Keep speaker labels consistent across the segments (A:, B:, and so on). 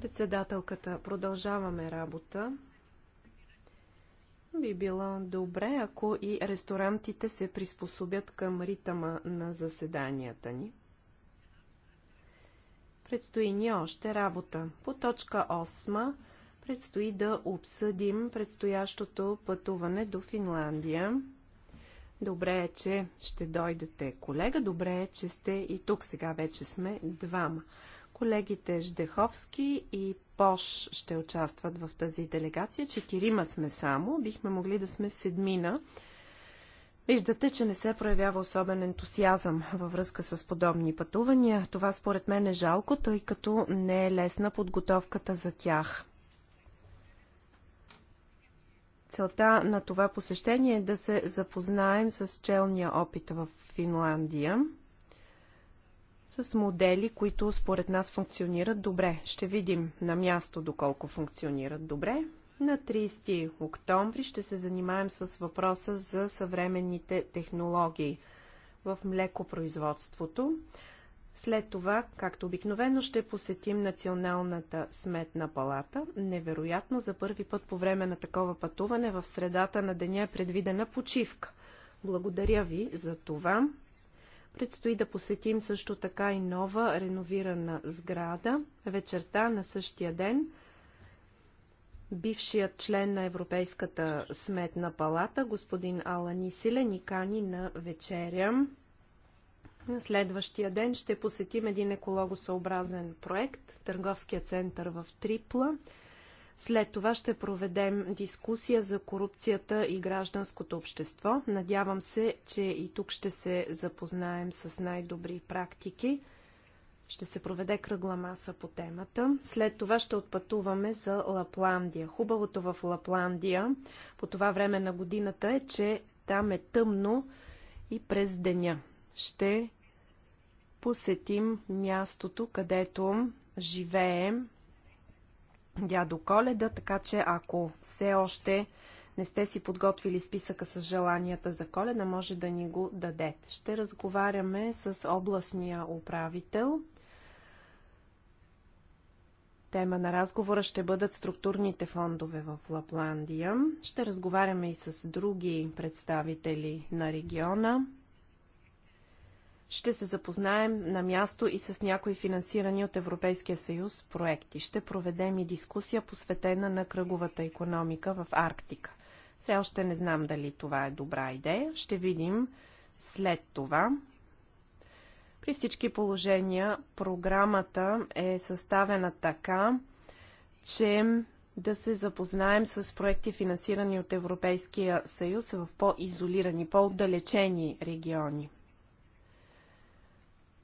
A: Председателката, продължаваме работа. Би било добре, ако и ресторантите се приспособят към ритъма на заседанията ни. Предстои ни още работа. По точка 8 предстои да обсъдим предстоящото пътуване до Финландия. Добре е, че ще дойдете колега. Добре е, че сте и тук. Сега вече сме двама. Колегите Ждеховски и Пош ще участват в тази делегация. Четирима сме само. Бихме могли да сме седмина. Виждате, че не се проявява особен ентусиазъм във връзка с подобни пътувания. Това според мен е жалко, тъй като не е лесна подготовката за тях. Целта на това посещение е да се запознаем с челния опит в Финландия, с модели, които според нас функционират добре. Ще видим на място доколко функционират добре. На 30 октомври ще се занимаем с въпроса за съвременните технологии в млекопроизводството. След това, както обикновено, ще посетим Националната сметна палата. Невероятно, за първи път по време на такова пътуване в средата на деня е предвидена почивка. Благодаря ви за това. Предстои да посетим също така и нова реновирана сграда. Вечерта на същия ден бившият член на Европейската сметна палата, господин Алани Силе, ни кани на вечеря на следващия ден ще посетим един екологосъобразен проект, търговския център в Трипла. След това ще проведем дискусия за корупцията и гражданското общество. Надявам се, че и тук ще се запознаем с най-добри практики. Ще се проведе кръгла маса по темата. След това ще отпътуваме за Лапландия. Хубавото в Лапландия по това време на годината е, че там е тъмно и през деня. Ще посетим мястото, където живеем дядо Коледа, така че ако все още не сте си подготвили списъка с желанията за коледа, може да ни го дадете. Ще разговаряме с областния управител. Тема на разговора ще бъдат структурните фондове в Лапландия. Ще разговаряме и с други представители на региона. Ще се запознаем на място и с някои финансирани от Европейския съюз проекти. Ще проведем и дискусия посветена на кръговата економика в Арктика. Все още не знам дали това е добра идея. Ще видим след това. При всички положения програмата е съставена така, че да се запознаем с проекти финансирани от Европейския съюз в по-изолирани, по-отдалечени региони.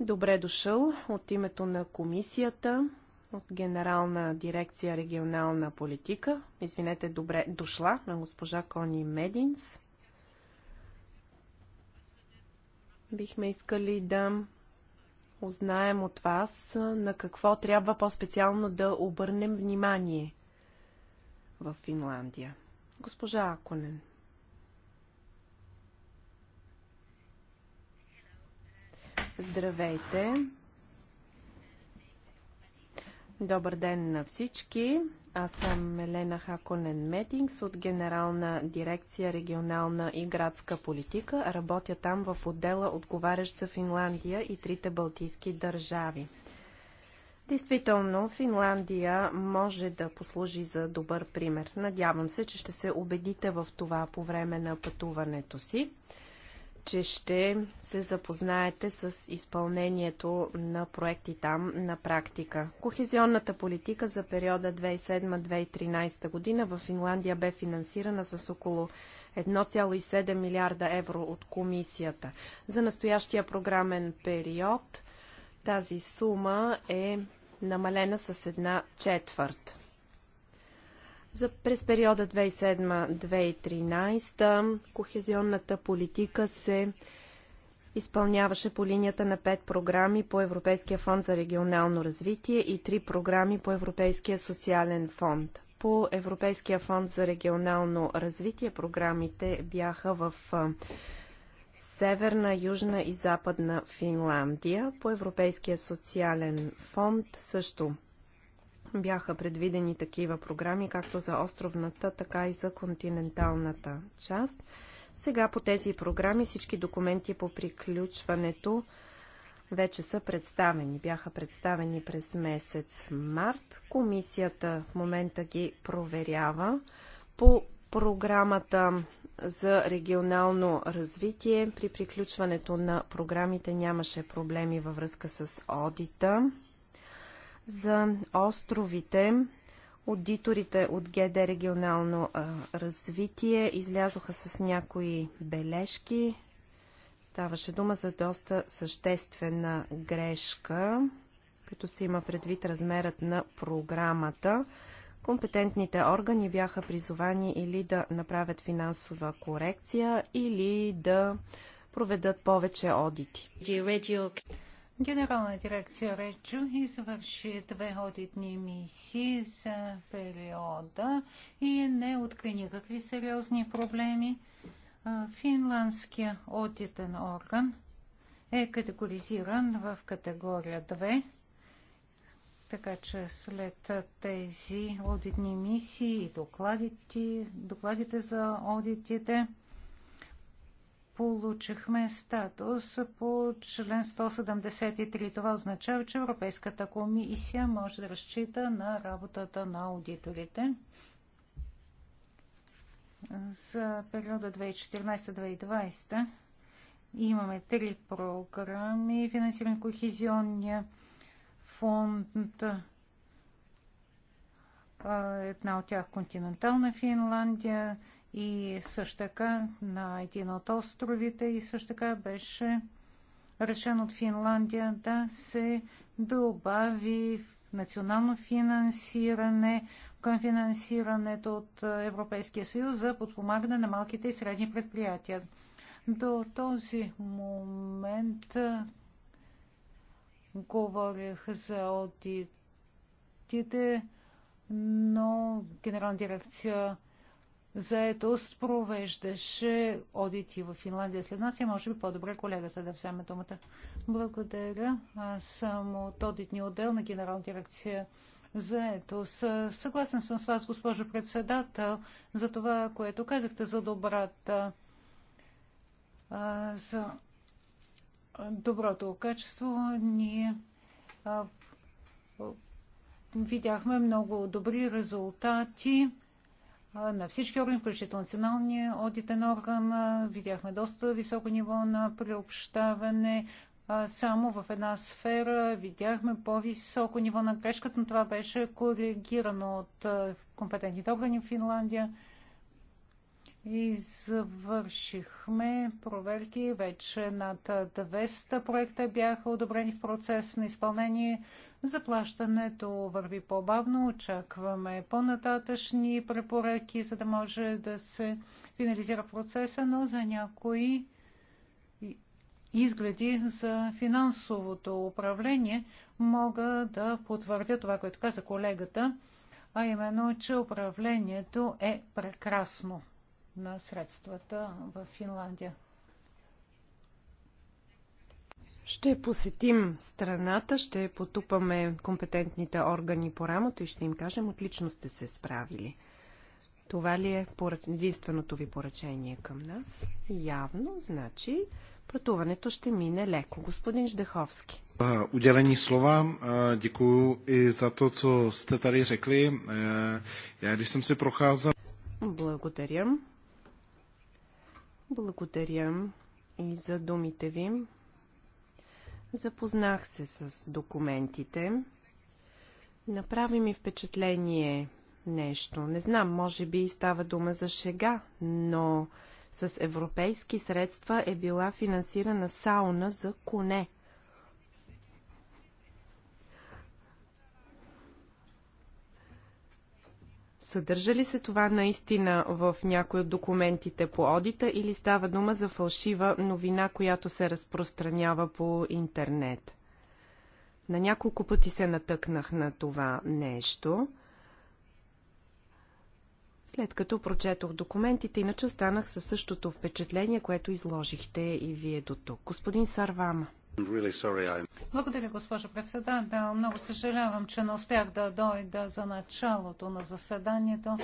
A: Добре дошъл от името на комисията, от Генерална дирекция регионална политика. Извинете, добре дошла на госпожа Кони Мединс. Бихме искали да узнаем от вас на какво трябва по-специално да обърнем внимание в Финландия. Госпожа Аконен. Здравейте! Добър ден на всички! Аз съм Елена Хаконен Метингс от Генерална дирекция регионална и градска политика. Работя там в отдела отговарящ за Финландия и трите балтийски държави. Действително, Финландия може да послужи за добър пример. Надявам се, че ще се убедите в това по време на пътуването си че ще се запознаете с изпълнението на проекти там на практика. Кохезионната политика за периода 2007-2013 година в Финландия бе финансирана с около 1,7 милиарда евро от комисията. За настоящия програмен период тази сума е намалена с една четвърт. За през периода 2007-2013 кохезионната политика се изпълняваше по линията на пет програми по Европейския фонд за регионално развитие и три програми по Европейския социален фонд. По Европейския фонд за регионално развитие програмите бяха в Северна, Южна и Западна Финландия. По Европейския социален фонд също бяха предвидени такива програми, както за островната, така и за континенталната част. Сега по тези програми всички документи по приключването вече са представени. Бяха представени през месец март. Комисията в момента ги проверява. По програмата за регионално развитие при приключването на програмите нямаше проблеми във връзка с одита. За островите аудиторите от ГД регионално а, развитие излязоха с някои бележки. Ставаше дума за доста съществена грешка, като се има предвид размерът на програмата. Компетентните органи бяха призовани или да направят финансова корекция, или да проведат повече одити.
B: Генерална дирекция Реджо извърши две одитни мисии за периода и не откри никакви сериозни проблеми. Финландския одитен орган е категоризиран в категория 2, така че след тези одитни мисии и докладите, докладите за одитите – получихме статус по член 173. Това означава, че Европейската комисия може да разчита на работата на аудиторите. За периода 2014-2020 имаме три програми, финансиране кохезионния фонд, една от тях континентална Финландия, и също така на един от островите и също така беше решен от Финландия да се добави национално финансиране към финансирането от Европейския съюз за подпомагане на малките и средни предприятия. До този момент говорих за аудитите, но Генерална дирекция заетост провеждаше одити в Финландия след нас и може би по-добре колегата да вземе думата. Благодаря. Аз съм от одитния отдел на Генерална дирекция заетост. Съгласен съм с вас, госпожо председател, за това, което казахте за добрата за доброто качество. Ние видяхме много добри резултати на всички органи, включително националния одитен орган. Видяхме доста високо ниво на приобщаване. Само в една сфера видяхме по-високо ниво на грешката, но това беше коригирано от компетентните органи в Финландия. Извършихме проверки. Вече над 200 проекта бяха одобрени в процес на изпълнение. Заплащането върви по-бавно, очакваме по-нататъчни препоръки, за да може да се финализира процеса, но за някои изгледи за финансовото управление мога да потвърдя това, което каза колегата, а именно, че управлението е прекрасно на средствата в Финландия.
A: Ще посетим страната, ще потупаме компетентните органи по рамото и ще им кажем, отлично сте се справили. Това ли е единственото ви поръчение към нас? Явно, значи, пътуването ще мине леко. Господин Ждеховски.
C: Уделени слова. дякую и за то, че сте tady рекли. Я, ли съм се прохазал?
A: Благодаря. Благодаря и за думите ви. Запознах се с документите. Направи ми впечатление нещо. Не знам, може би става дума за шега, но с европейски средства е била финансирана сауна за коне – Съдържа ли се това наистина в някои от документите по одита или става дума за фалшива новина, която се разпространява по интернет? На няколко пъти се натъкнах на това нещо. След като прочетох документите, иначе останах със същото впечатление, което изложихте и вие до тук. Господин Сарвама. Благодаря, госпожо председател.
B: Много съжалявам, че не успях да дойда за началото на заседанието.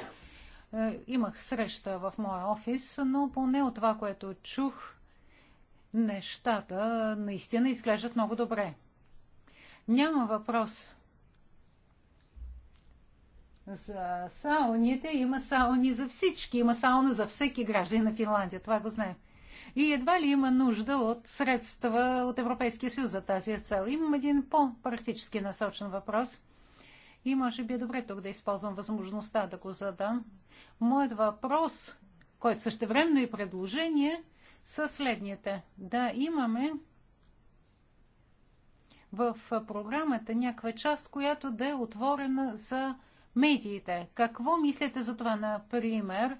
B: Е, имах среща в моя офис, но поне от това, което чух, нещата наистина изглеждат много добре. Няма въпрос за сауните. Има сауни за всички. Има сауна за всеки граждан на Финландия. Това го знаем и едва ли има нужда от средства от Европейския съюз за тази цел. Имам един по-практически насочен въпрос и може би е добре тук да използвам възможността да го задам. Моят въпрос, който същевременно и е предложение, са следните. Да имаме в програмата някаква част, която да е отворена за медиите. Какво мислите за това, например,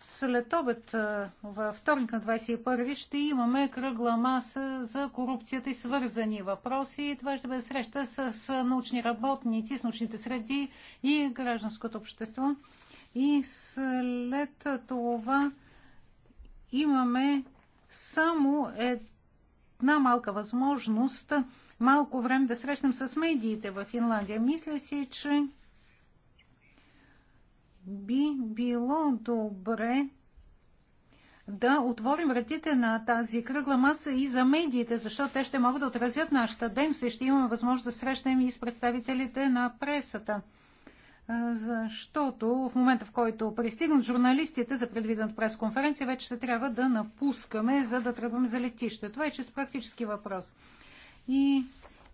B: след обед във вторник на 21 ви ще имаме кръгла маса за корупцията и свързани въпроси. Това ще бъде среща с научни работници, с научните среди и гражданското общество. И след това имаме само една малка възможност, малко време да срещнем с медиите в Финландия. Мисля си, че би било добре да отворим вратите на тази кръгла маса и за медиите, защото те ще могат да отразят нашата дейност и ще имаме възможност да срещнем и с представителите на пресата. Защото в момента, в който пристигнат журналистите за предвидената пресконференция, вече ще трябва да напускаме, за да тръгваме за летище. Това е чисто практически въпрос. И,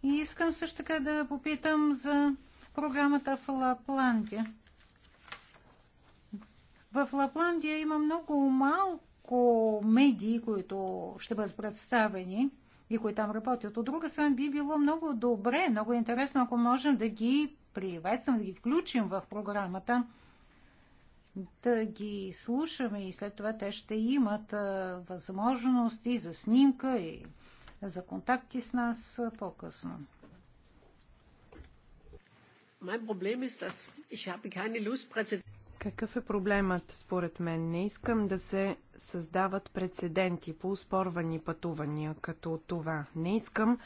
B: и искам също така да попитам за програмата в Лапландия. В Лапландия има много малко медии, които ще бъдат представени и които там работят. От друга страна би било много добре, много интересно, ако можем да ги приветствам, да ги включим в програмата, да ги слушаме и след това те ще имат възможност и за снимка, и за контакти с нас
D: по-късно. Mein Problem ist, dass ich habe keine
A: Lust, Präsident. Какъв е проблемът според мен? Не искам да се създават прецеденти по успорвани пътувания като това. Не искам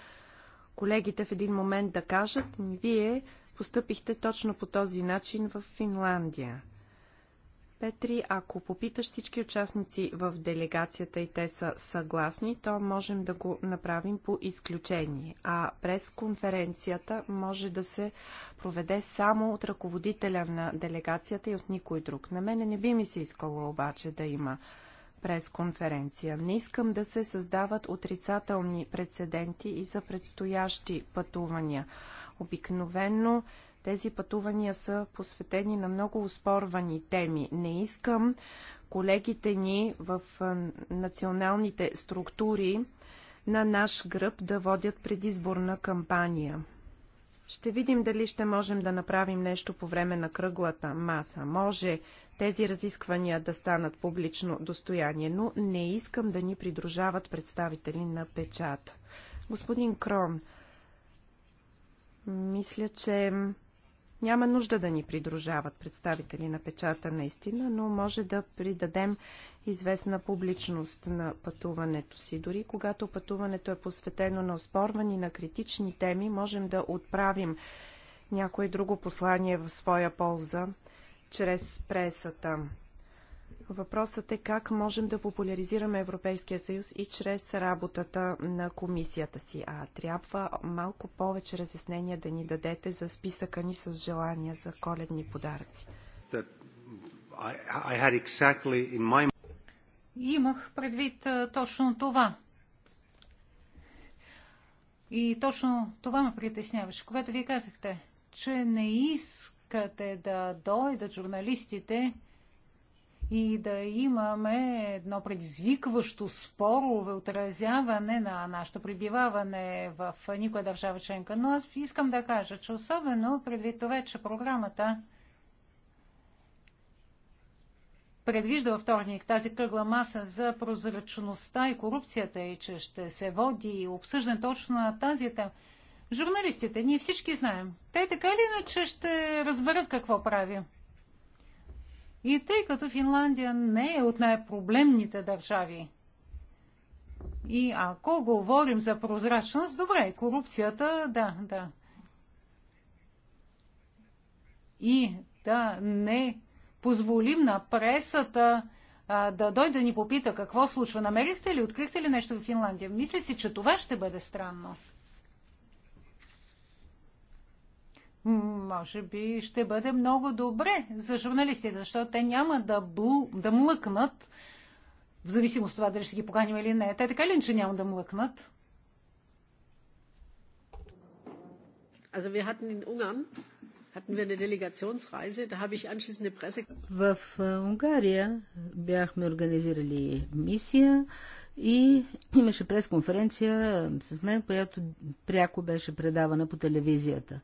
A: колегите в един момент да кажат, вие постъпихте точно по този начин в Финландия. Петри, ако попиташ всички участници в делегацията и те са съгласни, то можем да го направим по изключение. А през конференцията може да се проведе само от ръководителя на делегацията и от никой друг. На мене не би ми се искало обаче да има през конференция. Не искам да се създават отрицателни прецеденти и за предстоящи пътувания. Обикновено. Тези пътувания са посветени на много успорвани теми. Не искам колегите ни в националните структури на наш гръб да водят предизборна кампания. Ще видим дали ще можем да направим нещо по време на кръглата маса. Може тези разисквания да станат публично достояние, но не искам да ни придружават представители на печат. Господин Крон, мисля, че няма нужда да ни придружават представители на печата наистина, но може да придадем известна публичност на пътуването си. Дори когато пътуването е посветено на оспорвани, на критични теми, можем да отправим някое друго послание в своя полза чрез пресата. Въпросът е как можем да популяризираме Европейския съюз и чрез работата на комисията си. А трябва малко повече разяснения да ни дадете за списъка ни с желания за коледни подаръци.
C: Exactly my...
A: Имах
B: предвид точно това. И точно това ме притесняваше, когато вие казахте, че не искате да дойдат журналистите, и да имаме едно предизвикващо спорове отразяване на нашето прибиваване в никоя държава членка. Но аз искам да кажа, че особено предвид това, че програмата предвижда във вторник тази кръгла маса за прозрачността и корупцията и че ще се води и обсъждане точно на тази тема. Журналистите, ние всички знаем. Те така или иначе ще разберат какво правим. И тъй като Финландия не е от най-проблемните държави, и ако говорим за прозрачност, добре, корупцията, да, да. И да не позволим на пресата а, да дойде да ни попита какво случва. Намерихте ли, открихте ли нещо в Финландия? Мисля си, че това ще бъде странно. може би ще бъде много добре за журналистите, защото те няма да, бл... да млъкнат, в зависимост от това дали ще ги поканим или не. Те така ли, че няма да млъкнат?
E: В е, Унгария бяхме организирали мисия и имаше пресконференция е, с мен, която пряко беше предавана по телевизията.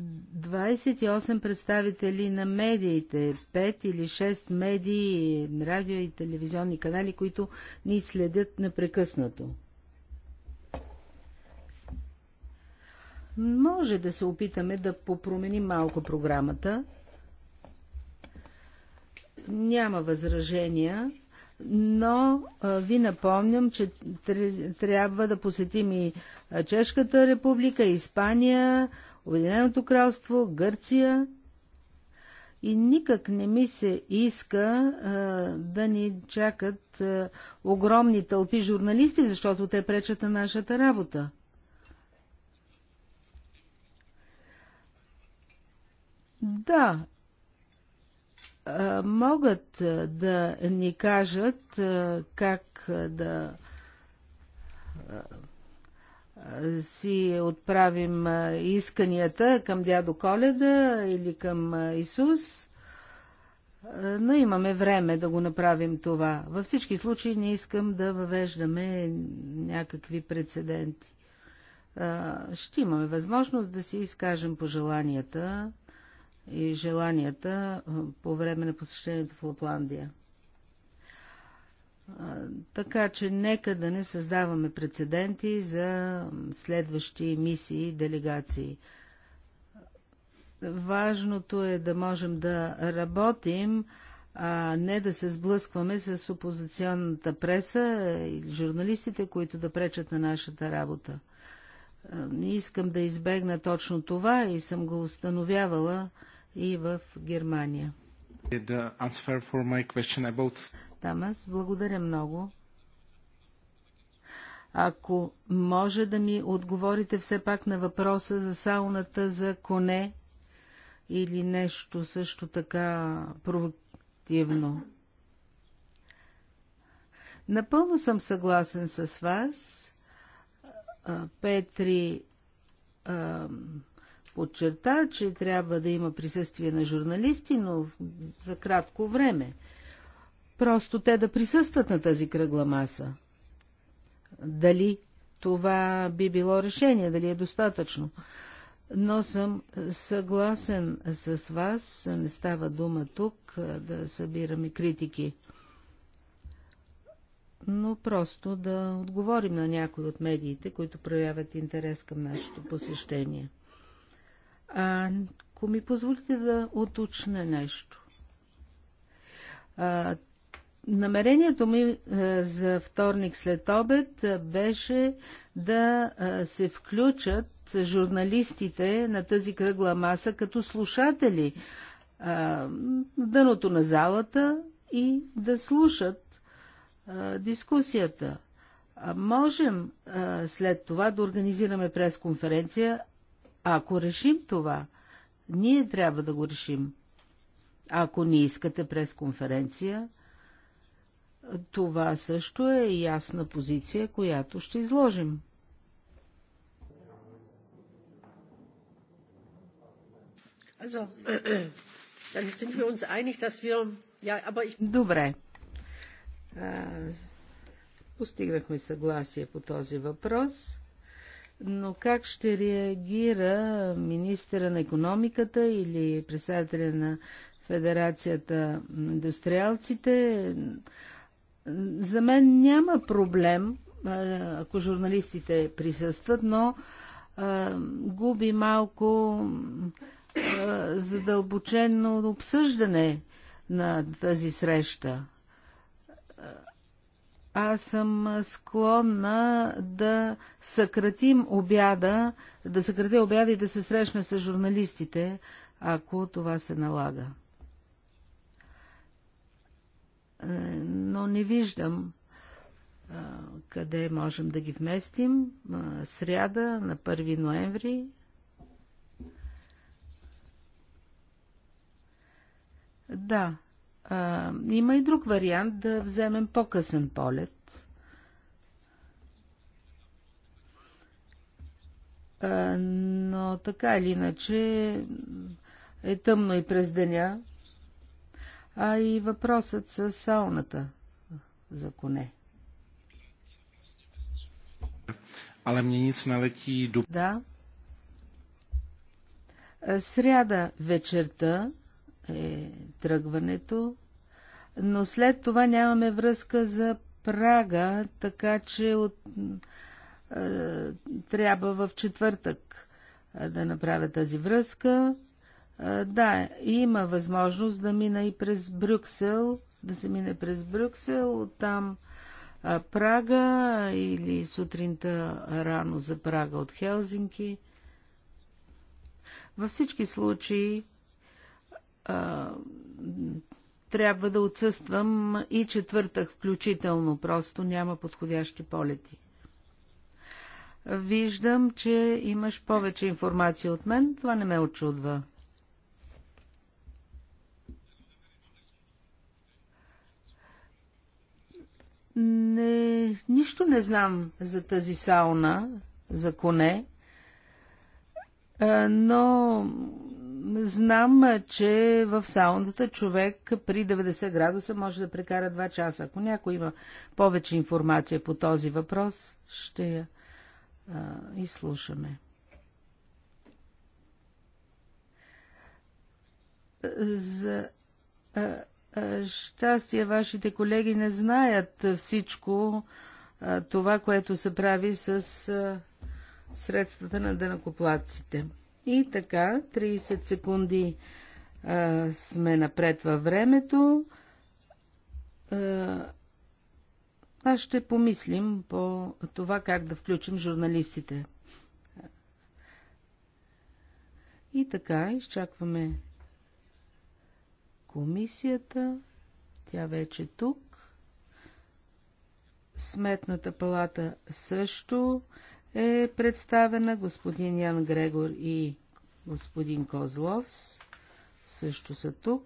E: 28 представители на медиите, 5 или 6 медии, радио и телевизионни канали, които ни следят непрекъснато. Може да се опитаме да попроменим малко програмата. Няма възражения, но ви напомням, че трябва да посетим и Чешката република, Испания, Обединеното кралство, Гърция. И никак не ми се иска а, да ни чакат а, огромни тълпи журналисти, защото те пречат на нашата работа. Да, а, могат да ни кажат а, как да. А, си отправим исканията към дядо Коледа или към Исус, но имаме време да го направим това. Във всички случаи не искам да въвеждаме някакви прецеденти. Ще имаме възможност да си изкажем пожеланията и желанията по време на посещението в Лапландия. Така че нека да не създаваме прецеденти за следващи мисии и делегации. Важното е да можем да работим, а не да се сблъскваме с опозиционната преса и журналистите, които да пречат на нашата работа. Не искам да избегна точно това и съм го установявала и в Германия.
C: Е about...
E: Тамас, благодаря много. Ако може да ми отговорите все пак на въпроса за сауната за коне или нещо също така провокативно. Напълно съм съгласен с вас. Петри подчерта, че трябва да има присъствие на журналисти, но за кратко време просто те да присъстват на тази кръгла маса. Дали това би било решение, дали е достатъчно. Но съм съгласен с вас, не става дума тук да събираме критики. Но просто да отговорим на някои от медиите, които проявят интерес към нашето посещение. А, ако ми позволите да уточня нещо. А, Намерението ми е, за вторник след обед е, беше да е, се включат журналистите на тази кръгла маса като слушатели дъното на залата и да слушат дискусията. Можем след това да организираме пресконференция, ако решим това. Ние трябва да го решим. Ако не искате пресконференция, конференция това също е ясна позиция, която ще изложим. Добре. Постигнахме съгласие по този въпрос, но как ще реагира министъра на економиката или председателя на Федерацията на индустриалците? За мен няма проблем, ако журналистите присъстват, но губи малко задълбочено обсъждане на тази среща. Аз съм склонна да съкратим обяда, да съкратя обяда и да се срещна с журналистите, ако това се налага но не виждам къде можем да ги вместим. Сряда на 1 ноември. Да, има и друг вариант да вземем по-късен полет. но така или иначе е тъмно и през деня а и въпросът с сауната за коне. Але мне ниц налети до... Да. Сряда вечерта е тръгването, но след това нямаме връзка за Прага, така че от, е, трябва в четвъртък да направя тази връзка. Да, има възможност да мина и през Брюксел, да се мине през Брюксел, оттам Прага или сутринта рано за Прага от Хелзинки. Във всички случаи а, трябва да отсъствам и четвъртък включително, просто няма подходящи полети. Виждам, че имаш повече информация от мен, това не ме очудва. Не, нищо не знам за тази сауна, за коне, но знам, че в саундата човек при 90 градуса може да прекара 2 часа. Ако някой има повече информация по този въпрос, ще я а, изслушаме. За а, е, щастие вашите колеги не знаят всичко е, това, което се прави с е, средствата на дънакоплатците. И така, 30 секунди сме напред във времето. аз ще помислим по това как да включим журналистите. И така, изчакваме комисията. Тя вече тук. Сметната палата също е представена. Господин Ян Грегор и господин Козловс също са тук.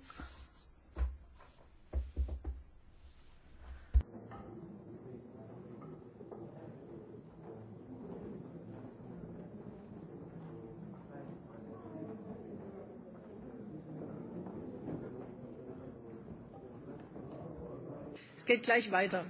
D: geht gleich weiter.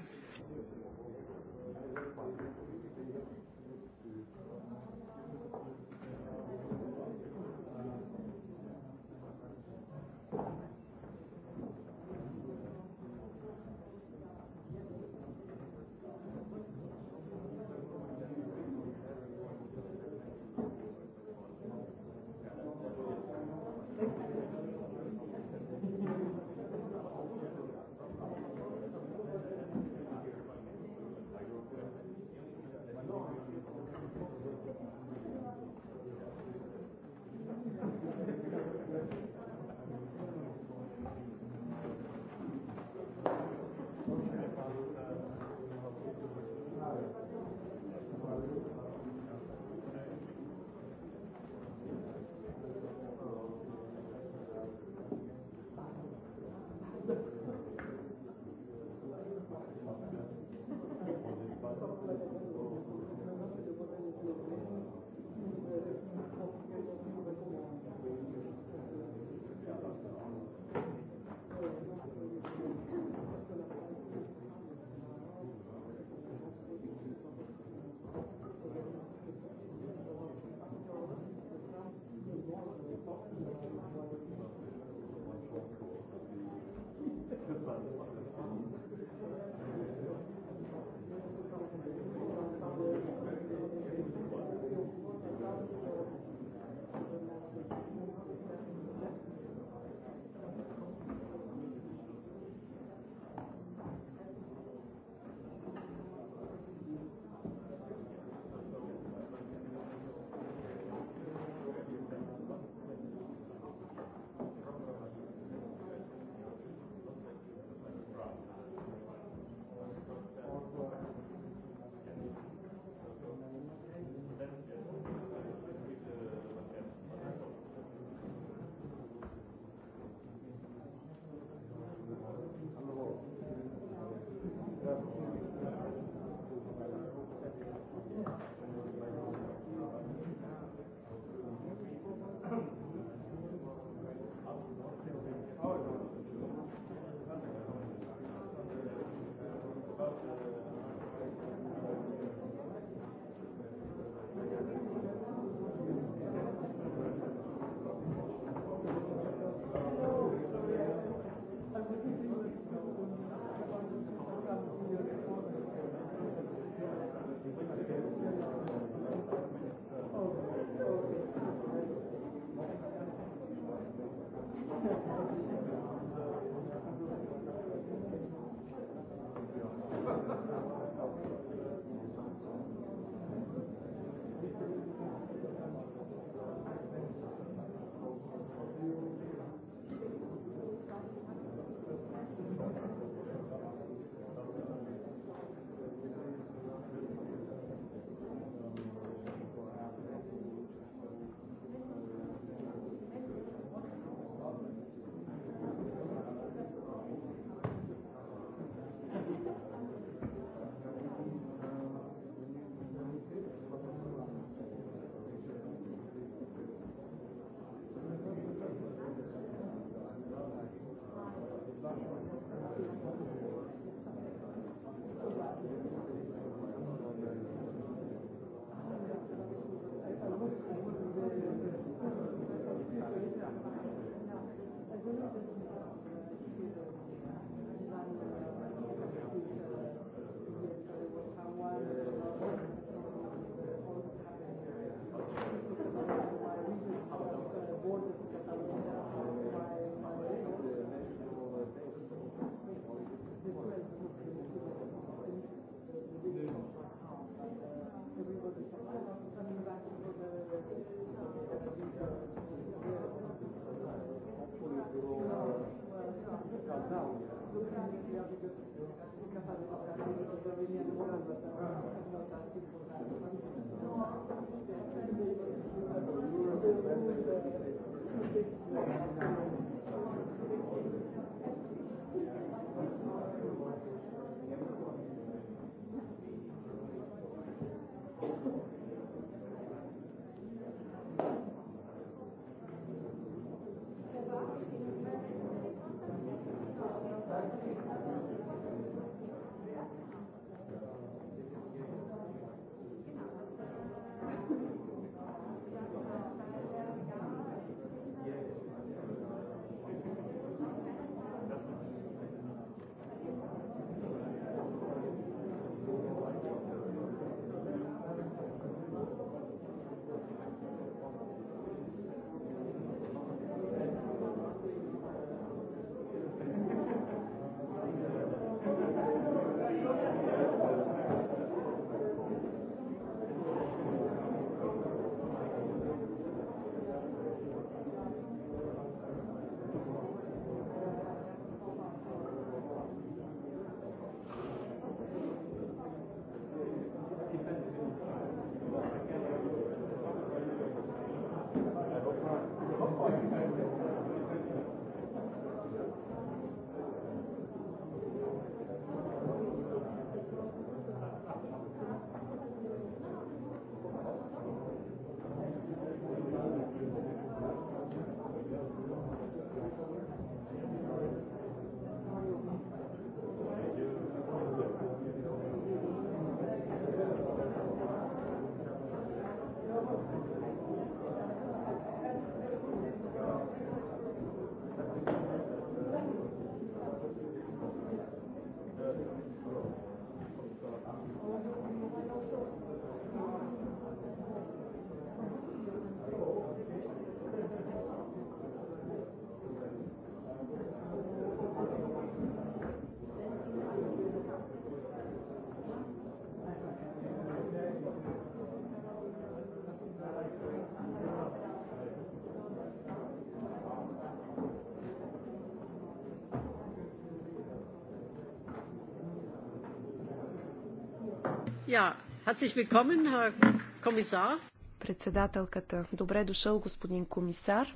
A: Председателката. Добре дошъл, господин комисар.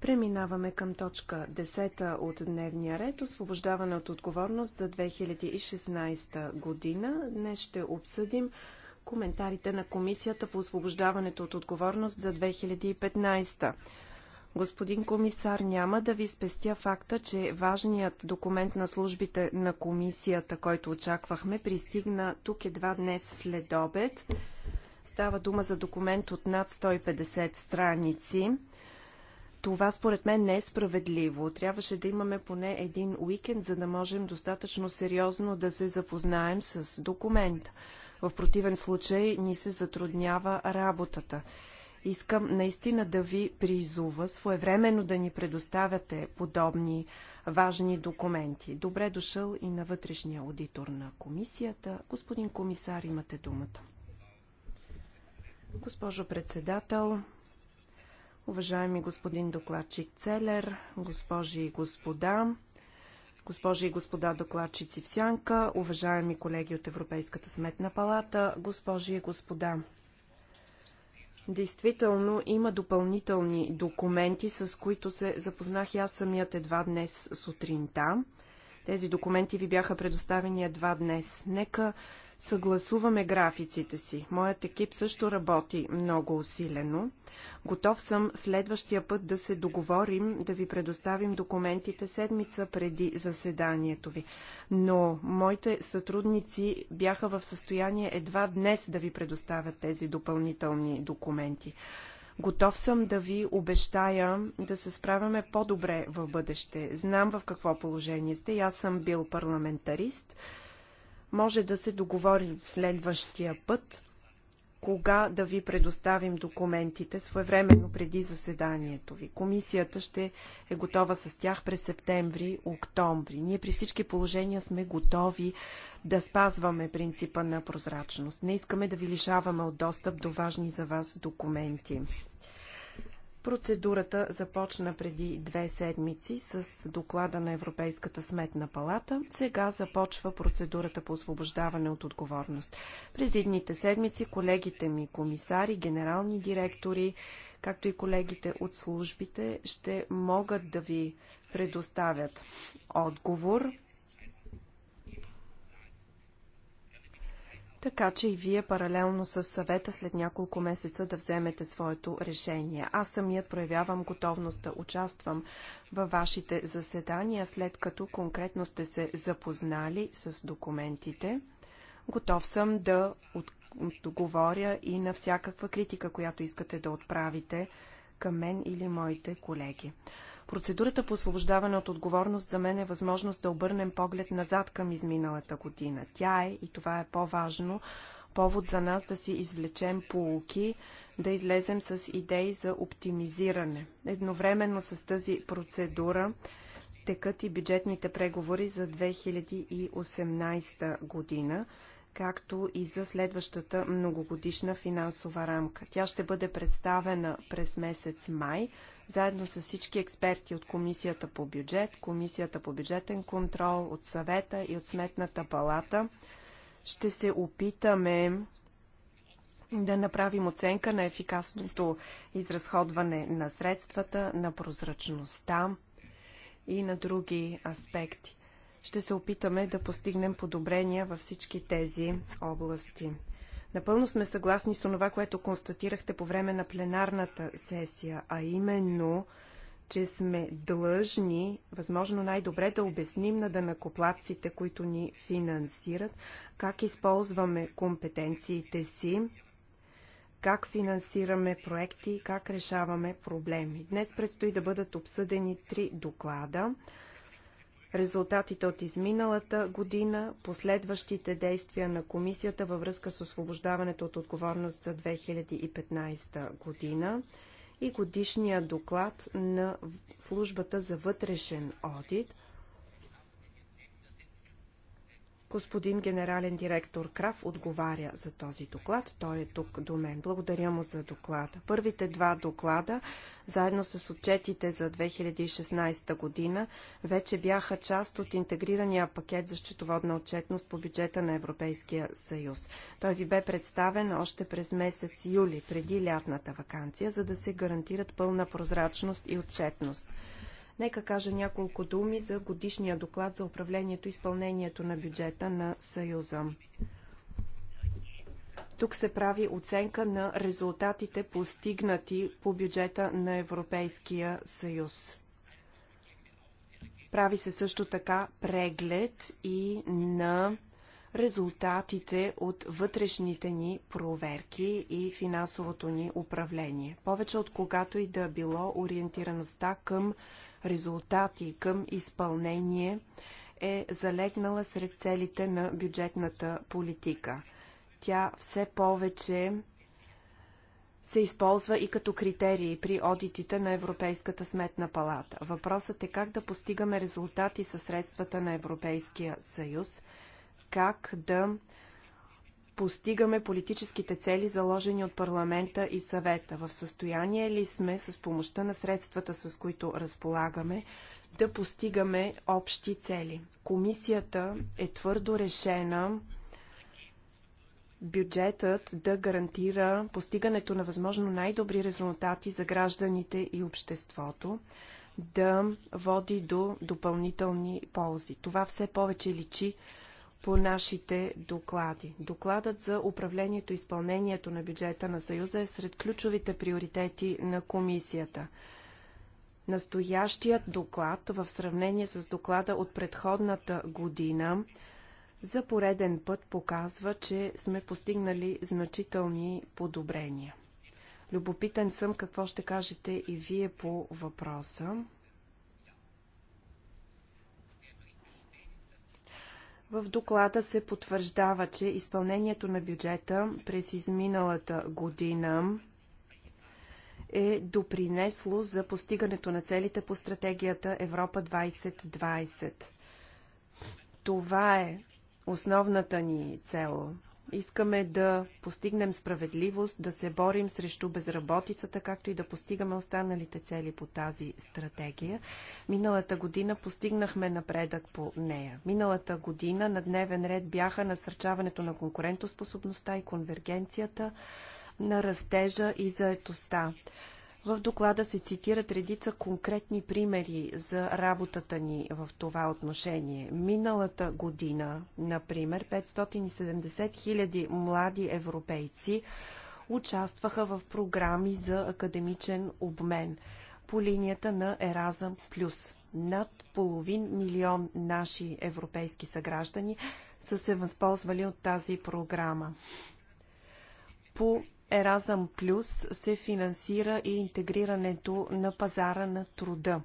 A: Преминаваме към точка 10 от дневния ред освобождаване от отговорност за 2016 година. Днес ще обсъдим коментарите на Комисията по освобождаването от отговорност за 2015. Господин комисар, няма да ви спестя факта, че важният документ на службите на комисията, който очаквахме, пристигна тук едва днес след обед. Става дума за документ от над 150 страници. Това според мен не е справедливо. Трябваше да имаме поне един уикенд, за да можем достатъчно сериозно да се запознаем с документа. В противен случай ни се затруднява работата. Искам наистина да ви призува своевременно да ни предоставяте подобни важни документи. Добре дошъл и на вътрешния аудитор на комисията. Господин комисар, имате думата. Госпожо председател, уважаеми господин докладчик Целер, госпожи и господа, госпожи и господа докладчици в Сянка, уважаеми колеги от Европейската сметна палата, госпожи и господа. Действително има допълнителни документи, с които се запознах и аз самият едва днес сутринта. Тези документи ви бяха предоставени едва днес. Нека съгласуваме графиците си. Моят екип също работи много усилено. Готов съм следващия път да се договорим, да ви предоставим документите седмица преди заседанието ви. Но моите сътрудници бяха в състояние едва днес да ви предоставят тези допълнителни документи. Готов съм да ви обещая да се справяме по-добре в бъдеще. Знам в какво положение сте. Аз съм бил парламентарист. Може да се договорим следващия път, кога да ви предоставим документите своевременно преди заседанието ви. Комисията ще е готова с тях през септември-октомври. Ние при всички положения сме готови да спазваме принципа на прозрачност. Не искаме да ви лишаваме от достъп до важни за вас документи. Процедурата започна преди две седмици с доклада на Европейската сметна палата. Сега започва процедурата по освобождаване от отговорност. През едните седмици колегите ми, комисари, генерални директори, както и колегите от службите, ще могат да ви предоставят отговор така че и вие паралелно с съвета след няколко месеца да вземете своето решение. Аз самият проявявам готовност да участвам във вашите заседания, след като конкретно сте се запознали с документите. Готов съм да отговоря и на всякаква критика, която искате да отправите към мен или моите колеги. Процедурата по освобождаване от отговорност за мен е възможност да обърнем поглед назад към изминалата година. Тя е, и това е по-важно, повод за нас да си извлечем полуки, да излезем с идеи за оптимизиране. Едновременно с тази процедура текат и бюджетните преговори за 2018 година както и за следващата многогодишна финансова рамка. Тя ще бъде представена през месец май, заедно с всички експерти от Комисията по бюджет, Комисията по бюджетен контрол, от съвета и от Сметната палата. Ще се опитаме да направим оценка на ефикасното изразходване на средствата, на прозрачността и на други аспекти ще се опитаме да постигнем подобрения във всички тези области. Напълно сме съгласни с това, което констатирахте по време на пленарната сесия, а именно, че сме длъжни, възможно най-добре да обясним на данакоплатците, които ни финансират, как използваме компетенциите си, как финансираме проекти, как решаваме проблеми. Днес предстои да бъдат обсъдени три доклада резултатите от изминалата година, последващите действия на комисията във връзка с освобождаването от отговорност за 2015 година и годишния доклад на службата за вътрешен одит, Господин генерален директор Крав отговаря за този доклад. Той е тук до мен. Благодаря му за доклада. Първите два доклада, заедно с отчетите за 2016 година, вече бяха част от интегрирания пакет за счетоводна отчетност по бюджета на Европейския съюз. Той ви бе представен още през месец юли, преди лятната вакансия, за да се гарантират пълна прозрачност и отчетност. Нека кажа няколко думи за годишния доклад за управлението и изпълнението на бюджета на Съюза. Тук се прави оценка на резултатите постигнати по бюджета на Европейския съюз. Прави се също така преглед и на резултатите от вътрешните ни проверки и финансовото ни управление. Повече от когато и да било ориентираността към резултати, към изпълнение е залегнала сред целите на бюджетната политика. Тя все повече се използва и като критерии при одитите на Европейската сметна палата. Въпросът е как да постигаме резултати със средствата на Европейския съюз, как да постигаме политическите цели, заложени от парламента и съвета? В състояние ли сме с помощта на средствата, с които разполагаме, да постигаме общи цели? Комисията е твърдо решена бюджетът да гарантира постигането на възможно най-добри резултати за гражданите и обществото, да води до допълнителни ползи. Това все повече личи по нашите доклади. Докладът за управлението и изпълнението на бюджета на Съюза е сред ключовите приоритети на комисията. Настоящият доклад в сравнение с доклада от предходната година за пореден път показва, че сме постигнали значителни подобрения. Любопитен съм какво ще кажете и вие по въпроса. В доклада се потвърждава, че изпълнението на бюджета през изминалата година е допринесло за постигането на целите по стратегията Европа 2020. Това е основната ни цел Искаме да постигнем справедливост, да се борим срещу безработицата, както и да постигаме останалите цели по тази стратегия. Миналата година постигнахме напредък по нея. Миналата година на дневен ред бяха насърчаването на конкурентоспособността и конвергенцията, на растежа и заетостта. В доклада се цитират редица конкретни примери за работата ни в това отношение. Миналата година, например, 570 хиляди млади европейци участваха в програми за академичен обмен по линията на Еразъм Плюс. Над половин милион наши европейски съграждани са се възползвали от тази програма. По Еразъм Плюс се финансира и интегрирането на пазара на труда,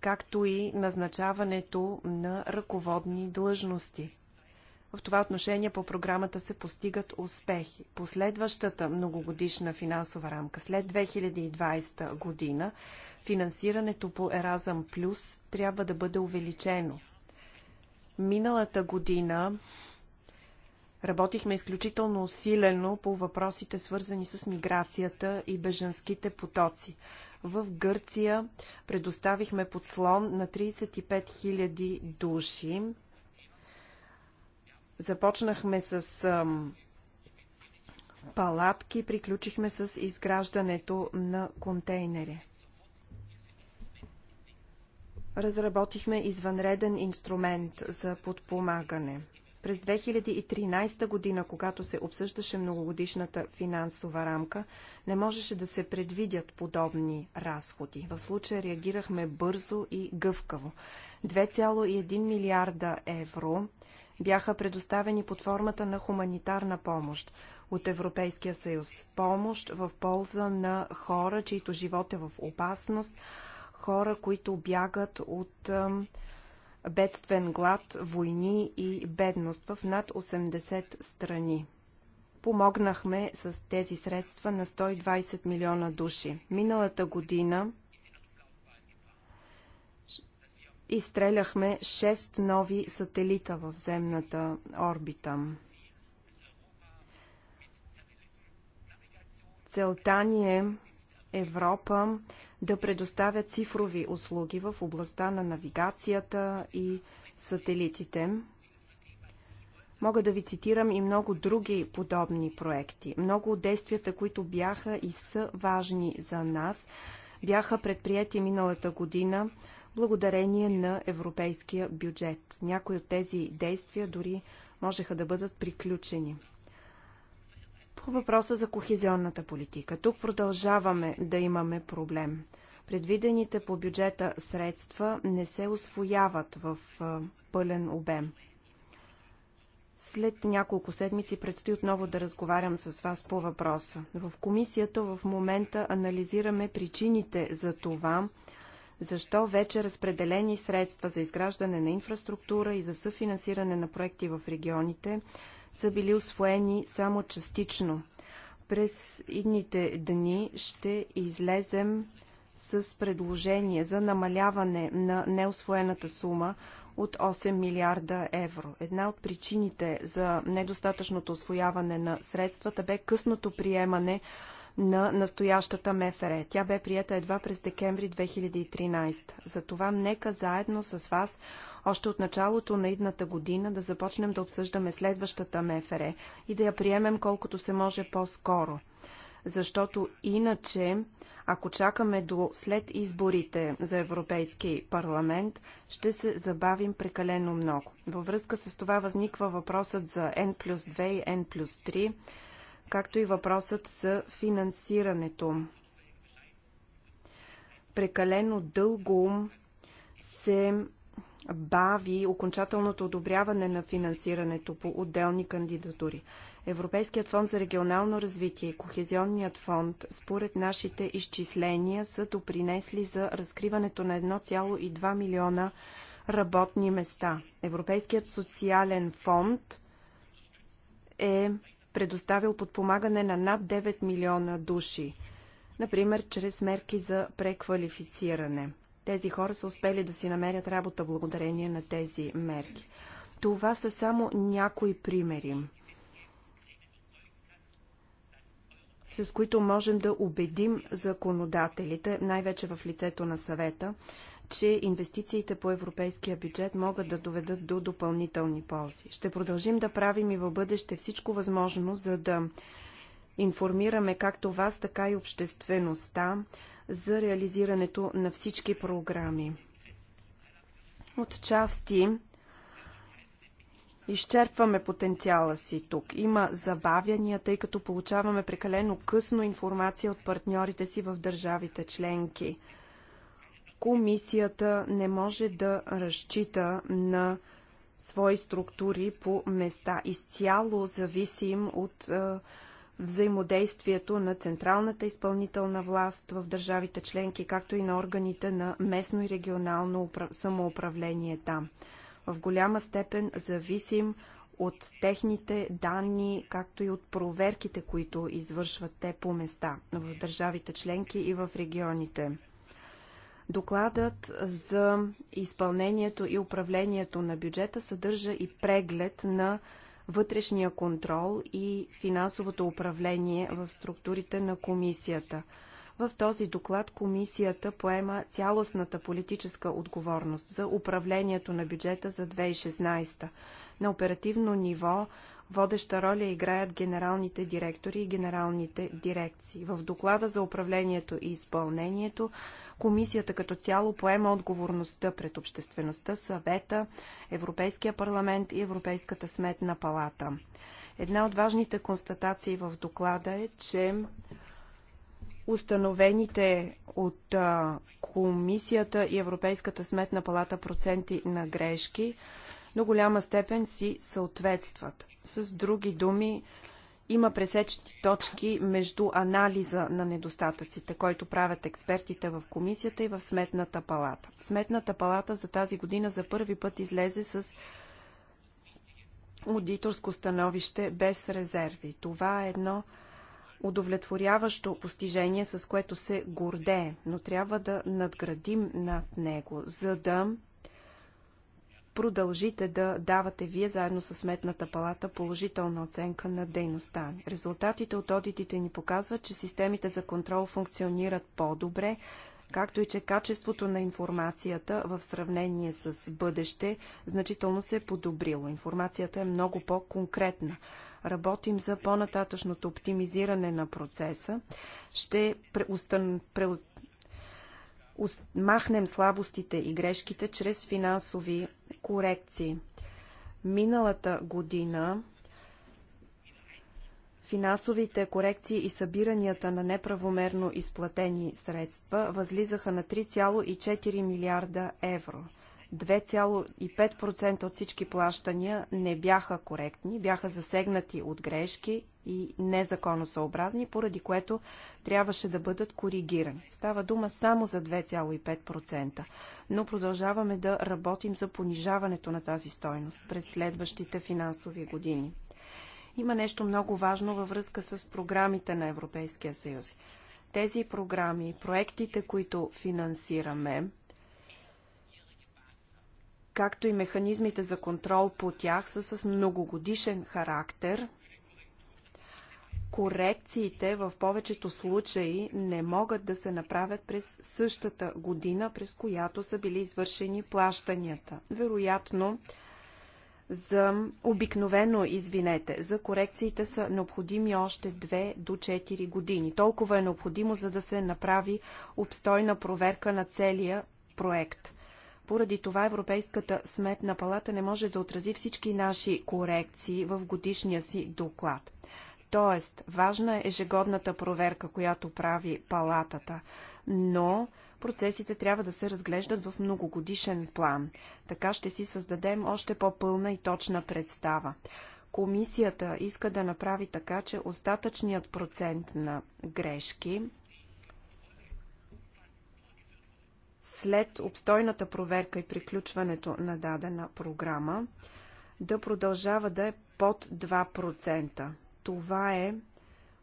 A: както и назначаването на ръководни длъжности. В това отношение по програмата се постигат успехи. Последващата многогодишна финансова рамка след 2020 година финансирането по Еразъм Плюс трябва да бъде увеличено. Миналата година Работихме изключително усилено по въпросите, свързани с миграцията и бежанските потоци. В Гърция предоставихме подслон на 35 000 души. Започнахме с ам, палатки, приключихме с изграждането на контейнери. Разработихме извънреден инструмент за подпомагане – през 2013 година, когато се обсъждаше многогодишната финансова рамка, не можеше да се предвидят подобни разходи. В случая реагирахме бързо и гъвкаво. 2,1 милиарда евро бяха предоставени под формата на хуманитарна помощ от Европейския съюз. Помощ в полза на хора, чието живот е в опасност, хора, които бягат от бедствен глад, войни и бедност в над 80 страни. Помогнахме с тези средства на 120 милиона души. Миналата година изстреляхме 6 нови сателита в земната орбита. Целта ни е Европа да предоставят цифрови услуги в областта на навигацията и сателитите. Мога да ви цитирам и много други подобни проекти. Много от действията, които бяха и са важни за нас, бяха предприяти миналата година благодарение на европейския бюджет. Някои от тези действия дори можеха да бъдат приключени. По въпроса за кохезионната политика. Тук продължаваме да имаме проблем. Предвидените по бюджета средства не се освояват в пълен обем. След няколко седмици предстои отново да разговарям с вас по въпроса. В комисията в момента анализираме причините за това, защо вече разпределени средства за изграждане на инфраструктура и за съфинансиране на проекти в регионите са били освоени само частично. През идните дни ще излезем с предложение за намаляване на неосвоената сума от 8 милиарда евро. Една от причините за недостатъчното освояване на средствата бе късното приемане на настоящата МФР. Тя бе прията едва през декември 2013. Затова нека заедно с вас още от началото на идната година да започнем да обсъждаме следващата МФР и да я приемем колкото се може по-скоро. Защото иначе, ако чакаме до след изборите за Европейски парламент, ще се забавим прекалено много. Във връзка с това възниква въпросът за N плюс 2 и N плюс 3, както и въпросът за финансирането прекалено дълго се бави окончателното одобряване на финансирането по отделни кандидатури. Европейският фонд за регионално развитие и Кохезионният фонд, според нашите изчисления, са допринесли за разкриването на 1,2 милиона работни места. Европейският социален фонд е предоставил подпомагане на над 9 милиона души, например чрез мерки за преквалифициране – тези хора са успели да си намерят работа благодарение на тези мерки. Това са само някои примери, с които можем да убедим законодателите, най-вече в лицето на съвета, че инвестициите по европейския бюджет могат да доведат до допълнителни ползи. Ще продължим да правим и в бъдеще всичко възможно, за да информираме както вас, така и обществеността за реализирането на всички програми. Отчасти изчерпваме потенциала си тук. Има забавяния, тъй като получаваме прекалено късно информация от партньорите си в държавите членки. Комисията не може да разчита на свои структури по места. Изцяло зависим от е, взаимодействието на централната изпълнителна власт в държавите членки, както и на органите на местно и регионално самоуправление там. В голяма степен зависим от техните данни, както и от проверките, които извършват те по места в държавите членки и в регионите. Докладът за изпълнението и управлението на бюджета съдържа и преглед на вътрешния контрол и финансовото управление в структурите на комисията. В този доклад комисията поема цялостната политическа отговорност за управлението на бюджета за 2016. На оперативно ниво Водеща роля играят генералните директори и генералните дирекции. В доклада за управлението и изпълнението комисията като цяло поема отговорността пред обществеността, съвета, Европейския парламент и Европейската сметна палата. Една от важните констатации в доклада е, че установените от комисията и Европейската сметна палата проценти на грешки – до голяма степен си съответстват. С други думи, има пресечни точки между анализа на недостатъците, който правят експертите в комисията и в Сметната палата. Сметната палата за тази година за първи път излезе с аудиторско становище без резерви. Това е едно удовлетворяващо постижение, с което се гордее, но трябва да надградим над него, за да продължите да давате вие заедно с Сметната палата положителна оценка на дейността ни. Резултатите от одитите ни показват, че системите за контрол функционират по-добре, както и че качеството на информацията в сравнение с бъдеще значително се е подобрило. Информацията е много по-конкретна. Работим за по-нататъчното оптимизиране на процеса. Ще преустан махнем слабостите и грешките чрез финансови корекции. Миналата година финансовите корекции и събиранията на неправомерно изплатени средства възлизаха на 3,4 милиарда евро – 2,5% от всички плащания не бяха коректни, бяха засегнати от грешки и незаконосъобразни, поради което трябваше да бъдат коригирани. Става дума само за 2,5%, но продължаваме да работим за понижаването на тази стойност през следващите финансови години. Има нещо много важно във връзка с програмите на Европейския съюз. Тези програми, проектите, които финансираме, както и механизмите за контрол по тях са с многогодишен характер. Корекциите в повечето случаи не могат да се направят през същата година, през която са били извършени плащанията. Вероятно, за обикновено, извинете, за корекциите са необходими още 2 до 4 години. Толкова е необходимо, за да се направи обстойна проверка на целия проект – поради това Европейската сметна палата не може да отрази всички наши корекции в годишния си доклад. Тоест, важна е ежегодната проверка, която прави палатата, но процесите трябва да се разглеждат в многогодишен план. Така ще си създадем още по-пълна и точна представа. Комисията иска да направи така, че остатъчният процент на грешки след обстойната проверка и приключването на дадена програма да продължава да е под 2%. Това е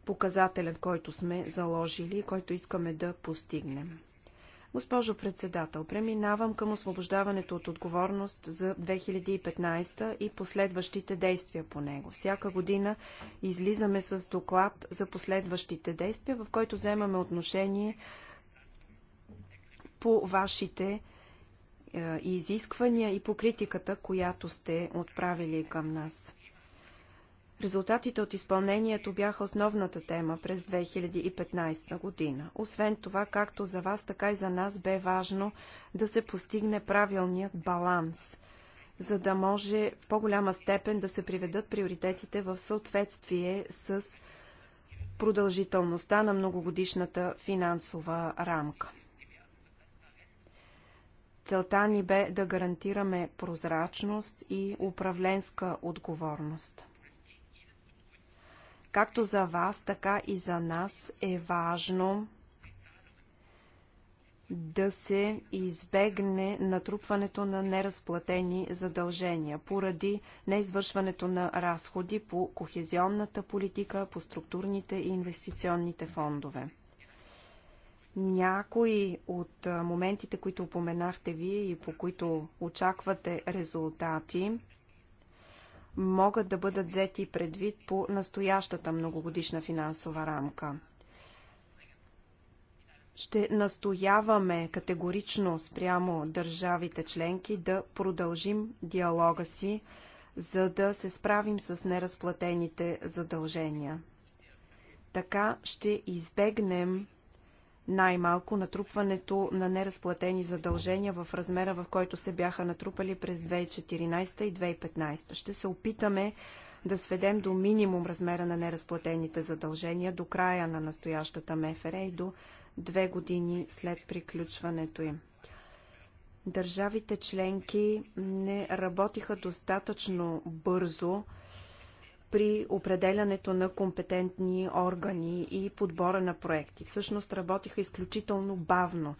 A: показателят, който сме заложили и който искаме да постигнем. Госпожо председател, преминавам към освобождаването от отговорност за 2015 и последващите действия по него. Всяка година излизаме с доклад за последващите действия, в който вземаме отношение по вашите е, изисквания и по критиката, която сте отправили към нас. Резултатите от изпълнението бяха основната тема през 2015 година. Освен това, както за вас, така и за нас бе важно да се постигне правилният баланс, за да може в по-голяма степен да се приведат приоритетите в съответствие с продължителността на многогодишната финансова рамка. Целта ни бе да гарантираме прозрачност и управленска отговорност. Както за вас, така и за нас е важно да се избегне натрупването на неразплатени задължения поради неизвършването на разходи по кохезионната политика, по структурните и инвестиционните фондове. Някои от моментите, които упоменахте вие и по които очаквате резултати, могат да бъдат взети предвид по настоящата многогодишна финансова рамка. Ще настояваме категорично спрямо държавите членки да продължим диалога си, за да се справим с неразплатените задължения. Така ще избегнем най-малко натрупването на неразплатени задължения в размера, в който се бяха натрупали през 2014 и 2015. Ще се опитаме да сведем до минимум размера на неразплатените задължения до края на настоящата МФР и до две години след приключването им. Държавите членки не работиха достатъчно бързо, при определянето на компетентни органи и подбора на проекти. Всъщност работиха изключително бавно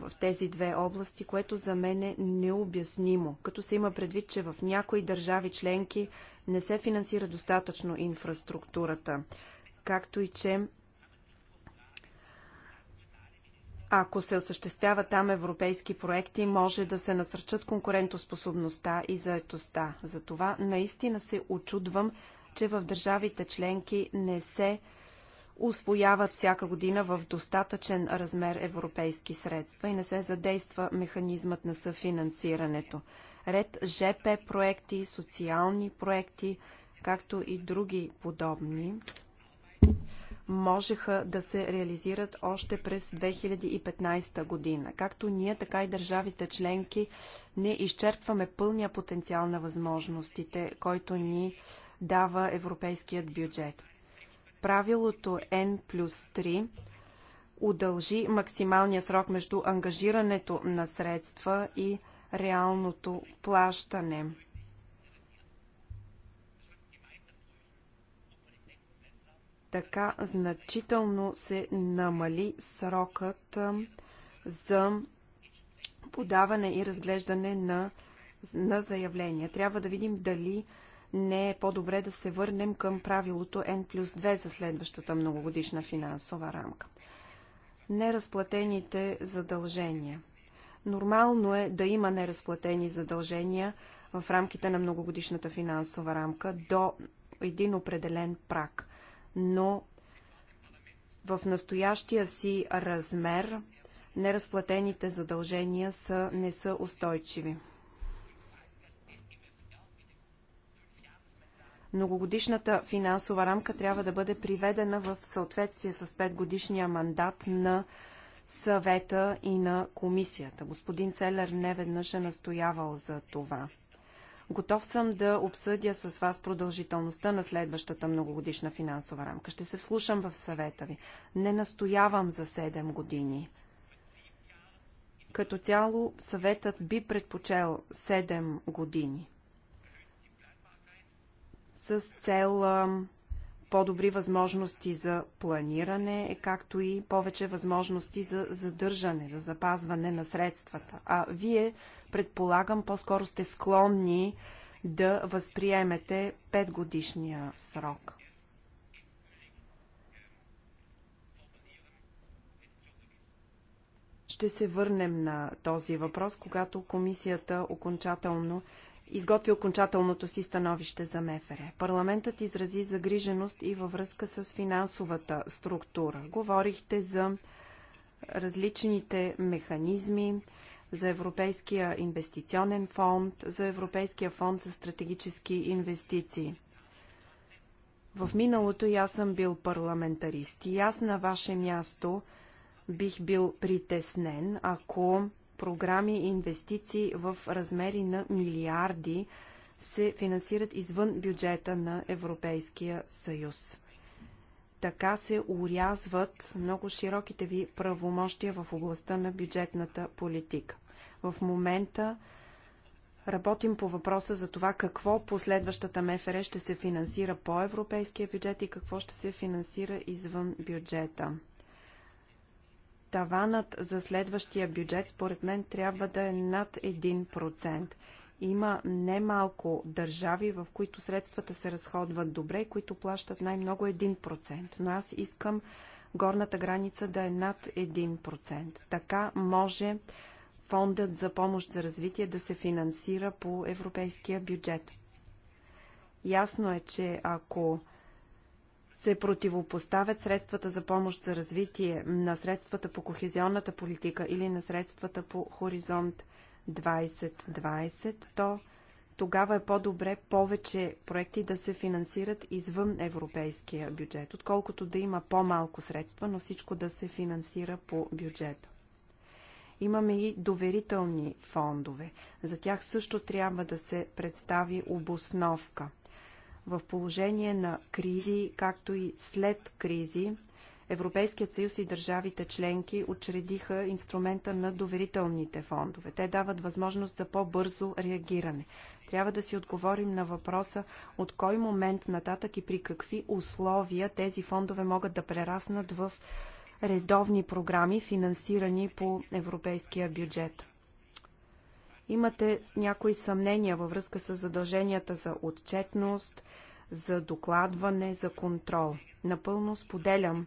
A: в тези две области, което за мен е необяснимо, като се има предвид, че в някои държави членки не се финансира достатъчно инфраструктурата, както и че ако се осъществяват там европейски проекти, може да се насърчат конкурентоспособността и заетостта. Затова наистина се очудвам, че в държавите членки не се освояват всяка година в достатъчен размер европейски средства и не се задейства механизмът на съфинансирането. Ред ЖП проекти, социални проекти, както и други подобни, можеха да се реализират още през 2015 година. Както ние, така и държавите членки не изчерпваме пълния потенциал на възможностите, който ни дава европейският бюджет. Правилото N плюс 3 удължи максималния срок между ангажирането на средства и реалното плащане. Така значително се намали срокът за подаване и разглеждане на, на заявления. Трябва да видим дали не е по-добре да се върнем към правилото N плюс 2 за следващата многогодишна финансова рамка. Неразплатените задължения. Нормално е да има неразплатени задължения в рамките на многогодишната финансова рамка до един определен прак. Но в настоящия си размер неразплатените задължения са, не са устойчиви. Многогодишната финансова рамка трябва да бъде приведена в съответствие с 5-годишния мандат на съвета и на комисията. Господин Целер неведнъж е настоявал за това. Готов съм да обсъдя с вас продължителността на следващата многогодишна финансова рамка. Ще се вслушам в съвета ви. Не настоявам за 7 години. Като цяло съветът би предпочел 7 години с цел по-добри възможности за планиране, както и повече възможности за задържане, за запазване на средствата. А вие, предполагам, по-скоро сте склонни да възприемете 5 годишния срок. Ще се върнем на този въпрос, когато комисията окончателно изготви окончателното си становище за МФР. Парламентът изрази загриженост и във връзка с финансовата структура. Говорихте за различните механизми, за Европейския инвестиционен фонд, за Европейския фонд за стратегически инвестиции. В миналото и аз съм бил парламентарист и аз на ваше място бих бил притеснен, ако програми и инвестиции в размери на милиарди се финансират извън бюджета на Европейския съюз. Така се урязват много широките ви правомощия в областта на бюджетната политика. В момента Работим по въпроса за това какво последващата МФР ще се финансира по европейския бюджет и какво ще се финансира извън бюджета. Таванът за следващия бюджет, според мен, трябва да е над 1%. Има немалко държави, в които средствата се разходват добре, които плащат най-много 1%. Но аз искам горната граница да е над 1%. Така може фондът за помощ за развитие да се финансира по европейския бюджет. Ясно е, че ако се противопоставят средствата за помощ за развитие на средствата по кохезионната политика или на средствата по хоризонт 2020, то тогава е по-добре повече проекти да се финансират извън европейския бюджет, отколкото да има по-малко средства, но всичко да се финансира по бюджета. Имаме и доверителни фондове. За тях също трябва да се представи обосновка – в положение на кризи, както и след кризи, Европейският съюз и държавите членки учредиха инструмента на доверителните фондове. Те дават възможност за по-бързо реагиране. Трябва да си отговорим на въпроса от кой момент нататък и при какви условия тези фондове могат да прераснат в редовни програми, финансирани по европейския бюджет. Имате някои съмнения във връзка с задълженията за отчетност, за докладване, за контрол. Напълно споделям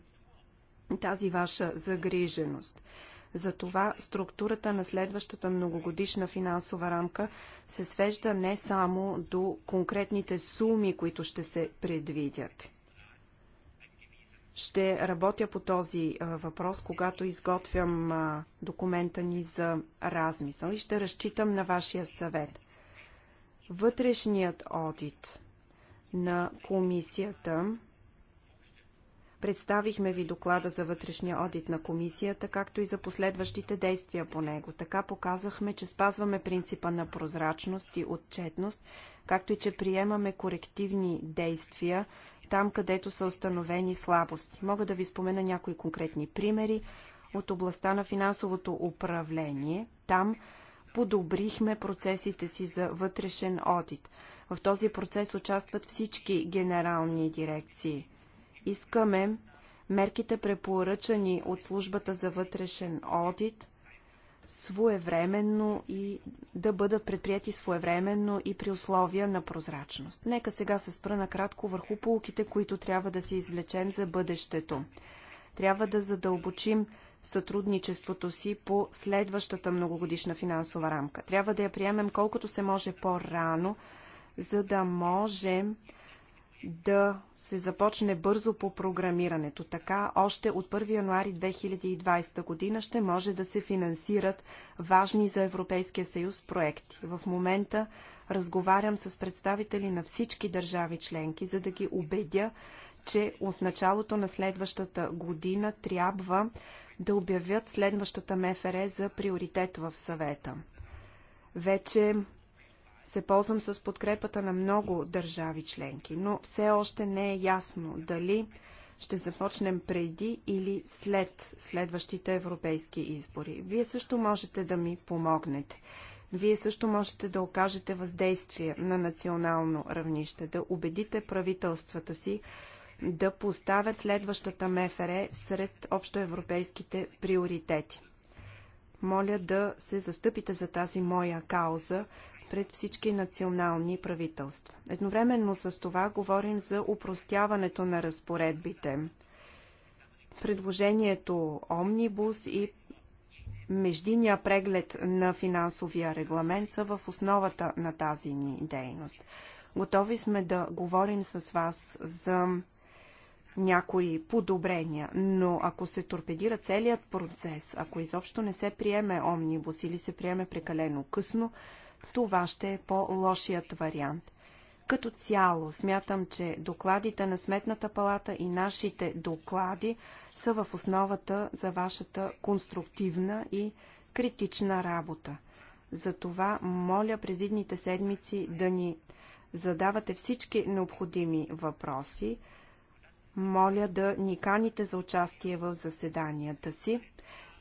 A: тази ваша загриженост. Затова структурата на следващата многогодишна финансова рамка се свежда не само до конкретните суми, които ще се предвидят. Ще работя по този въпрос, когато изготвям документа ни за размисъл и ще разчитам на вашия съвет. Вътрешният одит на комисията. Представихме ви доклада за вътрешния одит на комисията, както и за последващите действия по него. Така показахме, че спазваме принципа на прозрачност и отчетност, както и че приемаме корективни действия там, където са установени слабости. Мога да ви спомена някои конкретни примери от областта на финансовото управление. Там подобрихме процесите си за вътрешен одит. В този процес участват всички генерални дирекции. Искаме мерките препоръчани от службата за вътрешен одит своевременно и да бъдат предприяти своевременно и при условия на прозрачност. Нека сега се спра накратко върху полуките, които трябва да се извлечем за бъдещето. Трябва да задълбочим сътрудничеството си по следващата многогодишна финансова рамка. Трябва да я приемем колкото се може по-рано, за да можем да се започне бързо по програмирането. Така още от 1 януари 2020 година ще може да се финансират важни за Европейския съюз проекти. В момента разговарям с представители на всички държави членки, за да ги убедя, че от началото на следващата година трябва да обявят следващата МФР за приоритет в съвета. Вече се ползвам с подкрепата на много държави членки, но все още не е ясно дали ще започнем преди или след следващите европейски избори. Вие също можете да ми помогнете. Вие също можете да окажете въздействие на национално равнище, да убедите правителствата си да поставят следващата МФР сред общоевропейските приоритети. Моля да се застъпите за тази моя кауза пред всички национални правителства. Едновременно с това говорим за упростяването на разпоредбите. Предложението Омнибус и междиния преглед на финансовия регламент са в основата на тази ни дейност. Готови сме да говорим с вас за някои подобрения, но ако се торпедира целият процес, ако изобщо не се приеме омнибус или се приеме прекалено късно, това ще е по-лошият вариант. Като цяло, смятам, че докладите на Сметната палата и нашите доклади са в основата за вашата конструктивна и критична работа. Затова моля през идните седмици да ни задавате всички необходими въпроси. Моля да ни каните за участие в заседанията си.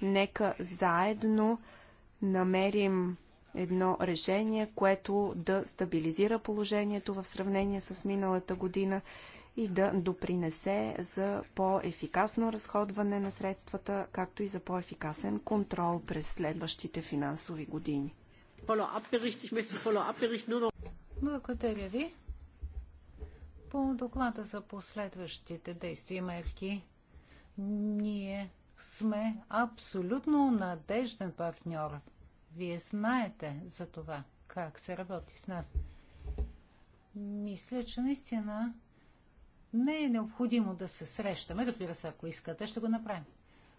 A: Нека заедно намерим едно решение, което да стабилизира положението в сравнение с миналата година и да допринесе за по-ефикасно разходване на средствата, както и за по-ефикасен контрол през следващите финансови години.
D: Благодаря ви.
B: По доклада за последващите действия мерки, ние сме абсолютно надежден партньор вие знаете за това, как се работи с нас. Мисля, че наистина не е необходимо да се срещаме. Разбира се, ако искате, ще го направим.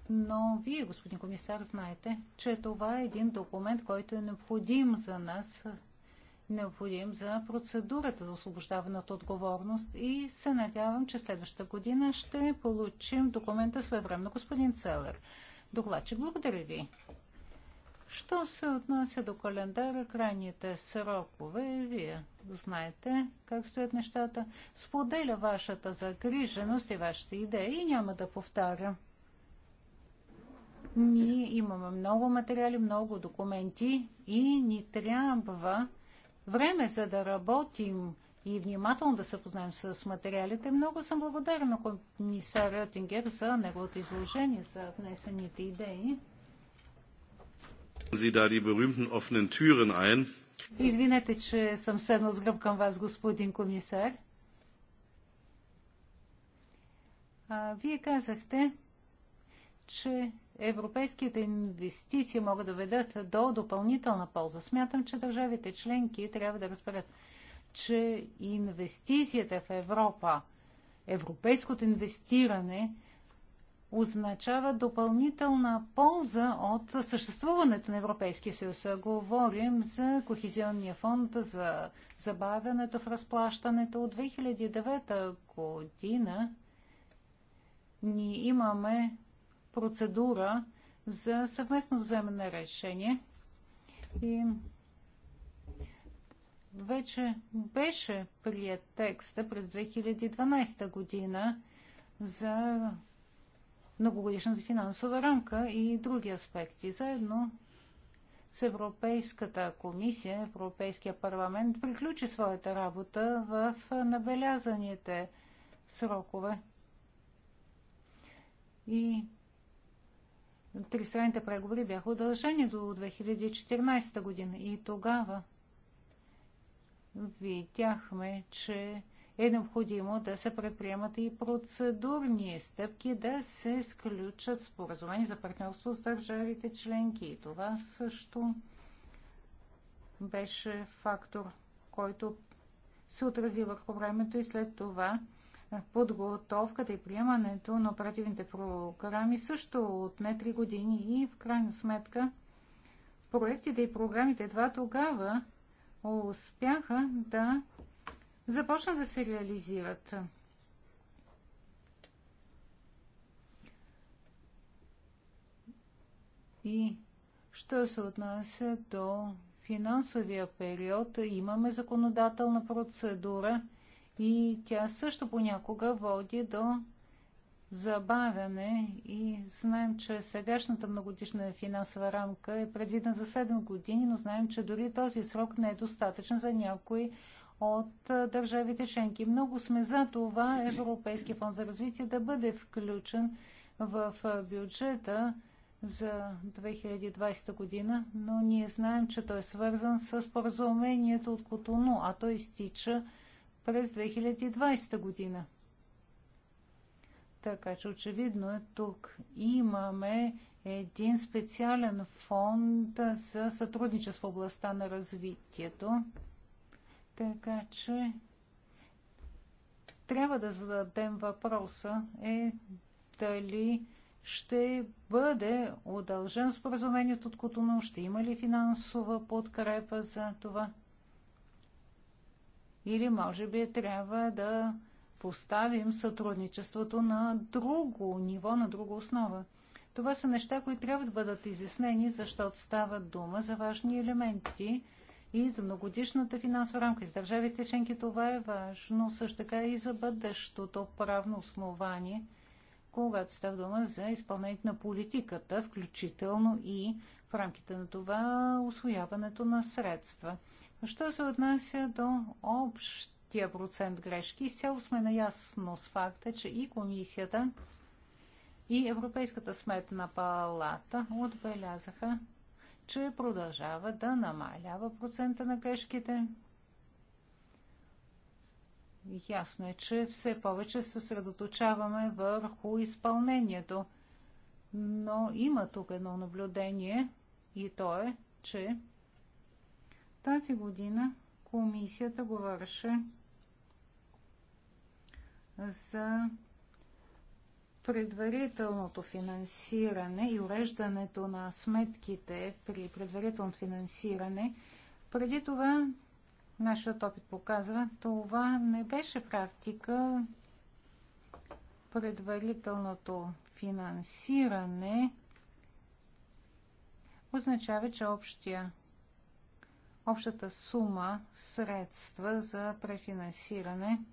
B: Но вие, господин комисар, знаете, че това е един документ, който е необходим за нас, необходим за процедурата за освобождаване от отговорност и се надявам, че следващата година ще получим документа своевременно, господин Целер. Докладчик, благодаря ви. Що се отнася до календара, крайните срокове, вие знаете как стоят нещата. Споделя вашата загриженост и вашите идеи и няма да повтаря. Ние имаме много материали, много документи и ни трябва време за да работим и внимателно да се познаем с материалите. Много съм благодарен на комисаря Тингер за неговото изложение, за внесените идеи. Извинете, че съм седнал с гръб към вас, господин комисар. А, вие казахте, че европейските инвестиции могат да ведат до допълнителна полза. Смятам, че държавите членки трябва да разберат, че инвестицията в Европа, европейското инвестиране – означава допълнителна полза от съществуването на Европейския съюз. Говорим за Кохизионния фонд, за забавянето в разплащането. От 2009 година ние имаме процедура за съвместно вземане решение и вече беше прият текста през 2012 година за многогодишната финансова рамка и други аспекти. Заедно с Европейската комисия, Европейския парламент приключи своята работа в набелязаните срокове. И тристранните преговори бяха удължени до 2014 година. И тогава видяхме, че е необходимо да се предприемат и процедурни стъпки, да се сключат споразумения за партньорство с държавите членки. И това също беше фактор, който се отрази върху времето и след това подготовката и приемането на оперативните програми също от не-три години и в крайна сметка проектите и програмите едва тогава успяха да Започна да се реализират. И що се отнася до финансовия период, имаме законодателна процедура и тя също понякога води до забавяне и знаем, че сегашната многодишна финансова рамка е предвидена за 7 години, но знаем, че дори този срок не е достатъчен за някои от държавите членки. Много сме за това Европейския фонд за развитие да бъде включен в бюджета за 2020 година, но ние знаем, че той е свързан с поразумението от Котону, а той изтича през 2020 година. Така че очевидно е тук имаме един специален фонд за сътрудничество в областта на развитието. Така че трябва да зададем въпроса е дали ще бъде удължен споразумението от Котоно, ще има ли финансова подкрепа за това? Или може би трябва да поставим сътрудничеството на друго ниво, на друга основа. Това са неща, които трябва да бъдат изяснени, защото става дума за важни елементи – и за многодишната финансова рамка. И за държавите членки това е важно, също така и за бъдещото правно основание, когато става дума за изпълнението на политиката, включително и в рамките на това освояването на средства. Що се отнася до общия процент грешки, изцяло сме наясно с факта, че и комисията, и Европейската сметна палата отбелязаха, че продължава да намалява процента на грешките. Ясно е, че все повече се съсредоточаваме върху изпълнението. Но има тук едно наблюдение и то е, че тази година комисията говореше за предварителното финансиране и уреждането на сметките при предварителното финансиране, преди това нашият опит показва, това не беше практика. Предварителното финансиране означава, че общия, общата сума средства за префинансиране –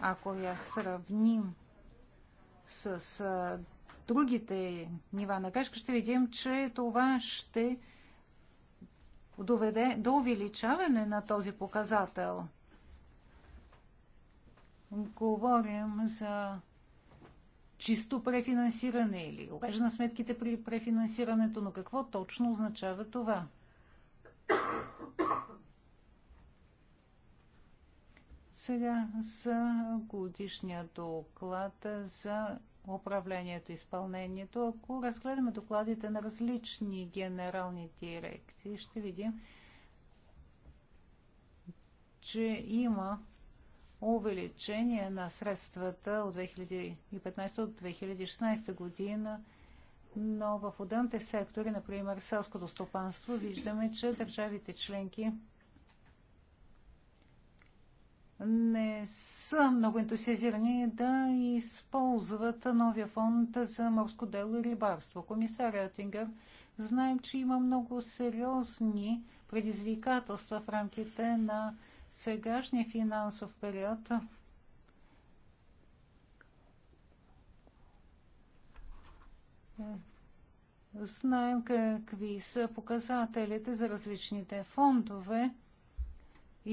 B: ако я сравним с другите нива на грешка, ще видим, че това ще доведе до увеличаване на този показател. Говорим за чисто префинансиране или обежда на сметките при префинансирането, но какво точно означава това? Сега за годишния доклад за управлението и изпълнението. Ако разгледаме докладите на различни генерални дирекции, ще видим, че има увеличение на средствата от 2015 от 2016 година, но в отделните сектори, например селското стопанство, виждаме, че държавите членки не са много ентусиазирани да използват новия фонд за морско дело и рибарство. Комисар Ротингър знаем, че има много сериозни предизвикателства в рамките на сегашния финансов период. Знаем какви са показателите за различните фондове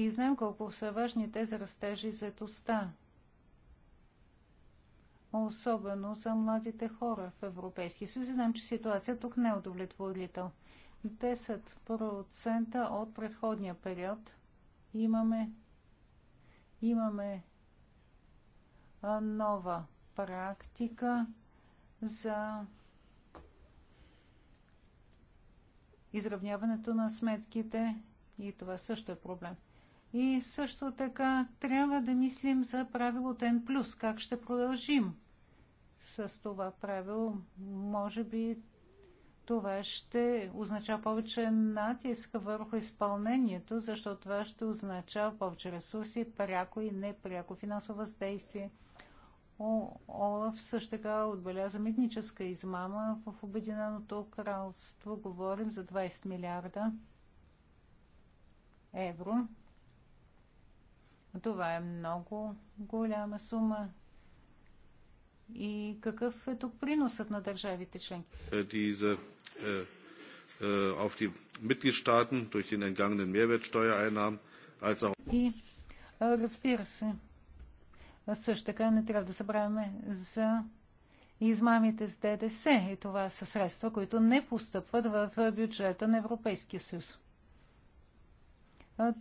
B: и знаем колко са важни те за растежа и заетостта. Особено за младите хора в Европейски съюз. Знам, че ситуация тук не е удовлетворителна. 10% от предходния период имаме, имаме нова практика за изравняването на сметките и това също е проблем. И също така трябва да мислим за правилото N+, как ще продължим с това правило. Може би това ще означава повече натиск върху изпълнението, защото това ще означава повече ресурси, пряко и непряко финансово въздействие. О, Олаф също така отбеляза митническа измама в Обединеното кралство. Говорим за 20 милиарда евро. Това е много голяма сума. И какъв е тук приносът на държавите членки? Тези е, е, auf die
C: Mitgliedstaaten durch den entgangenen Mehrwertsteuereinnahmen als auch...
B: И разбира се, също така не трябва да забравяме за измамите с ДДС. И това са средства, които не постъпват в бюджета на Европейския съюз.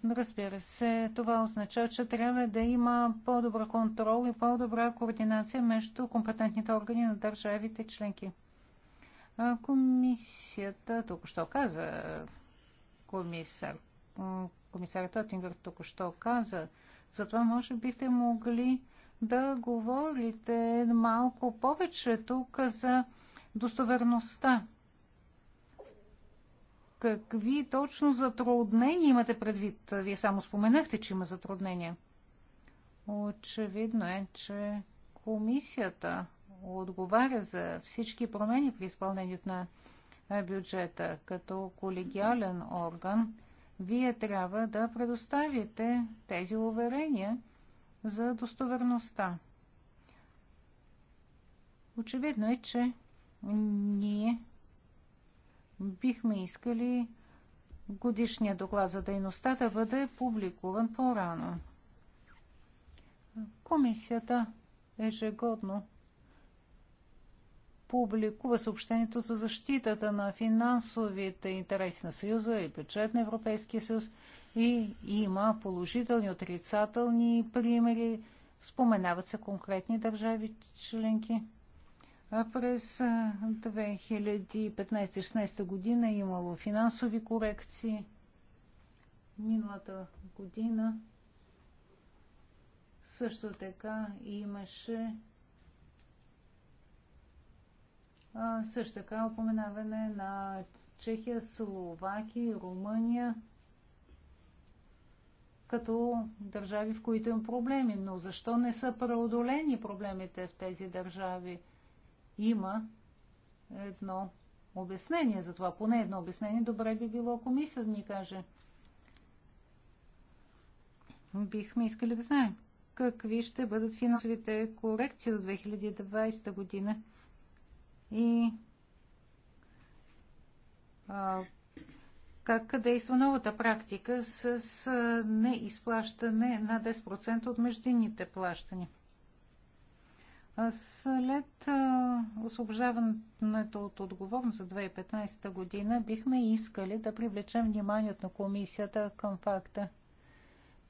B: Разбира се, това означава, че трябва да има по-добър контрол и по-добра координация между компетентните органи на държавите членки. Комисията току-що каза, комисар, комисарът Отингър току-що каза, затова може бихте могли да говорите малко повече тук за достоверността Какви точно затруднения имате предвид? Вие само споменахте, че има затруднения. Очевидно е, че комисията отговаря за всички промени при изпълнението на бюджета. Като колегиален орган, вие трябва да предоставите тези уверения за достоверността. Очевидно е, че ние бихме искали годишния доклад за дейността да бъде публикуван по-рано. Комисията ежегодно публикува съобщението за защитата на финансовите интереси на Съюза и бюджет на Европейския съюз и има положителни, отрицателни примери. Споменават се конкретни държави членки. През 2015-16 година е имало финансови корекции. Миналата година също така имаше също така упоменаване на Чехия, Словакия, и Румъния като държави, в които има проблеми. Но защо не са преодолени проблемите в тези държави? има едно обяснение за това. Поне едно обяснение добре би било, ако мисля да ни каже. Бихме искали да знаем какви ще бъдат финансовите корекции до 2020 година и а, как действа новата практика с, с неизплащане на 10% от междинните плащания. След освобождаването от отговорност за 2015 година бихме искали да привлечем вниманието на комисията към факта,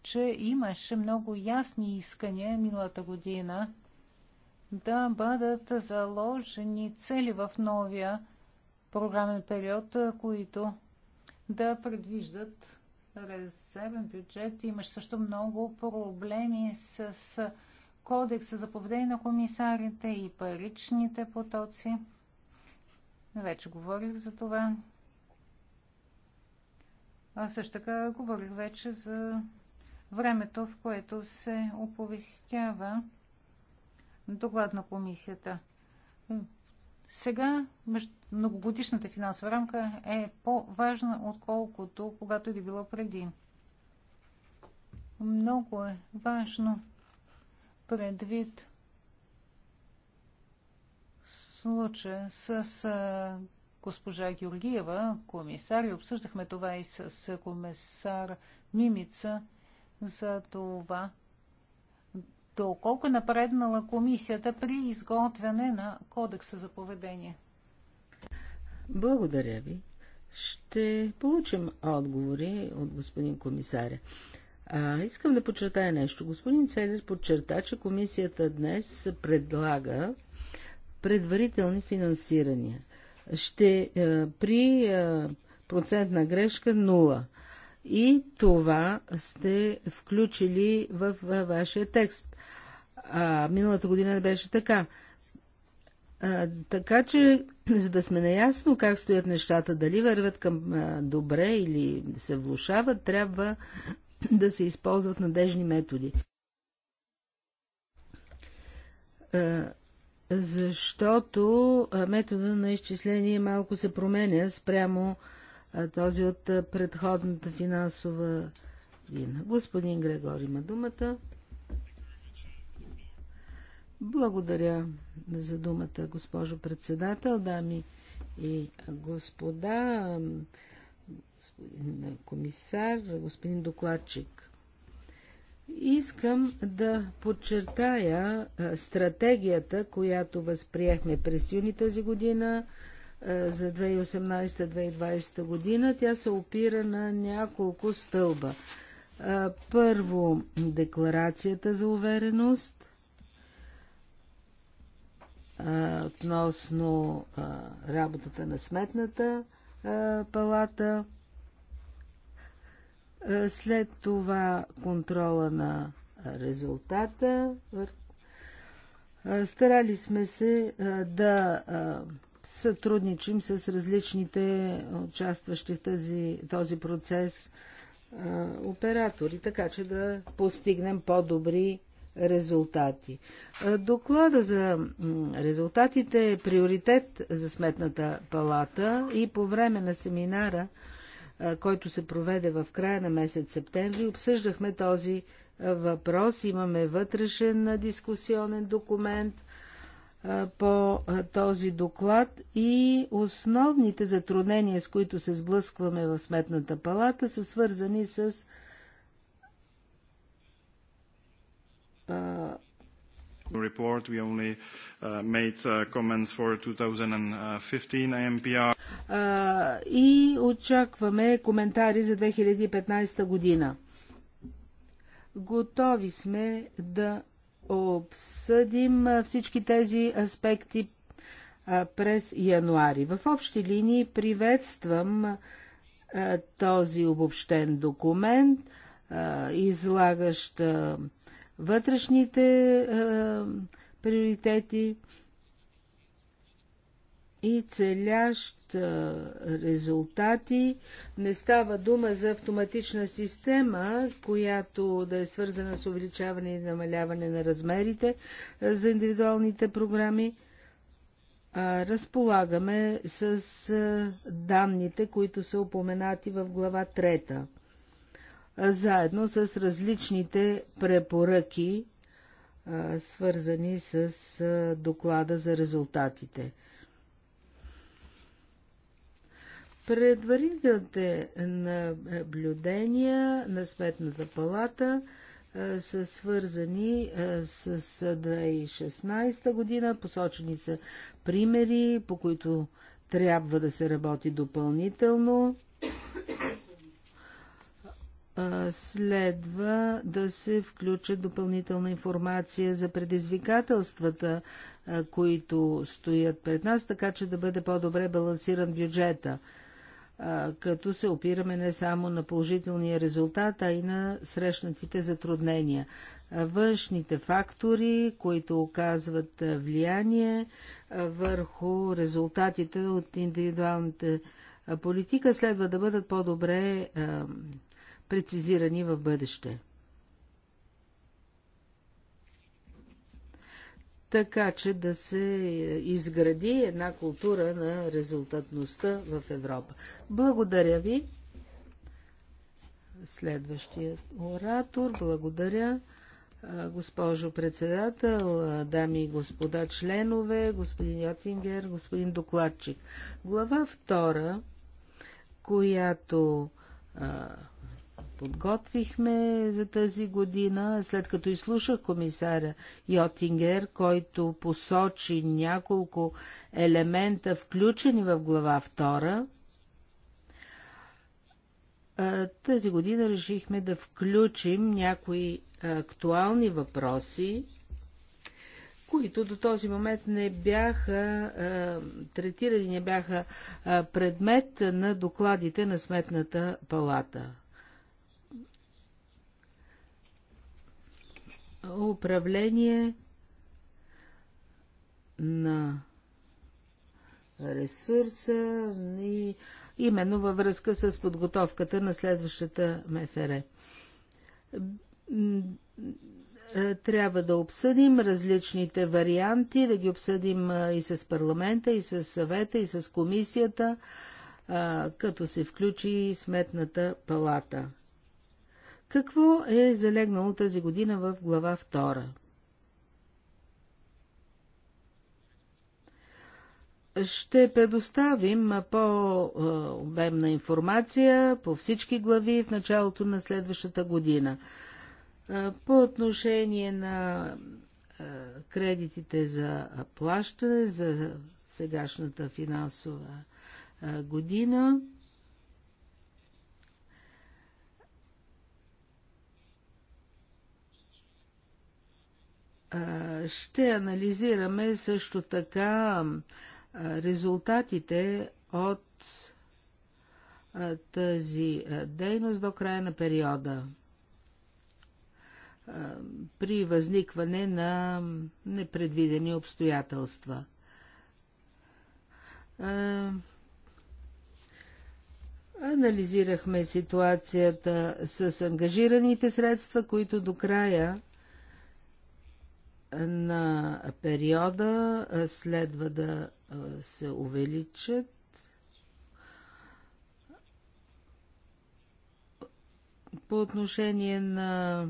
B: че имаше много ясни искания миналата година да бъдат заложени цели в новия програмен период, които да предвиждат резервен бюджет. Имаше също много проблеми с кодекса за поведение на комисарите и паричните потоци. Вече говорих за това. А също така говорих вече за времето, в което се оповестява доклад на комисията. Сега многогодишната финансова рамка е по-важна, отколкото когато и е да било преди. Много е важно предвид случая с госпожа Георгиева, комисар, и обсъждахме това и с комисар Мимица за това, доколко е напреднала комисията при изготвяне на кодекса за поведение.
E: Благодаря ви. Ще получим отговори от господин комисаря. А, искам да подчертая нещо. Господин Цедер подчерта, че комисията днес предлага предварителни финансирания. Ще а, при а, процентна грешка 0. И това сте включили в, в вашия текст. А, миналата година не беше така. А, така че, за да сме наясно как стоят нещата, дали върват към а, добре или се влушават, трябва да се използват надежни методи. Защото метода на изчисление малко се променя спрямо този от предходната финансова вина. Господин Грегор има думата. Благодаря за думата, госпожо председател, дами и господа господин комисар, господин докладчик. Искам да подчертая стратегията, която възприехме през юни тази година за 2018-2020 година. Тя се опира на няколко стълба. Първо, декларацията за увереност относно работата на сметната палата. След това контрола на резултата. Старали сме се да сътрудничим с различните участващи в тази, този процес оператори, така че да постигнем по-добри резултати. Доклада за резултатите е приоритет за Сметната палата и по време на семинара, който се проведе в края на месец септември, обсъждахме този въпрос. Имаме вътрешен дискусионен документ по този доклад и основните затруднения, с които се сблъскваме в Сметната палата, са свързани с Uh, report. We only uh, made uh, comments for 2015 AMPR. И очакваме коментари за 2015 година. Готови сме да обсъдим всички тези аспекти през януари. В общи линии приветствам този обобщен документ, излагащ вътрешните е, приоритети и целящ е, резултати. Не става дума за автоматична система, която да е свързана с увеличаване и намаляване на размерите е, за индивидуалните програми. разполагаме с е, данните, които са упоменати в глава заедно с различните препоръки, свързани с доклада за резултатите. Предварителните наблюдения на Сметната палата са свързани с 2016 година. Посочени са примери, по които трябва да се работи допълнително следва да се включат допълнителна информация за предизвикателствата, които стоят пред нас, така че да бъде по-добре балансиран бюджета, като се опираме не само на положителния резултат, а и на срещнатите затруднения. Външните фактори, които оказват влияние върху резултатите от индивидуалните политика, следва да бъдат по-добре прецизирани в бъдеще. Така че да се изгради една култура на резултатността в Европа. Благодаря ви. Следващият оратор. Благодаря. Госпожо председател, дами и господа членове, господин Йотингер, господин докладчик. Глава втора, която а, подготвихме за тази година, след като изслушах комисаря Йотингер, който посочи няколко елемента, включени в глава 2, тази година решихме да включим някои актуални въпроси, които до този момент не бяха третирани, не бяха предмет на докладите на Сметната палата. управление на ресурса и именно във връзка с подготовката на следващата МФР. Трябва да обсъдим различните варианти, да ги обсъдим и с парламента, и с съвета, и с комисията, като се включи и сметната палата. Какво е залегнало тази година в глава 2? Ще предоставим по-обемна информация по всички глави в началото на следващата година. По отношение на кредитите за плащане за сегашната финансова година, Ще анализираме също така резултатите от тази дейност до края на периода при възникване на непредвидени обстоятелства. Анализирахме ситуацията с ангажираните средства, които до края на периода следва да се увеличат по отношение на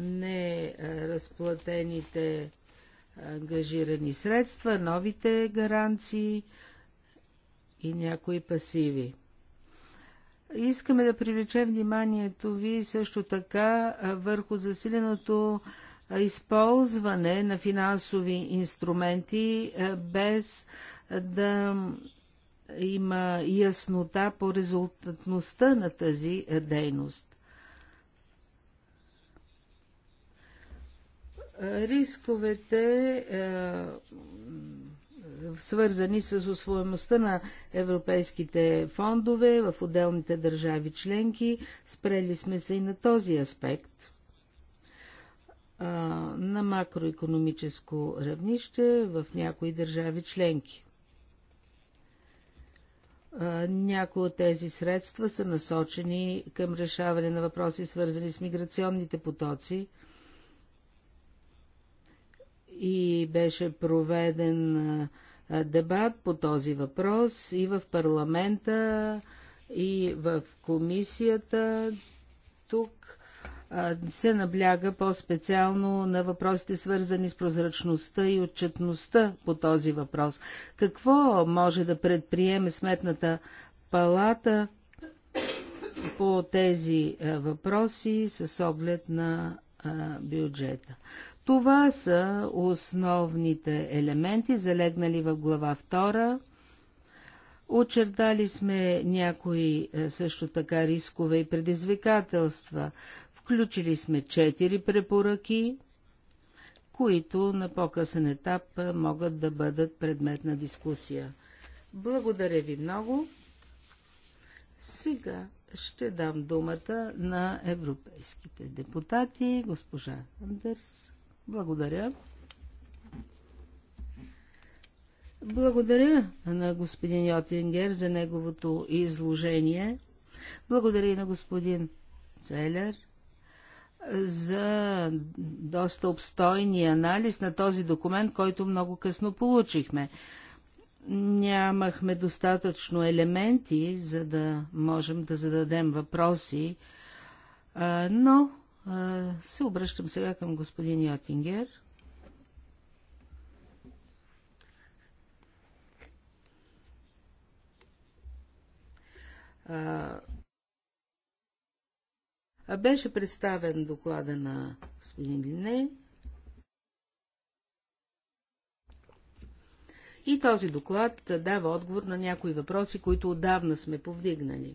E: неразплатените ангажирани средства, новите гаранции и някои пасиви. Искаме да привлечем вниманието ви също така върху засиленото използване на финансови инструменти е, без да има яснота по резултатността на тази дейност. Рисковете, е, свързани с освоемостта на европейските фондове в отделните държави членки, спрели сме се и на този аспект на макроекономическо равнище в някои държави членки. Някои от тези средства са насочени към решаване на въпроси, свързани с миграционните потоци. И беше проведен дебат по този въпрос и в парламента, и в комисията. Тук се набляга по-специално на въпросите свързани с прозрачността и отчетността по този въпрос. Какво може да предприеме сметната палата по тези въпроси с оглед на бюджета? Това са основните елементи, залегнали в глава 2. Очертали сме някои също така рискове и предизвикателства, Включили сме четири препоръки, които на по-късен етап могат да бъдат предмет на дискусия. Благодаря ви много. Сега ще дам думата на европейските депутати. Госпожа Андерс, благодаря. Благодаря на господин Йотингер за неговото изложение. Благодаря и на господин Целер – за доста обстойния анализ на този документ, който много късно получихме. Нямахме достатъчно елементи, за да можем да зададем въпроси, но се обръщам сега към господин Йотингер. Беше представен доклада на господин Лине. И този доклад дава отговор на някои въпроси, които отдавна сме повдигнали.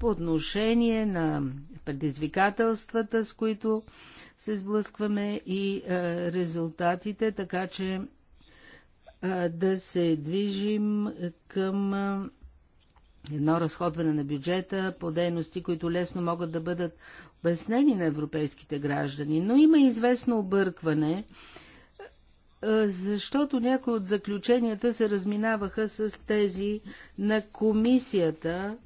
E: По отношение на предизвикателствата, с които се сблъскваме и е, резултатите, така че е, да се движим към едно разходване на бюджета по дейности, които лесно могат да бъдат обяснени на европейските граждани. Но има известно объркване, защото някои от заключенията се разминаваха с тези на комисията,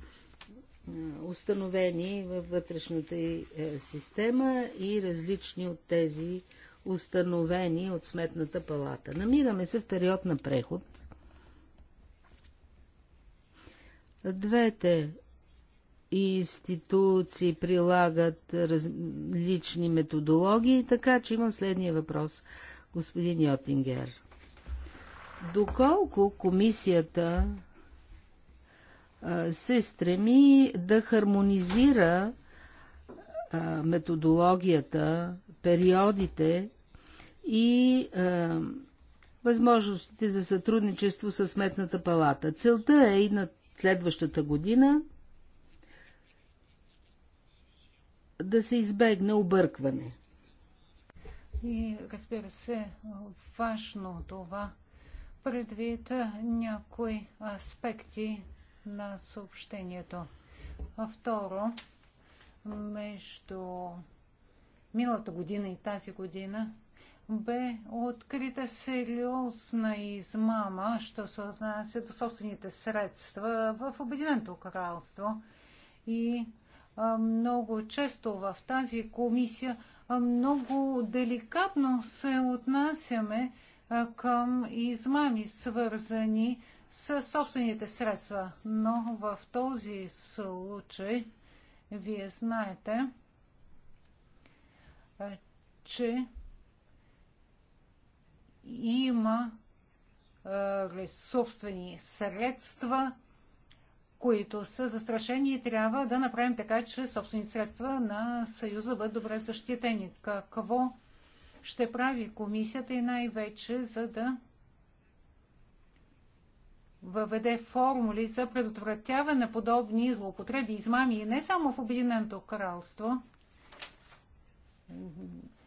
E: установени във вътрешната е, система и различни от тези установени от Сметната палата. Намираме се в период на преход – Двете институции прилагат различни методологии, така че имам следния въпрос, господин Йотингер. Доколко комисията се стреми да хармонизира методологията, периодите и възможностите за сътрудничество с Сметната палата. Целта е и на следващата година да се избегне объркване.
B: И разбира се, важно това предвид някои аспекти на съобщението. А второ, между миналата година и тази година бе открита сериозна измама, що се отнася до собствените средства в Обединеното кралство. И а, много често в тази комисия а, много деликатно се отнасяме а, към измами, свързани с собствените средства. Но в този случай, вие знаете, че има а, нали, собствени средства, които са застрашени и трябва да направим така, че собствени средства на Съюза бъдат добре защитени. Какво ще прави комисията и най-вече за да въведе формули за предотвратяване на подобни злоупотреби, измами и не само в Обединеното кралство,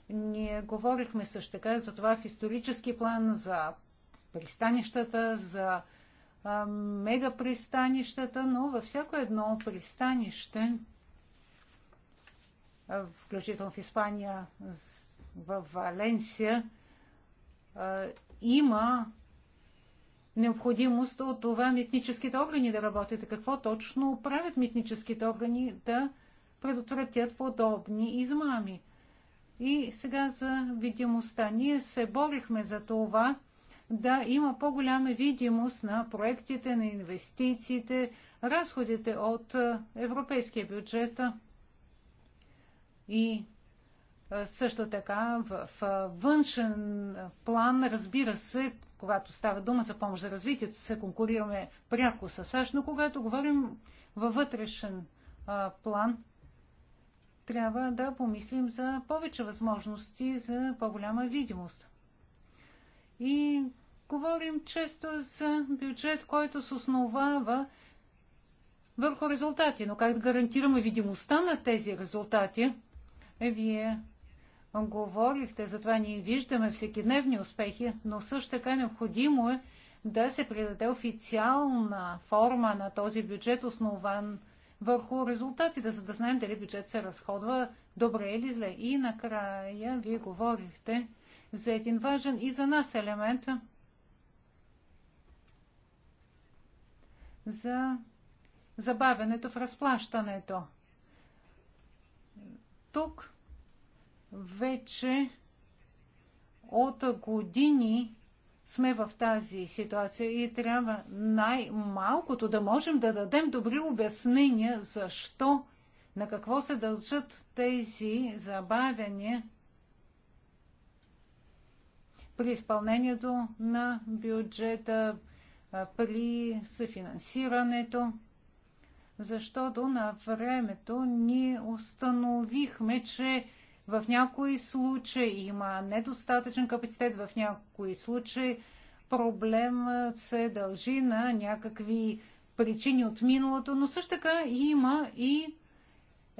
B: ние говорихме също така за това в исторически план, за пристанищата, за мегапристанищата, но във всяко едно пристанище, включително в Испания, в Валенсия, има необходимост от това митническите органи да работят. Какво точно правят митническите органи да предотвратят подобни измами? И сега за видимостта. Ние се борихме за това да има по-голяма видимост на проектите, на инвестициите, разходите от европейския бюджет. И също така в външен план, разбира се, когато става дума за помощ за развитието, се конкурираме пряко с САЩ, но когато говорим във вътрешен план, трябва да помислим за повече възможности за по-голяма видимост. И говорим често за бюджет, който се основава върху резултати. Но как да гарантираме видимостта на тези резултати? Е, вие говорихте, затова ние виждаме всекидневни успехи, но също така е необходимо е да се придаде официална форма на този бюджет, основан върху резултатите, за да знаем дали бюджет се разходва добре или зле. И накрая вие говорихте за един важен и за нас елемент за забавянето в разплащането. Тук вече от години сме в тази ситуация и трябва най-малкото да можем да дадем добри обяснения защо, на какво се дължат тези забавяния при изпълнението на бюджета, при съфинансирането, защото на времето ние установихме, че в някои случаи има недостатъчен капацитет, в някои случаи проблемът се дължи на някакви причини от миналото, но също така има и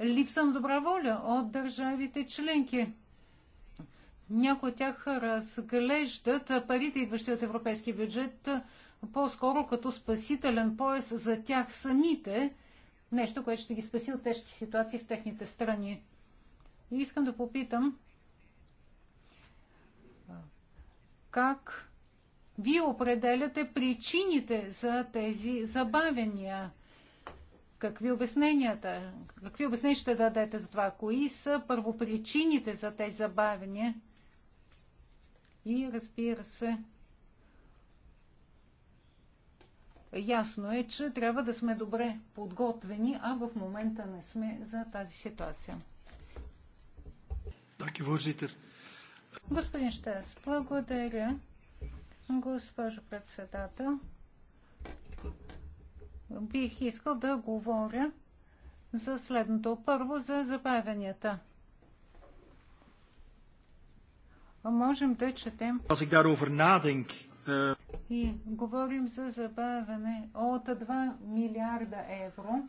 B: липса на добра воля от държавите членки. Някои от тях разглеждат парите, идващи от европейски бюджет, по-скоро като спасителен пояс за тях самите, нещо, което ще ги спаси от тежки ситуации в техните страни. Искам да попитам как вие определяте причините за тези забавения. Какви обясненията? Какви обяснения ще дадете за това? Кои са първопричините за тези забавения? И разбира се, ясно е, че трябва да сме добре подготвени, а в момента не сме за тази ситуация. Господин Штес, благодаря. Госпожо председател, бих искал да говоря за следното. Първо за забавянията. Можем да четем.
C: Аз ik daarover nadenk. Eh,
B: и говорим за забавяне от 2 милиарда евро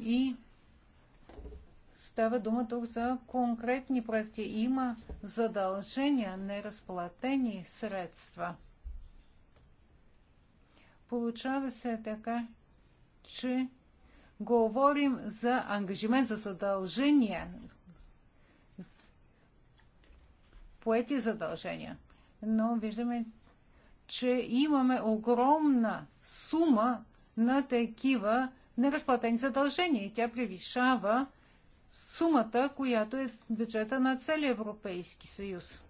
B: и Става дума тук за конкретни проекти. Има задължения, неразплатени средства. Получава се така, че говорим за ангажимент, за задължения, поети задължения. Но виждаме, че имаме огромна сума на такива неразплатени задължения и тя превишава сумата, която е бюджета на целия Европейски съюз.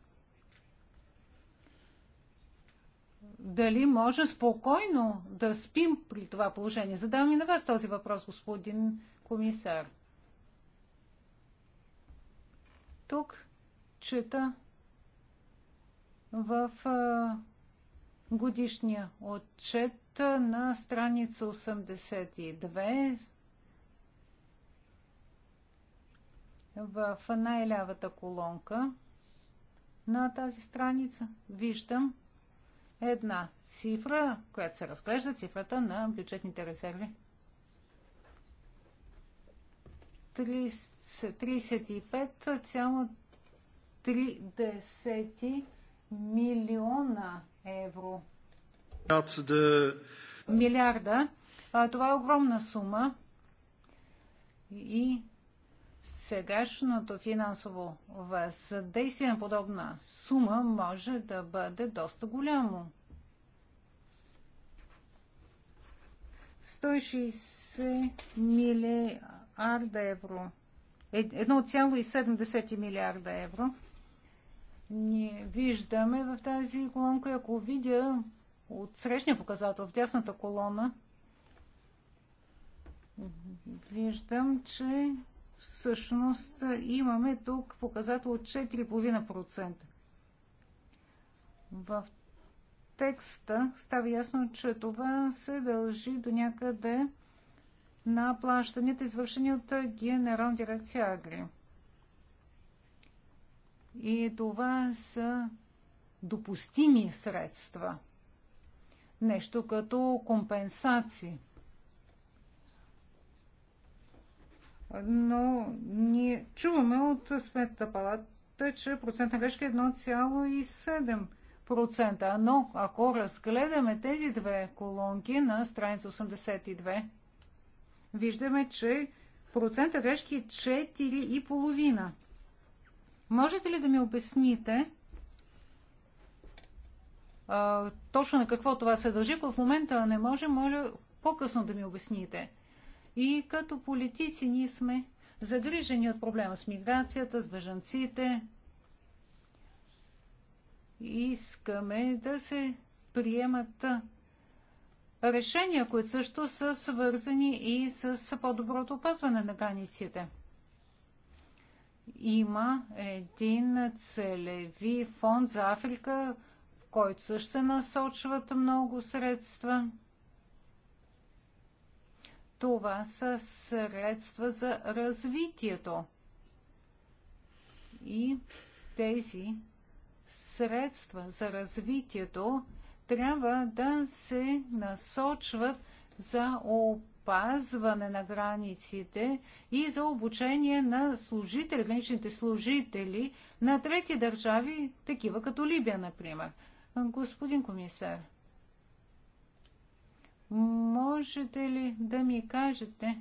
B: Дали може спокойно да спим при това положение? Задавам и на вас този въпрос, господин комисар. Тук чета в годишния отчет на страница 82 в най-лявата колонка на тази страница виждам една цифра, която се разглежда, цифрата на бюджетните резерви. 35,3 милиона евро. Милиарда. Това е огромна сума и сегашното финансово въздействие на подобна сума може да бъде доста голямо. 160 милиарда евро. 1,7 милиарда евро. Ние виждаме в тази колонка, ако видя от срещния показател в дясната колона, виждам, че всъщност имаме тук показател от 4,5%. В текста става ясно, че това се дължи до някъде на плащанията, извършени от Генерална дирекция Агри. И това са допустими средства. Нещо като компенсации – но ние чуваме от Сметната палата, че процент на грешка е 1,7%. Но ако разгледаме тези две колонки на страница 82, виждаме, че процента грешки е 4,5%. Можете ли да ми обясните а, точно на какво това се дължи, ако в момента не може, моля по-късно да ми обясните – и като политици ние сме загрижени от проблема с миграцията, с бежанците. Искаме да се приемат решения, които също са свързани и с по-доброто опазване на границите. Има един целеви фонд за Африка, в който също се насочват много средства – това са средства за развитието. И тези средства за развитието трябва да се насочват за опазване на границите и за обучение на служители, граничните служители на трети държави, такива като Либия, например. Господин комисар, Можете ли да ми кажете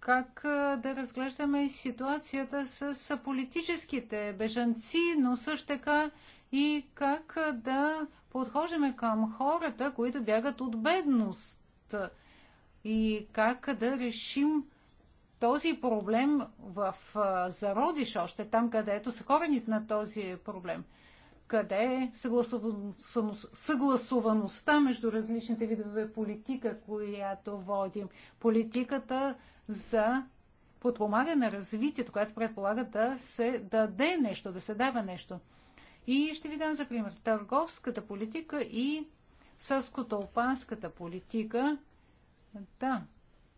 B: как да разглеждаме ситуацията с политическите бежанци, но също така и как да подхождаме към хората, които бягат от бедност и как да решим този проблем в зародиш още там, където са корените на този проблем – къде е съгласуваността между различните видове политика, която водим. Политиката за подпомагане на развитието, която предполага да се даде нещо, да се дава нещо. И ще ви дам за пример търговската политика и сълскотолпанската политика. Да,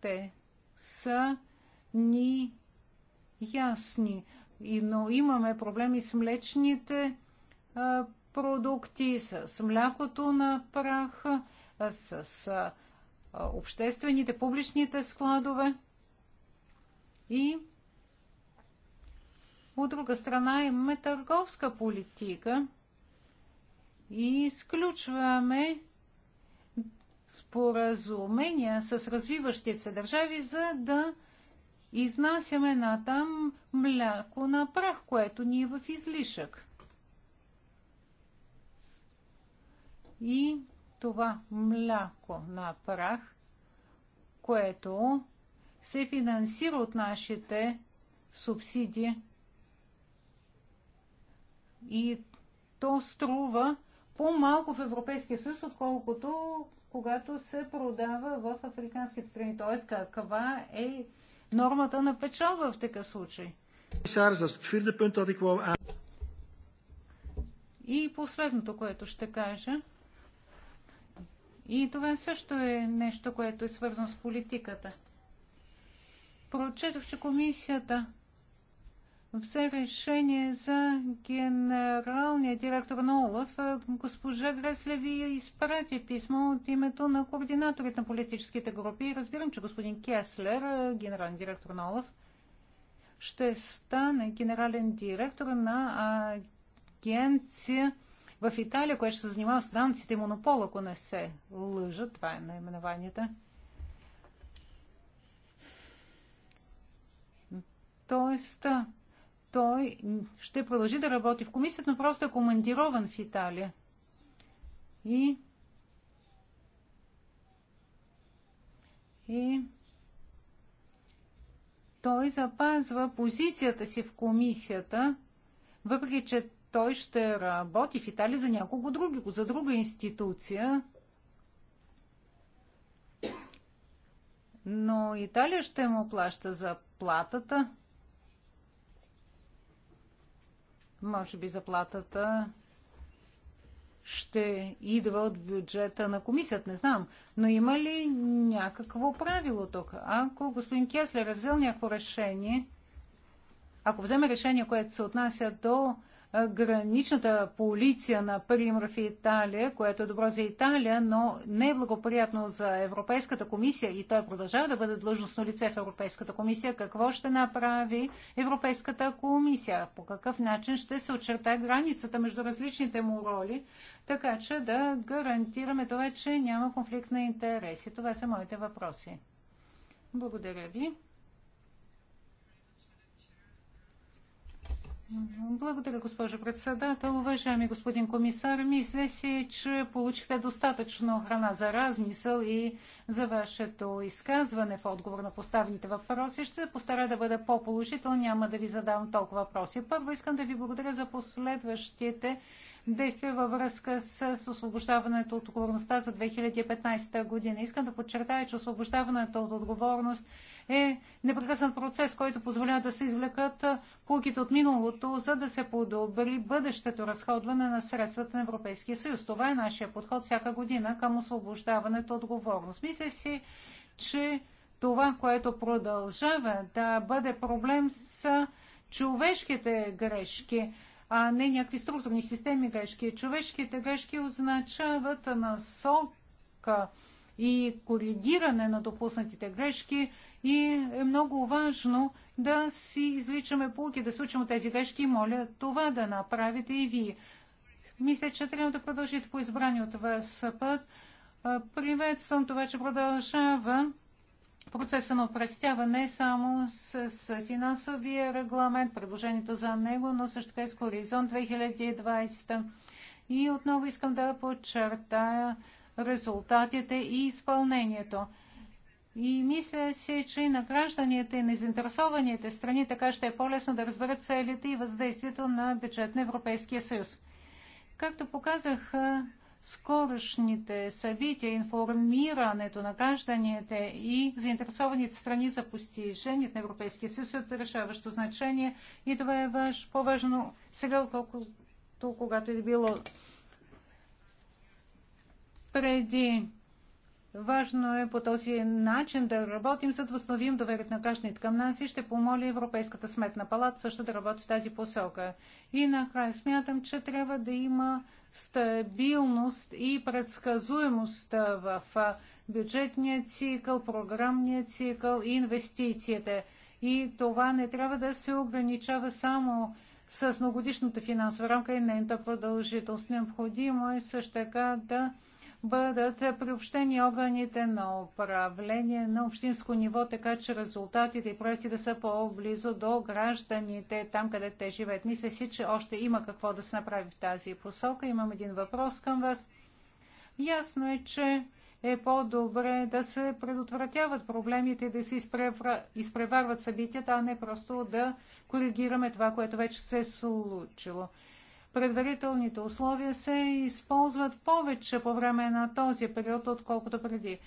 B: те са ни ясни, но имаме проблеми с млечните продукти, с млякото на прах, с обществените, публичните складове. И от друга страна имаме търговска политика и изключваме споразумения с развиващите се държави, за да изнасяме на там мляко на прах, което ни е в излишък. И това мляко на прах, което се финансира от нашите субсидии и то струва по-малко в Европейския съюз, отколкото когато се продава в африканските страни. Т.е. каква е нормата на печалба в такъв случай? И последното, което ще кажа – и това също е нещо, което е свързано с политиката. Прочетох, че комисията взе решение за генералния директор на ОЛАФ. Госпожа Гресле ви изпрати писмо от името на координаторите на политическите групи. Разбирам, че господин Кеслер, генерален директор на ОЛАФ, ще стане генерален директор на агенция в Италия, което ще се занимава с данците и монопол, ако не се лъжа. Това е наименованията. Тоест, той ще продължи да работи в комисията, но просто е командирован в Италия. И и той запазва позицията си в комисията, въпреки че той ще работи в Италия за някого други, за друга институция. Но Италия ще му плаща за платата. Може би заплатата ще идва от бюджета на комисията, не знам. Но има ли някакво правило тук? Ако господин Кеслер е взел някакво решение, ако вземе решение, което се отнася до граничната полиция, например, в Италия, което е добро за Италия, но не е благоприятно за Европейската комисия и той продължава да бъде длъжностно лице в Европейската комисия, какво ще направи Европейската комисия? По какъв начин ще се очерта границата между различните му роли, така че да гарантираме това, че няма конфликт на интереси? Това са моите въпроси. Благодаря ви. Благодаря, госпожо председател. Уважаеми господин комисар, мисля е си, че получихте достатъчно храна за размисъл и за вашето изказване в отговор на поставените въпроси. Ще постара да бъда по-положител, няма да ви задавам толкова въпроси. Първо искам да ви благодаря за последващите действия във връзка с освобождаването от отговорността за 2015 година. Искам да подчертая, че освобождаването от отговорност е непрекъснат процес, който позволява да се извлекат полуките от миналото, за да се подобри бъдещето разходване на средствата на Европейския съюз. Това е нашия подход всяка година към освобождаването отговорност. Мисля си, че това, което продължава да бъде проблем с човешките грешки, а не някакви структурни системи грешки. Човешките грешки означават насока и коригиране на допуснатите грешки и е много важно да си изличаме полки, да се учим от тези грешки и моля това да направите и вие. Мисля, че трябва да продължите по избрани от вас път. Приветствам това, че продължава процеса на опрестяване само с, с финансовия регламент, предложението за него, но също така и с Хоризонт 2020. И отново искам да подчертая резултатите и изпълнението. И мисля се, че на гражданите и на заинтересованите страни така ще е по-лесно да разберат целите и въздействието на бюджет на Европейския съюз. Както показах, скорошните събития, информирането на гражданите и заинтересованите страни за постижението на Европейския съюз е от решаващо значение и това е ваш по-важно сега, колкото когато е било преди Важно е по този начин да работим, за да възстановим доверието на гражданите към нас и ще помоли Европейската сметна палата също да работи в тази посока. И накрая смятам, че трябва да има стабилност и предсказуемост в бюджетния цикъл, програмния цикъл и инвестициите. И това не трябва да се ограничава само с многогодишната финансова рамка и нейната продължителност. Необходимо е също така да бъдат приобщени органите на управление на общинско ниво, така че резултатите и проекти да са по-близо до гражданите, там къде те живеят. Мисля си, че още има какво да се направи в тази посока. Имам един въпрос към вас. Ясно е, че е по-добре да се предотвратяват проблемите, да се изпреварват събитията, а не просто да коригираме това, което вече се е случило предварителните условия се използват повече по време на този период, отколкото преди.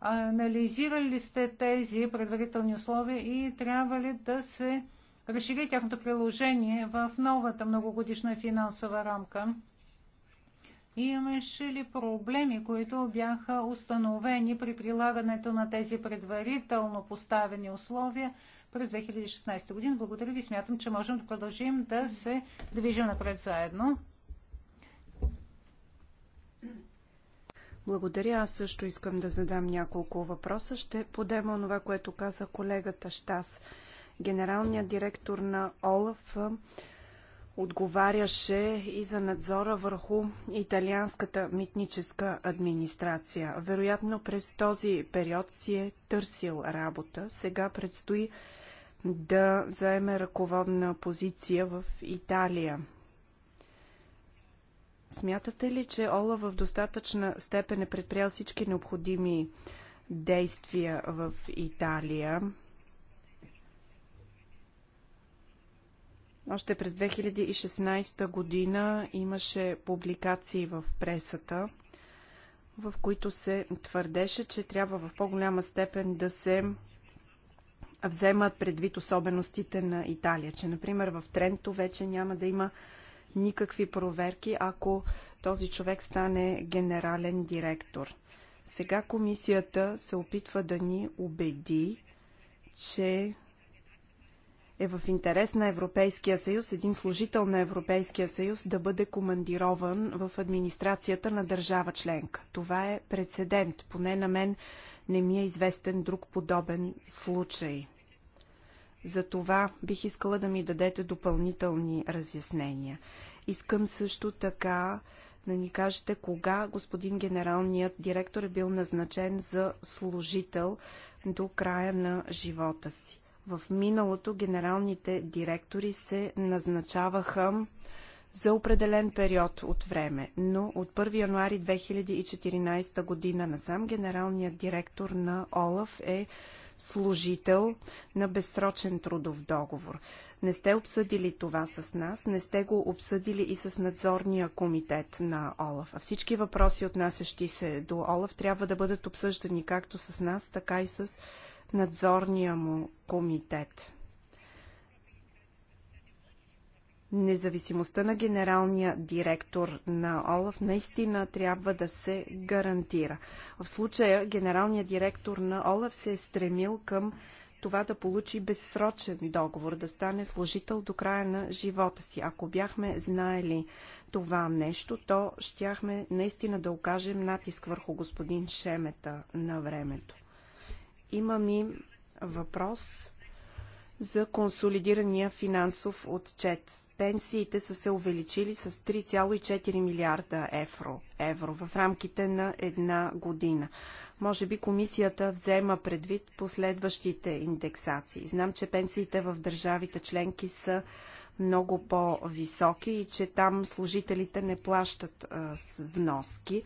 B: Анализирали сте тези предварителни условия и трябва ли да се разшири тяхното приложение в новата многогодишна финансова рамка? Имаше ли проблеми, които бяха установени при прилагането на тези предварително поставени условия през 2016 година. Благодаря ви. Смятам, че можем да продължим да се движим напред заедно.
A: Благодаря. Аз също искам да задам няколко въпроса. Ще подема онова, което каза колегата Штас. Генералният директор на ОЛАФ отговаряше и за надзора върху италианската митническа администрация. Вероятно през този период си е търсил работа. Сега предстои да заеме ръководна позиция в Италия. Смятате ли, че Ола в достатъчна степен е предприял всички необходими действия в Италия? Още през 2016 година имаше публикации в пресата, в които се твърдеше, че трябва в по-голяма степен да се вземат предвид особеностите на Италия, че например в Тренто вече няма да има никакви проверки, ако този човек стане генерален директор. Сега комисията се опитва да ни убеди, че е в интерес на Европейския съюз един служител на Европейския съюз да бъде командирован в администрацията на държава членка. Това е прецедент. Поне на мен не ми е известен друг подобен случай. За това бих искала да ми дадете допълнителни разяснения. Искам също така да ни кажете кога господин генералният директор е бил назначен за служител до края на живота си. В миналото генералните директори се назначаваха за определен период от време, но от 1 януари 2014 година насам генералният директор на ОЛАФ е служител на безсрочен трудов договор. Не сте обсъдили това с нас, не сте го обсъдили и с надзорния комитет на ОЛАФ. А всички въпроси, отнасящи се до ОЛАФ, трябва да бъдат обсъждани както с нас, така и с надзорния му комитет. Независимостта на генералния директор на ОЛАФ наистина трябва да се гарантира. В случая генералният директор на ОЛАФ се е стремил към това да получи безсрочен договор, да стане служител до края на живота си. Ако бяхме знаели това нещо, то щяхме наистина да окажем натиск върху господин Шемета на времето. Имам и въпрос за консолидирания финансов отчет. Пенсиите са се увеличили с 3,4 милиарда евро, евро в рамките на една година. Може би комисията взема предвид последващите индексации. Знам, че пенсиите в държавите членки са много по-високи и че там служителите не плащат а, с вноски.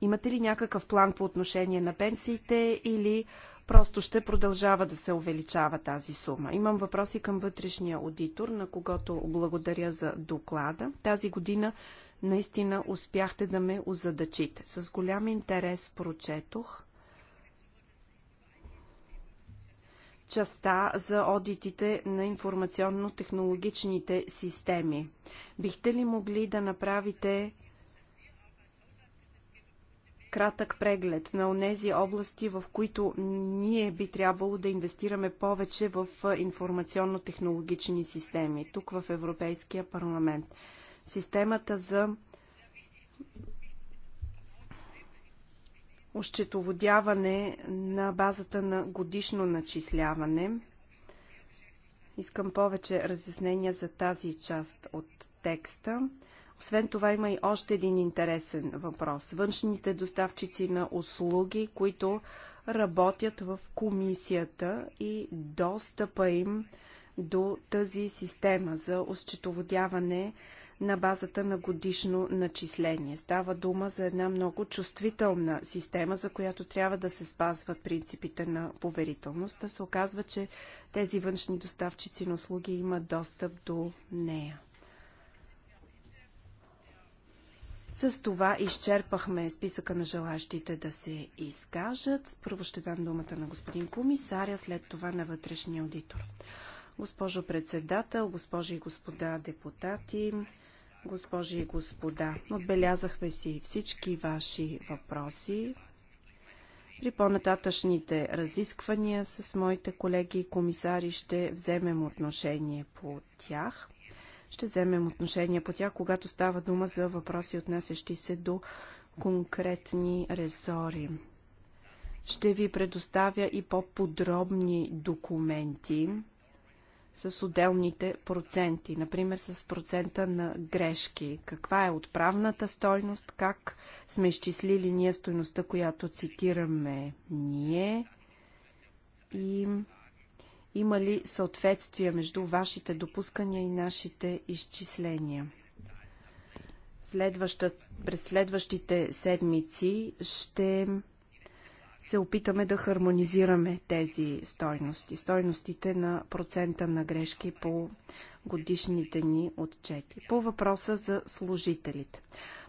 A: Имате ли някакъв план по отношение на пенсиите или просто ще продължава да се увеличава тази сума. Имам въпроси към вътрешния аудитор, на когото благодаря за доклада. Тази година наистина успяхте да ме озадачите. С голям интерес прочетох частта за одитите на информационно-технологичните системи. Бихте ли могли да направите кратък преглед на онези области, в които ние би трябвало да инвестираме повече в информационно-технологични системи, тук в Европейския парламент. Системата за Ощетоводяване на базата на годишно начисляване. Искам повече разяснения за тази част от текста. Освен това има и още един интересен въпрос. Външните доставчици на услуги, които работят в комисията и достъпа им до тази система за осчетоводяване на базата на годишно начисление. Става дума за една много чувствителна система, за която трябва да се спазват принципите на поверителността. се оказва, че тези външни доставчици на услуги имат достъп до нея. С това изчерпахме списъка на желащите да се изкажат. Първо ще дам думата на господин комисаря, след това на вътрешния аудитор. Госпожо председател, госпожи и господа депутати, госпожи и господа, отбелязахме си всички ваши въпроси. При по-нататъчните разисквания с моите колеги и комисари ще вземем отношение по тях – ще вземем отношение по тях, когато става дума за въпроси, отнасящи се до конкретни резори. Ще ви предоставя и по-подробни документи с отделните проценти, например с процента на грешки. Каква е отправната стойност, как сме изчислили ние стойността, която цитираме ние и има ли съответствие между вашите допускания и нашите изчисления? Следваща, през следващите седмици ще се опитаме да хармонизираме тези стойности, стойностите на процента на грешки по годишните ни отчети. По въпроса за служителите.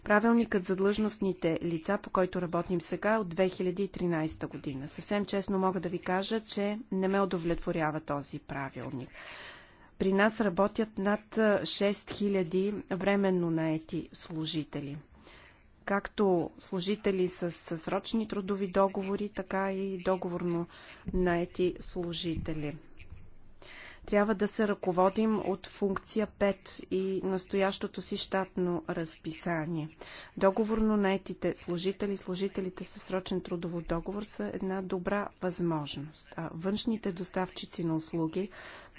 A: Правилникът за длъжностните лица, по който работим сега, е от 2013 година. Съвсем честно мога да ви кажа, че не ме удовлетворява този правилник. При нас работят над 6000 временно наети служители. Както служители с срочни трудови договори, така и договорно наети служители. Трябва да се ръководим от функция 5 и настоящото си щатно разписание. Договорно етите служители, служителите със срочен трудово договор са една добра възможност. А външните доставчици на услуги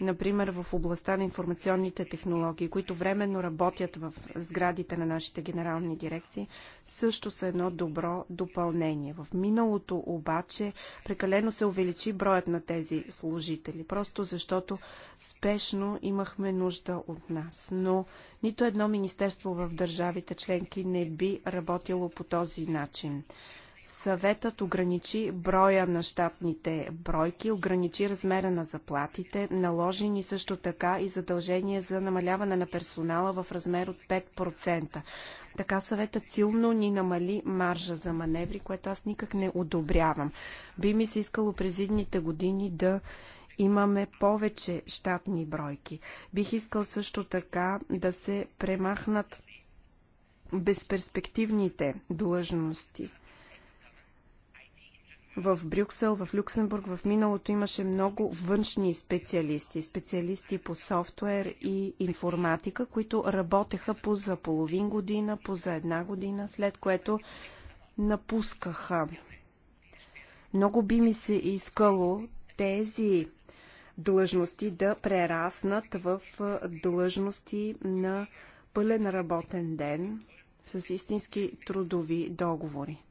A: например в областта на информационните технологии, които временно работят в сградите на нашите генерални дирекции, също са едно добро допълнение. В миналото обаче прекалено се увеличи броят на тези служители, просто защото спешно имахме нужда от нас. Но нито едно министерство в държавите членки не би работило по този начин. Съветът ограничи броя на щатните бройки, ограничи размера на заплатите, наложени също така и задължение за намаляване на персонала в размер от 5%. Така съветът силно ни намали маржа за маневри, което аз никак не одобрявам. Би ми се искало през идните години да имаме повече щатни бройки. Бих искал също така да се премахнат безперспективните длъжности в Брюксел, в Люксембург в миналото имаше много външни специалисти, специалисти по софтуер и информатика, които работеха по за половин година, по за една година, след което напускаха. Много би ми се искало тези длъжности да прераснат в длъжности на пълен работен ден с истински трудови договори.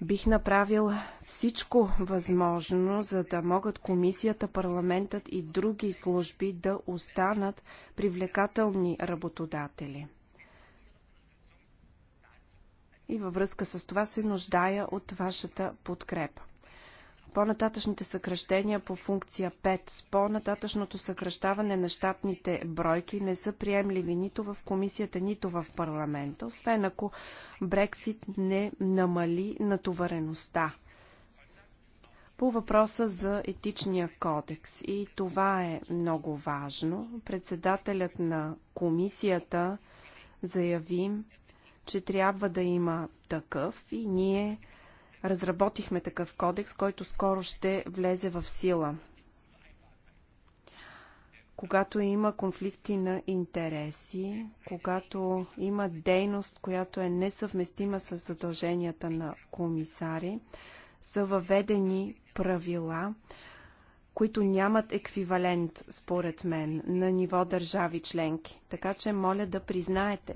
A: Бих направил всичко възможно, за да могат комисията, парламентът и други служби да останат привлекателни работодатели. И във връзка с това се нуждая от вашата подкрепа. По-нататъчните съкръщения по функция 5 с по-нататъчното съкръщаване на щатните бройки не са приемливи нито в комисията, нито в парламента, освен ако Брексит не намали натовареността по въпроса за етичния кодекс. И това е много важно. Председателят на комисията заяви, че трябва да има такъв и ние разработихме такъв кодекс, който скоро ще влезе в сила. Когато има конфликти на интереси, когато има дейност, която е несъвместима с задълженията на комисари, са въведени правила, които нямат еквивалент, според мен, на ниво държави членки. Така че моля да признаете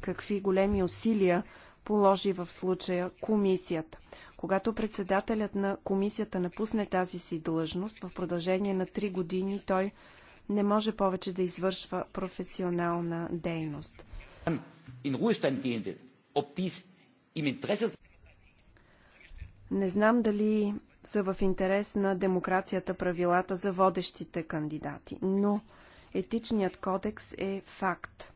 A: какви големи усилия положи в случая комисията. Когато председателят на комисията напусне тази си длъжност, в продължение на три години той не може повече да извършва професионална дейност. Не знам дали са в интерес на демокрацията правилата за водещите кандидати, но етичният кодекс е факт.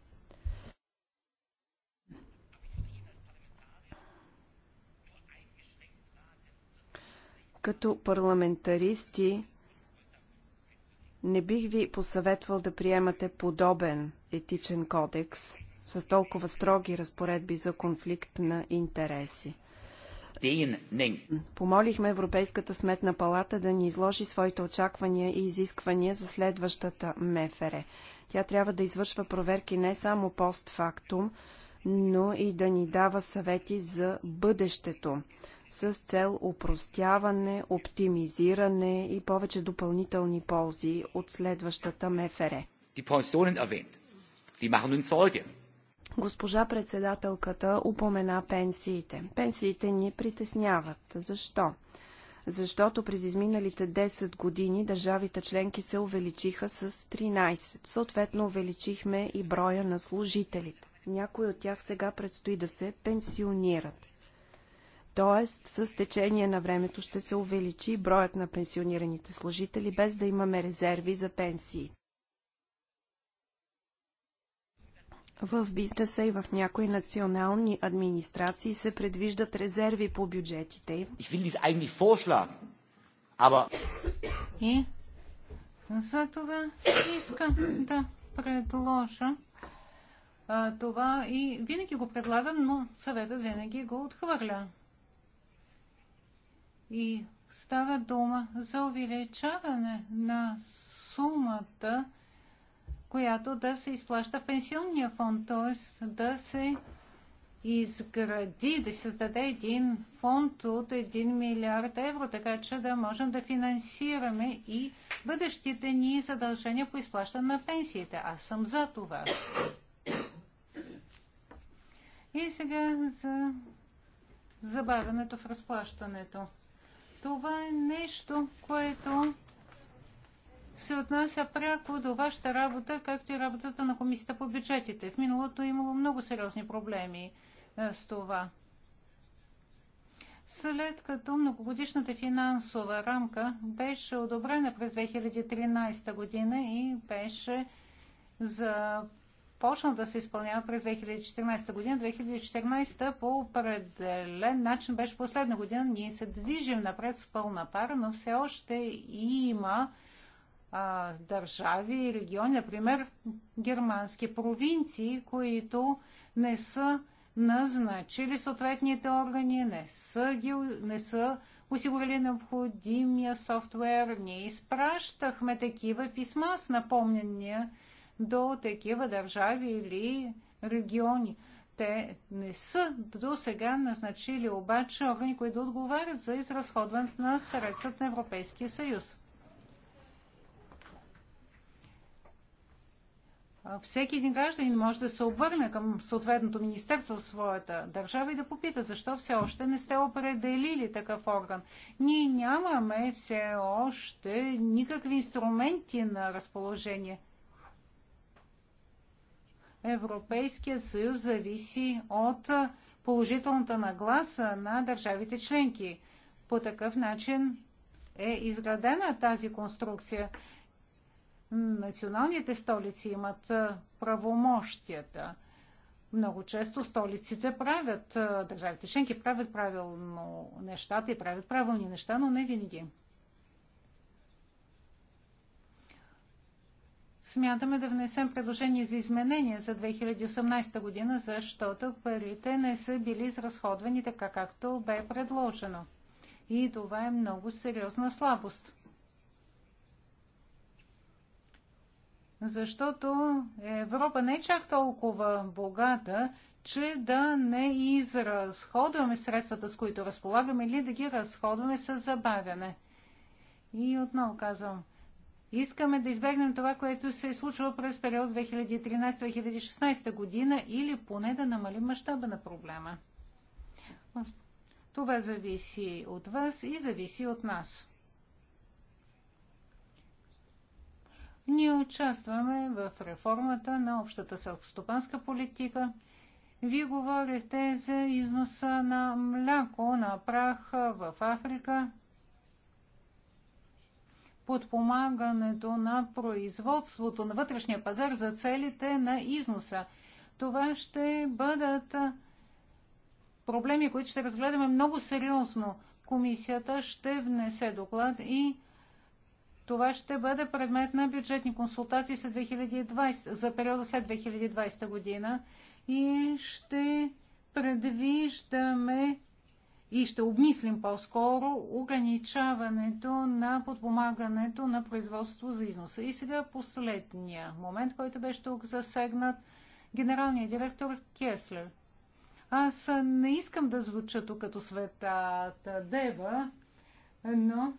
A: Като парламентаристи не бих ви посъветвал да приемате подобен етичен кодекс с толкова строги разпоредби за конфликт на интереси. Помолихме Европейската сметна палата да ни изложи своите очаквания и изисквания за следващата МФР. Тя трябва да извършва проверки не само постфактум, но и да ни дава съвети за бъдещето с цел упростяване, оптимизиране и повече допълнителни ползи от следващата МФР. Госпожа председателката упомена пенсиите. Пенсиите ни притесняват. Защо? Защото през изминалите 10 години държавите членки се увеличиха с 13. Съответно увеличихме и броя на служителите. Някои от тях сега предстои да се пенсионират. Тоест, с течение на времето ще се увеличи броят на пенсионираните служители, без да имаме резерви за пенсии. В бизнеса и в някои национални администрации се предвиждат резерви по бюджетите. И за това искам да
B: предложа а, това и винаги го предлагам, но съветът винаги го отхвърля. И става дума за увеличаване на сумата, която да се изплаща в пенсионния фонд, т.е. да се изгради, да създаде един фонд от 1 милиард евро, така че да можем да финансираме и бъдещите ни задължения по изплащане на пенсиите. Аз съм за това. И сега за забавянето в разплащането. Това е нещо, което се отнася пряко до вашата работа, както и работата на комисията по бюджетите. В миналото е имало много сериозни проблеми е, с това. След като многогодишната финансова рамка беше одобрена през 2013 година и беше за започна да се изпълнява през 2014 година. 2014 по определен начин беше последна година. Ние се движим напред с пълна пара, но все още има а, държави и региони, например германски провинции, които не са назначили съответните органи, не са, ги, не са осигурили необходимия софтуер. Ние изпращахме такива писма с напомнения до такива държави или региони. Те не са до сега назначили обаче органи, които да отговарят за изразходването на средствата на Европейския съюз. Всеки един гражданин може да се обърне към съответното министерство в своята държава и да попита защо все още не сте определили такъв орган. Ние нямаме все още никакви инструменти на разположение – Европейския съюз зависи от положителната нагласа на държавите членки. По такъв начин е изградена тази конструкция. Националните столици имат правомощията. Много често столиците правят, държавите членки правят правилно нещата и правят правилни неща, но не винаги. смятаме да внесем предложение за изменение за 2018 година, защото парите не са били изразходвани така, както бе предложено. И това е много сериозна слабост. Защото Европа не е чак толкова богата, че да не изразходваме средствата, с които разполагаме, или да ги разходваме с забавяне. И отново казвам, Искаме да избегнем това, което се е случило през период 2013-2016 година или поне да намалим мащаба на проблема. Това зависи от вас и зависи от нас. Ние участваме в реформата на общата селскостопанска политика. Вие говорихте за износа на мляко, на прах в Африка подпомагането на производството на вътрешния пазар за целите на износа. Това ще бъдат проблеми, които ще разгледаме много сериозно. Комисията ще внесе доклад и това ще бъде предмет на бюджетни консултации след 2020, за периода след 2020 година и ще предвиждаме и ще обмислим по-скоро ограничаването на подпомагането на производство за износа. И сега последния момент, който беше тук засегнат, генералният директор Кеслер. Аз не искам да звуча тук като светата дева, но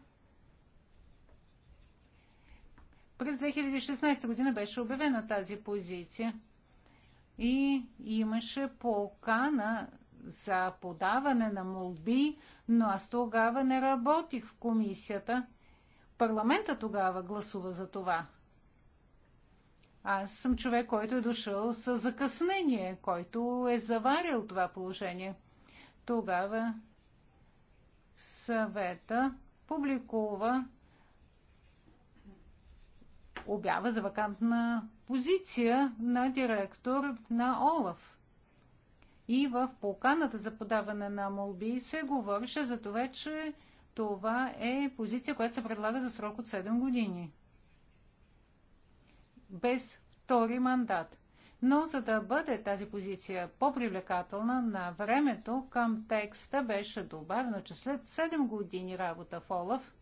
B: през 2016 година беше обявена тази позиция и имаше покана за подаване на молби, но аз тогава не работих в комисията. Парламента тогава гласува за това. Аз съм човек, който е дошъл с закъснение, който е заварил това положение. Тогава съвета публикува обява за вакантна позиция на директор на Олаф. И в поканата за подаване на молби се говореше за това, че това е позиция, която се предлага за срок от 7 години. Без втори мандат. Но за да бъде тази позиция по-привлекателна, на времето към текста беше добавено, че след 7 години работа в Олаф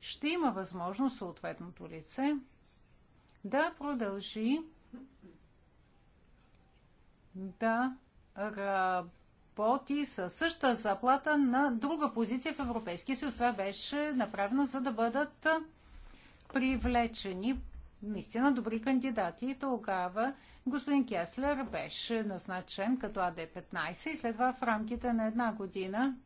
B: ще има възможност съответното лице да продължи да работи със същата заплата на друга позиция в Европейския съюз. Това беше направено, за да бъдат привлечени наистина добри кандидати. И тогава господин Кеслер беше назначен като АД-15 и след това в рамките на една година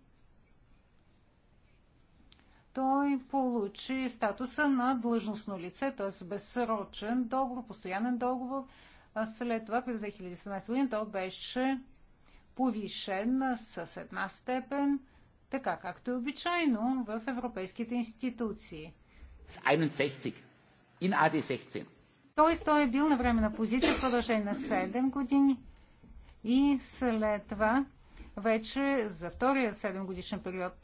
B: той получи статуса на длъжностно лице, т.е. безсрочен договор, постоянен договор. А след това през 2017 година той беше повишен с една степен, така както е обичайно в европейските институции.
D: С 61. In AD 16.
B: Тоест той е бил на време на позиция в продължение на 7 години и след това вече за втория 7 годишен период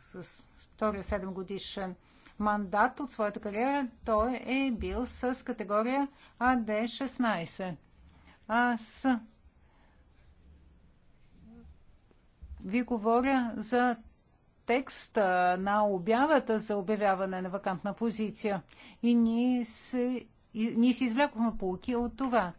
B: с втория 7 годишен мандат от своята кариера той е бил с категория АД-16. а с. ви говоря за текста на обявата за обявяване на вакантна позиция. И ние се, и, ние си извлякохме полки от това.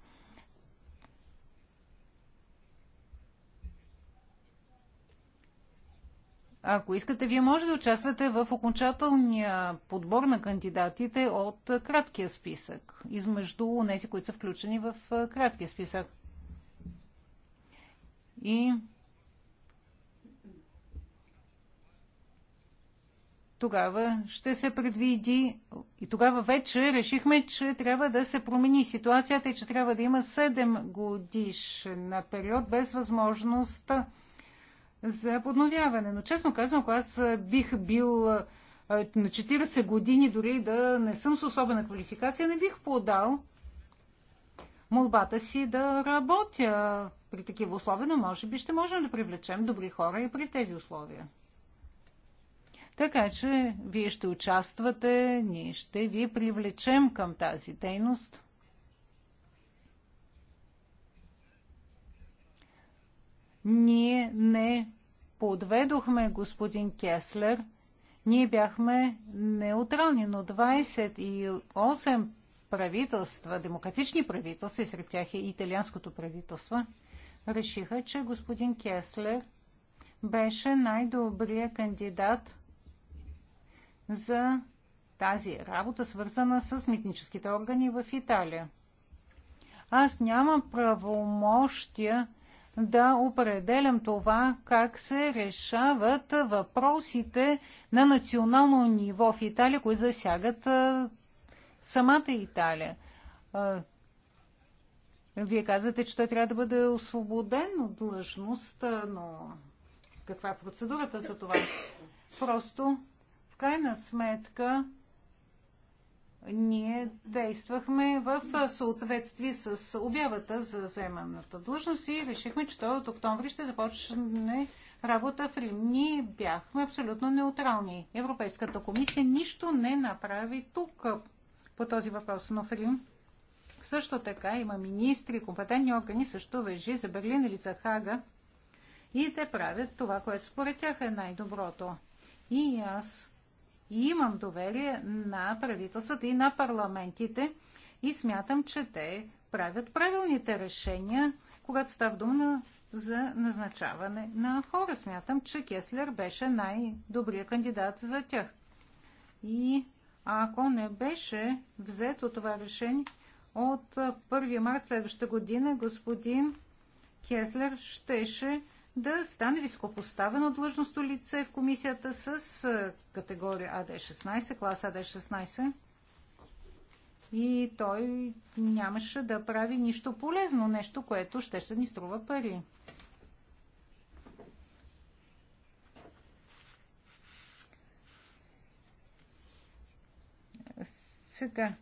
B: Ако искате, вие може да участвате в окончателния подбор на кандидатите от краткия списък, измежду нези, които са включени в краткия списък. И тогава ще се предвиди и тогава вече решихме, че трябва да се промени ситуацията и че трябва да има 7 годишен период без възможност за подновяване. Но честно казвам, ако аз бих бил на 40 години, дори да не съм с особена квалификация, не бих подал молбата си да работя при такива условия, но може би ще можем да привлечем добри хора и при тези условия. Така че вие ще участвате, ние ще ви привлечем към тази дейност. Ние не подведохме господин Кеслер. Ние бяхме неутрални, но 28 правителства, демократични правителства, и сред тях е и италианското правителство, решиха, че господин Кеслер беше най-добрият кандидат за тази работа, свързана с митническите органи в Италия. Аз нямам правомощия да определям това как се решават въпросите на национално ниво в Италия, които засягат самата Италия. Вие казвате, че той трябва да бъде освободен от длъжност, но каква е процедурата за това? Просто в крайна сметка, ние действахме в съответствие с обявата за заеманата длъжност и решихме, че той от октомври ще започне работа в Рим. Ние бяхме абсолютно неутрални. Европейската комисия нищо не направи тук по този въпрос, но в Рим също така има министри, компетентни органи, също вежи за Берлин или за Хага. И те правят това, което според тях е най-доброто. И аз и имам доверие на правителствата и на парламентите и смятам, че те правят правилните решения, когато става дума на за назначаване на хора. Смятам, че Кеслер беше най-добрият кандидат за тях. И ако не беше взето това решение, от 1 марта следващата година господин Кеслер щеше да стане високопоставено длъжностно лице в комисията с категория АД-16, клас АД-16. И той нямаше да прави нищо полезно, нещо, което ще ще ни струва пари. Сега,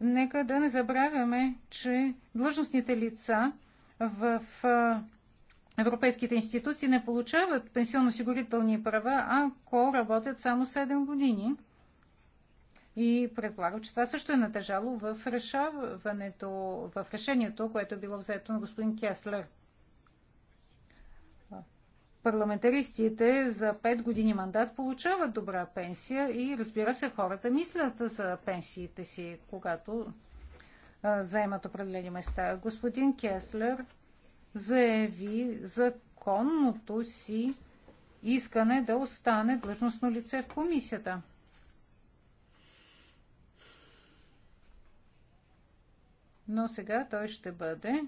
B: нека да не забравяме, че длъжностните лица в европейските институции не получават пенсионно-осигурителни права, ако работят само 7 години. И предполагам, че това също е натъжало в решаването, в решението, което е било взето на господин Кеслер. Парламентаристите за 5 години мандат получават добра пенсия и разбира се, хората мислят за пенсиите си, когато заемат определени места. Господин Кеслер заяви законното си искане да остане длъжностно лице в комисията. Но сега той ще бъде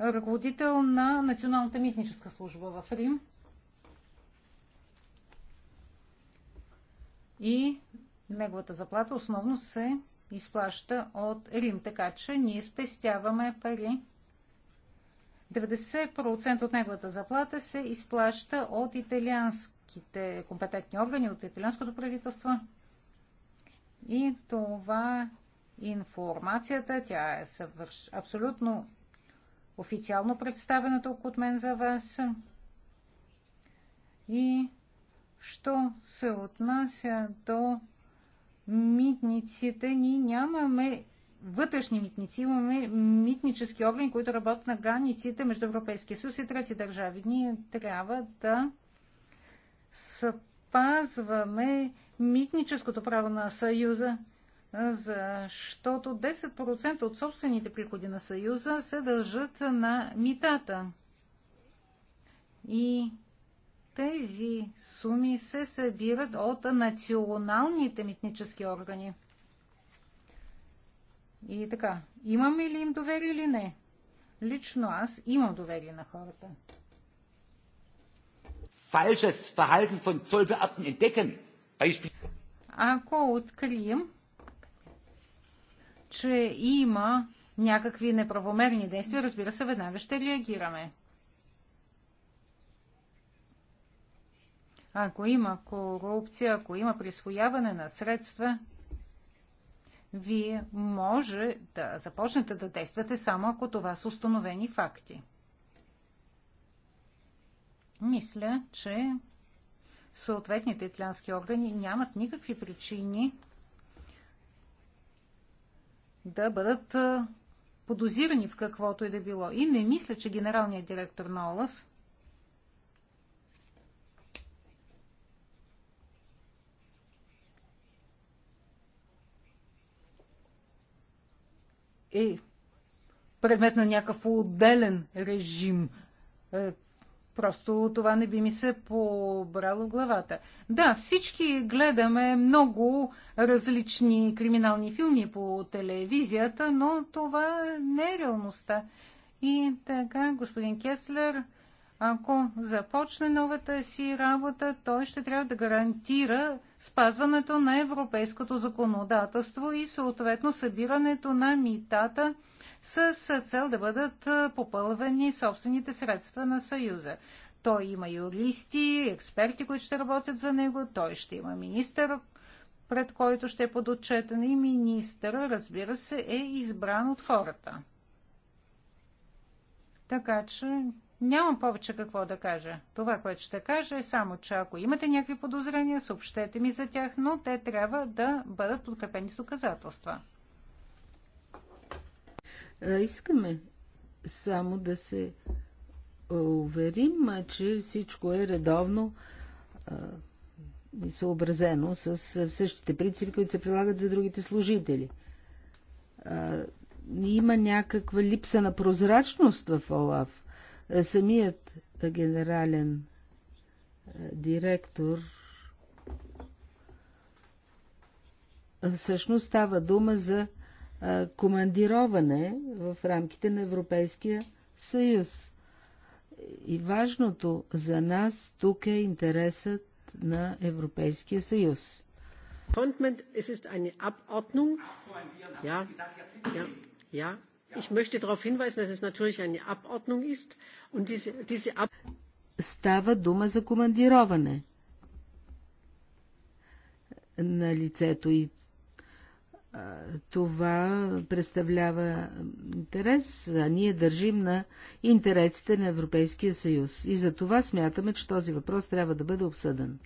B: ръководител на Националната митническа служба в Рим. И неговата заплата основно се изплаща от Рим, така че ние спестяваме пари 90% от неговата заплата се изплаща от италианските компетентни органи, от италианското правителство. И това информацията, тя е съвърш... абсолютно официално представена тук от мен за вас. И що се отнася до митниците, ние нямаме вътрешни митници, имаме митнически органи, които работят на границите между Европейския съюз и трети държави. Ние трябва да спазваме митническото право на Съюза, защото 10% от собствените приходи на Съюза се дължат на митата. И тези суми се събират от националните митнически органи. И така, имаме ли им доверие или не? Лично аз имам доверие на хората.
D: Фалшес Verhalten von Zollbeamten entdecken.
B: Ако открием, че има някакви неправомерни действия, разбира се, веднага ще реагираме. Ако има корупция, ако има присвояване на средства, вие може да започнете да действате само ако това са установени факти. Мисля, че съответните италиански органи нямат никакви причини да бъдат подозирани в каквото и да било. И не мисля, че генералният директор на Олаф е предмет на някакъв отделен режим. Е, просто това не би ми се побрало в главата. Да, всички гледаме много различни криминални филми по телевизията, но това не е реалността. И така, господин Кеслер, ако започне новата си работа, той ще трябва да гарантира спазването на европейското законодателство и съответно събирането на митата с цел да бъдат попълвани собствените средства на Съюза. Той има юристи, експерти, които ще работят за него, той ще има министър, пред който ще е подотчетен и министър, разбира се, е избран от хората. Така че Нямам повече какво да кажа. Това, което ще кажа е само, че ако имате някакви подозрения, съобщете ми за тях, но те трябва да бъдат подкрепени с доказателства.
E: Искаме само да се уверим, че всичко е редовно и съобразено с същите принципи, които се прилагат за другите служители. Има някаква липса на прозрачност в ОЛАФ Самият генерален директор всъщност става дума за командироване в рамките на Европейския съюз. И важното за нас тук е интересът на Европейския
D: съюз. Appointment, es ist eine Abordnung. ja, ja. Ich möchte darauf hinweisen, dass es natürlich eine Abordnung ist und diese, diese Ab
E: Става дума за командироване на лицето и това представлява интерес, а ние държим на интересите на Европейския съюз и за това смятаме, че този въпрос трябва да бъде обсъден.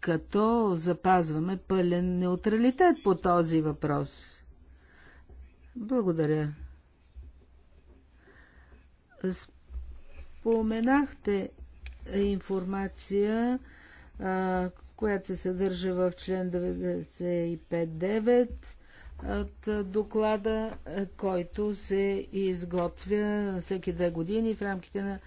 E: като запазваме пълен неутралитет по този въпрос. Благодаря. Споменахте информация, която се съдържа в член 95.9 от доклада, който се изготвя всеки две години в рамките на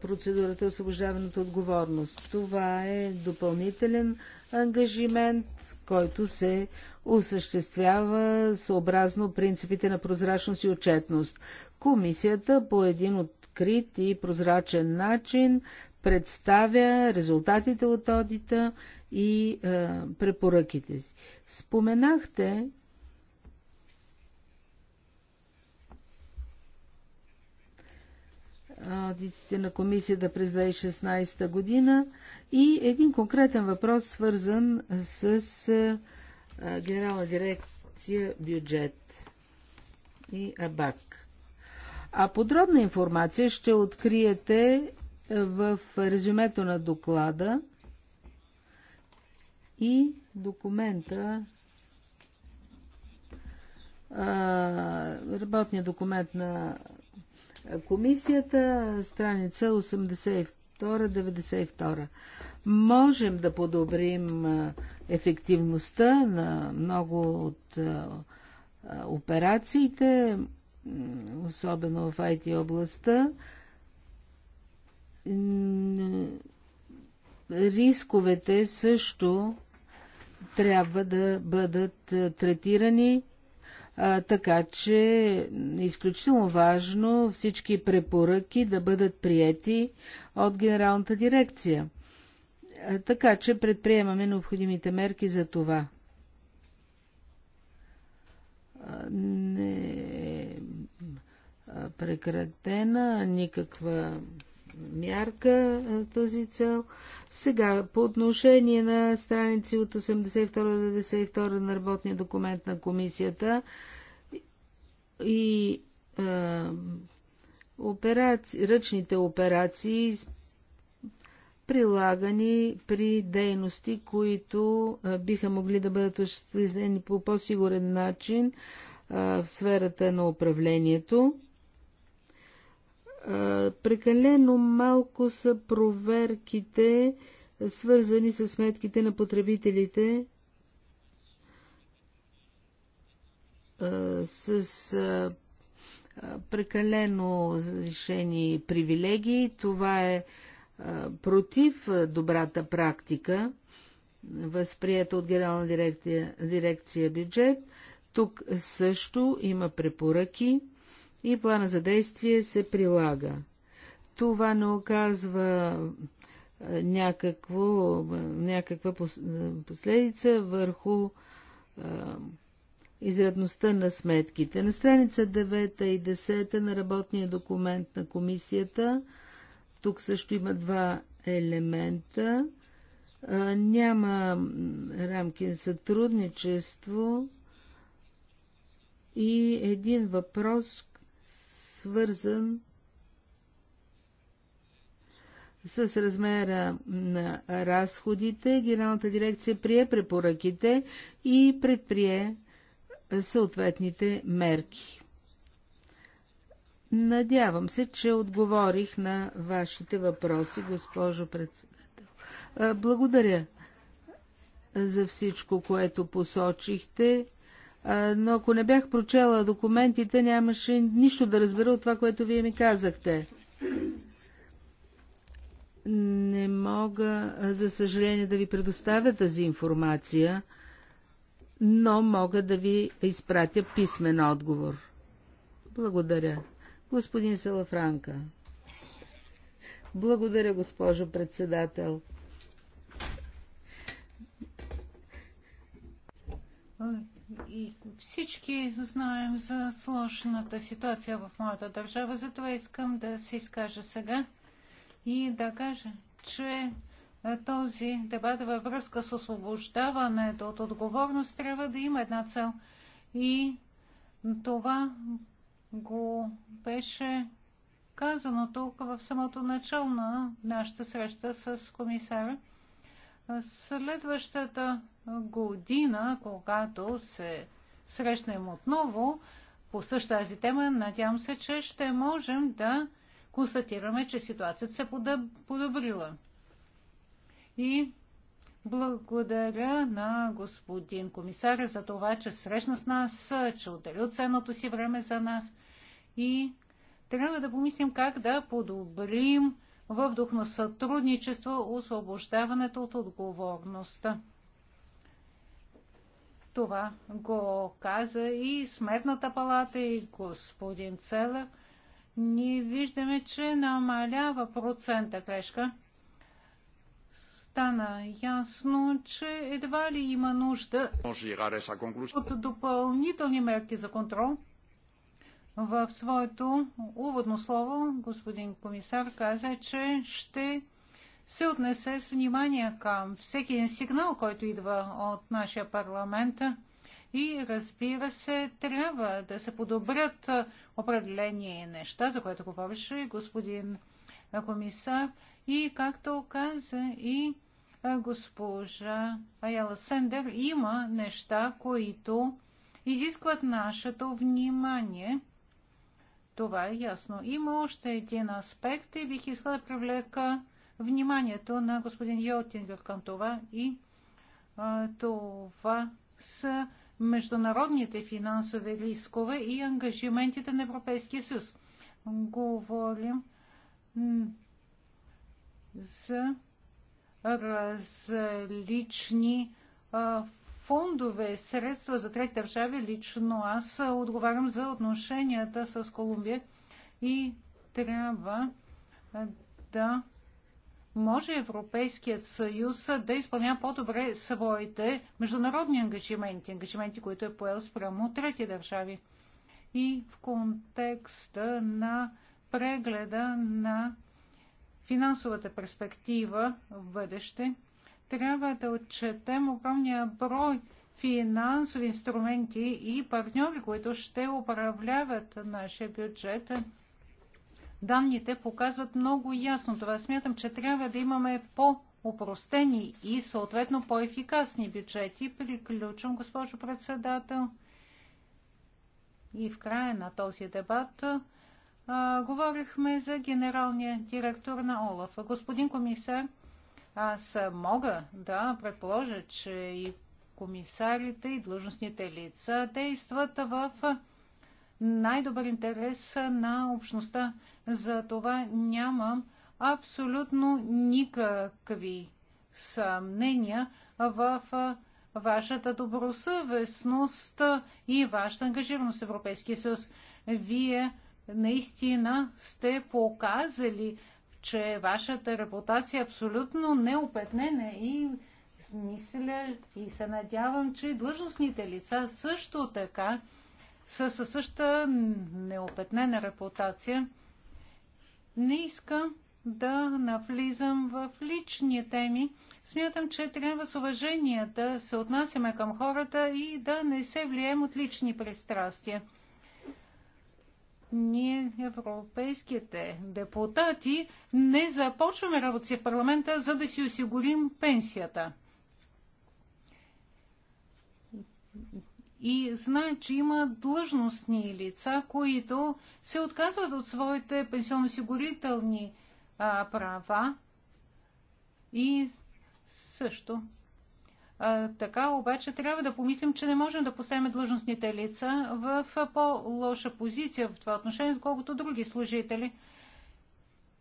E: процедурата освобождаването отговорност. Това е допълнителен ангажимент, който се осъществява съобразно принципите на прозрачност и отчетност. Комисията по един открит и прозрачен начин представя резултатите от одита и е, препоръките си. Споменахте аудитите на комисията през 2016 година и един конкретен въпрос, свързан с Генерална дирекция бюджет и АБАК. А подробна информация ще откриете в резюмето на доклада и документа работния документ на комисията, страница 82-92. Можем да подобрим ефективността на много от операциите, особено в IT областта. Рисковете също трябва да бъдат третирани така че е изключително важно всички препоръки да бъдат приети от Генералната дирекция. така че предприемаме необходимите мерки за това. не е прекратена никаква мярка тази цел. Сега, по отношение на страници от 82-92 на работния документ на комисията и а, операци, ръчните операции, прилагани при дейности, които а, биха могли да бъдат осъществени по по-сигурен начин а, в сферата на управлението Прекалено малко са проверките, свързани с сметките на потребителите с прекалено завишени привилегии. Това е против добрата практика, възприята от Генерална дирекция, дирекция бюджет. Тук също има препоръки и плана за действие се прилага. Това не оказва някакво, някаква последица върху изредността на сметките. На страница 9 и 10 на работния документ на комисията, тук също има два елемента. няма рамки на сътрудничество и един въпрос, свързан с размера на разходите. Генералната дирекция прие препоръките и предприе съответните мерки. Надявам се, че отговорих на вашите въпроси, госпожо председател. Благодаря за всичко, което посочихте но ако не бях прочела документите, нямаше нищо да разбера от това, което вие ми казахте. Не мога, за съжаление, да ви предоставя тази информация, но мога да ви изпратя писмен отговор. Благодаря. Господин Салафранка. Благодаря, госпожо председател. И всички
B: знаем за сложната ситуация в моята държава, затова искам да се изкажа сега и да кажа, че този дебат във връзка с освобождаването от отговорност трябва да има една цел. И това го беше казано тук в самото начало на нашата среща с комисара. Следващата година, когато се срещнем отново по същата тази тема, надявам се, че ще можем да констатираме, че ситуацията се подобрила. И благодаря на господин комисар за това, че срещна с нас, че отдели ценното си време за нас и трябва да помислим как да подобрим в дух на сътрудничество освобождаването от отговорността. Това го каза и Сметната палата, и господин Целев. Ние виждаме, че намалява процента грешка. Стана ясно, че едва ли има нужда от допълнителни мерки за контрол. В своето уводно слово господин комисар каза, че ще се отнесе с внимание към всеки сигнал, който идва от нашия парламент. И разбира се, трябва да се подобрят определени неща, за което говореше господин комисар. И както каза и госпожа Аяла Сендер, има неща, които изискват нашето внимание. Това е ясно. Има още един аспект и бих искала да привлека вниманието на господин Йотинг към това и а, това са международните финансови рискове и ангажиментите на Европейския съюз. Говорим за различни а, фондове, средства за трети държави. Лично аз отговарям за отношенията с Колумбия и трябва да може Европейският съюз да изпълнява по-добре своите международни ангажименти, ангажименти, които е поел спрямо трети държави. И в контекста на прегледа на финансовата перспектива в бъдеще, трябва да отчетем огромния брой финансови инструменти и партньори, които ще управляват нашия бюджет Данните показват много ясно това. Смятам, че трябва да имаме по-упростени и съответно по-ефикасни бюджети. Приключвам, госпожо председател. И в края на този дебат а, говорихме за генералния директор на ОЛАФ. Господин комисар, аз мога да предположа, че и комисарите, и длъжностните лица действат в най-добър интерес на общността. За това нямам абсолютно никакви съмнения в вашата добросъвестност и вашата ангажираност в Европейския съюз. Вие наистина сте показали, че вашата репутация е абсолютно неопетнена и мисля и се надявам, че длъжностните лица също така са със същата неопетнена репутация. Не искам да навлизам в лични теми. Смятам, че трябва с уважение да се отнасяме към хората и да не се влияем от лични пристрастия. Ние, европейските депутати, не започваме работа си в парламента, за да си осигурим пенсията и знаят, че има длъжностни лица, които се отказват от своите пенсионно-осигурителни права и също. А, така обаче трябва да помислим, че не можем да поставим длъжностните лица в по-лоша позиция в това отношение, отколкото други служители.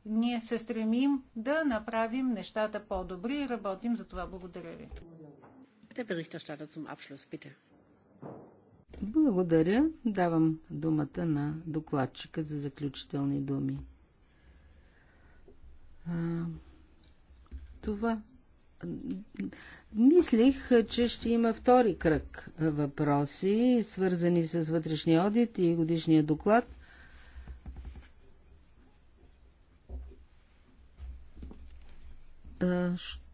B: Ние се стремим да направим нещата по-добри и работим за това. Благодаря
D: ви. Der Berichterstatter zum Abschluss, bitte.
E: Благодаря. Давам думата на докладчика за заключителни думи. А, това. Мислих, че ще има втори кръг въпроси, свързани с вътрешния одит и годишния доклад. А, ще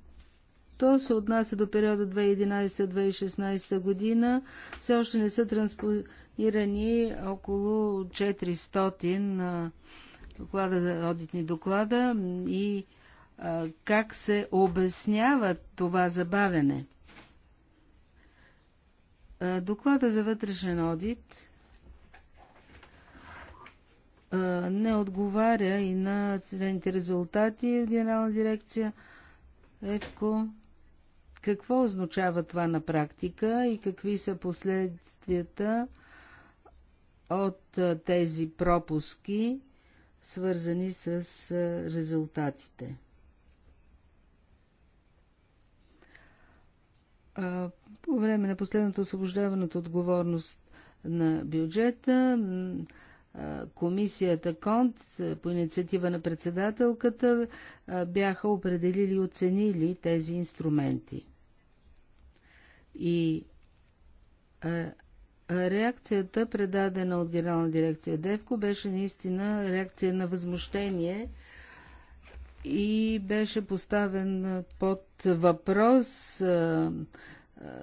E: то се отнася до периода 2011-2016 година. Все още не са транспонирани около 400 доклада, одитни доклада и а, как се обяснява това забавене. А, доклада за вътрешен одит а, не отговаря и на целените резултати в Генерална дирекция ЕФКО какво означава това на практика и какви са последствията от тези пропуски, свързани с резултатите? По време на последното освобождаване от отговорност на бюджета, комисията Конт по инициатива на председателката бяха определили и оценили тези инструменти. И а, реакцията, предадена от Генерална дирекция Девко, беше наистина реакция на възмущение и беше поставен под въпрос а, а,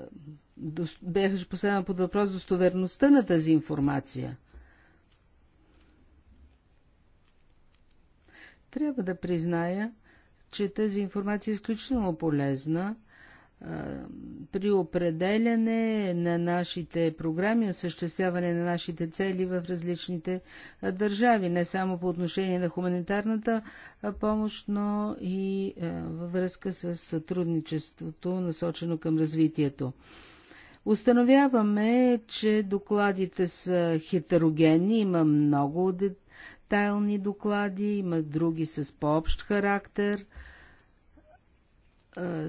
E: беше поставена под въпрос достоверността на тази информация. Трябва да призная, че тази информация е изключително полезна – при определяне на нашите програми, осъществяване на нашите цели в различните държави, не само по отношение на хуманитарната помощ, но и във връзка с сътрудничеството, насочено към развитието. Установяваме, че докладите са хетерогенни, има много детайлни доклади, има други с по-общ характер –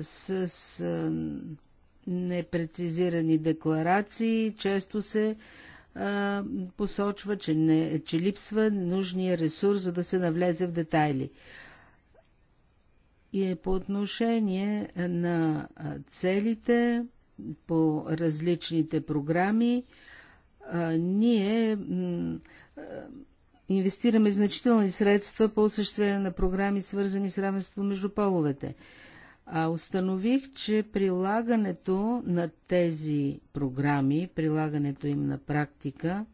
E: с непрецизирани декларации. Често се посочва, че, не, че липсва нужния ресурс, за да се навлезе в детайли. И е по отношение на целите по различните програми, ние инвестираме значителни средства по осъществяване на програми, свързани с равенството между половете а установих, че прилагането на тези програми, прилагането им на практика,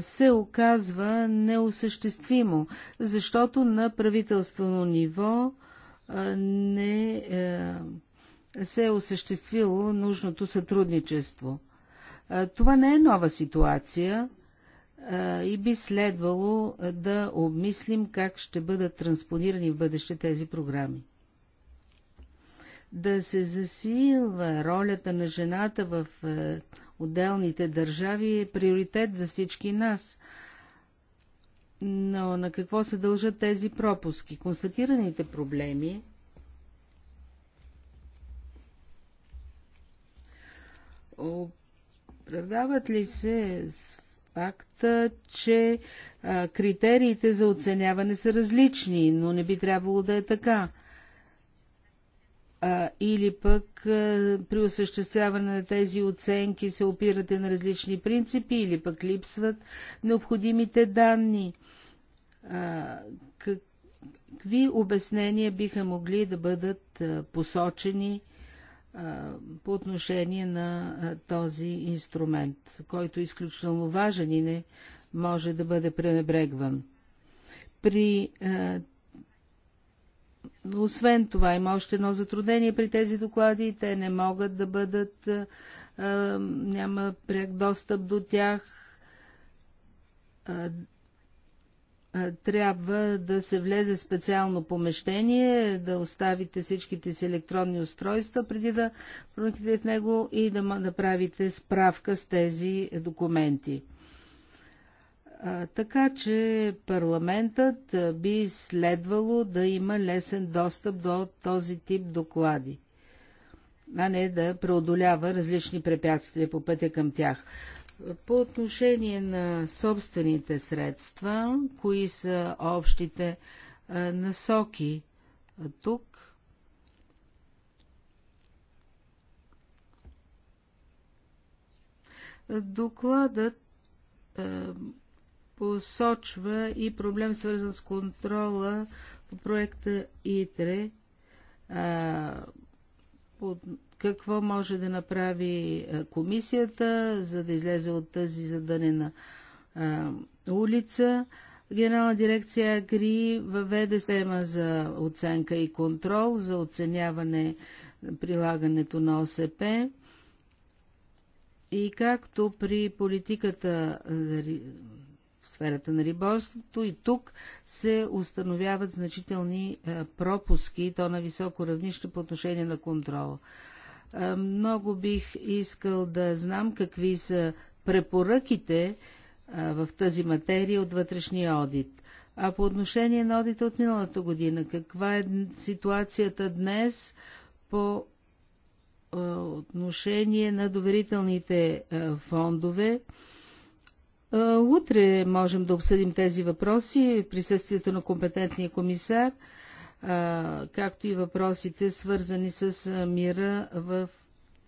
E: се оказва неосъществимо, защото на правителствено ниво не е, се е осъществило нужното сътрудничество. Това не е нова ситуация, и би следвало да обмислим как ще бъдат транспонирани в бъдеще тези програми. Да се засилва ролята на жената в отделните държави е приоритет за всички нас. Но на какво се дължат тези пропуски? Констатираните проблеми оправдават ли се с факт, че критериите за оценяване са различни, но не би трябвало да е така. Или пък при осъществяване на тези оценки се опирате на различни принципи, или пък липсват необходимите данни. Какви обяснения биха могли да бъдат посочени? по отношение на този инструмент, който е изключително важен и не може да бъде пренебрегван. При, е, освен това, има още едно затруднение при тези доклади. Те не могат да бъдат, е, няма пряк достъп до тях трябва да се влезе в специално помещение, да оставите всичките си електронни устройства преди да проникнете в него и да направите справка с тези документи. Така че парламентът би следвало да има лесен достъп до този тип доклади, а не да преодолява различни препятствия по пътя към тях. По отношение на собствените средства, кои са общите насоки тук? Докладът посочва и проблем свързан с контрола по проекта ИТРЕ, какво може да направи комисията, за да излезе от тази задънена а, улица. Генерална дирекция АГРИ въведе система за оценка и контрол, за оценяване прилагането на ОСП. И както при политиката в сферата на риборството и тук се установяват значителни пропуски, то на високо равнище по отношение на контрола. Много бих искал да знам какви са препоръките в тази материя от вътрешния одит. А по отношение на одита от миналата година, каква е ситуацията днес по отношение на доверителните фондове? Утре можем да обсъдим тези въпроси в присъствието на компетентния комисар – както и въпросите свързани с мира в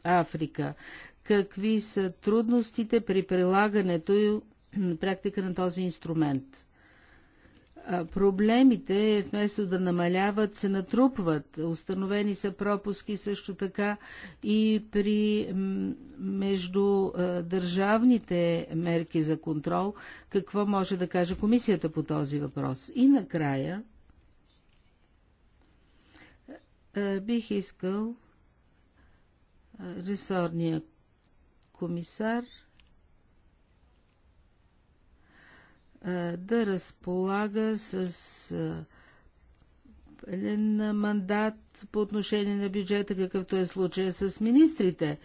E: Африка. Какви са трудностите при прилагането и практика на този инструмент? Проблемите, е, вместо да намаляват, се натрупват. Установени са пропуски също така и при между държавните мерки за контрол. Какво може да каже комисията по този въпрос? И накрая, е, бих искал е, ресорния комисар е, да разполага с мандат по отношение на бюджета, какъвто е случая с министрите,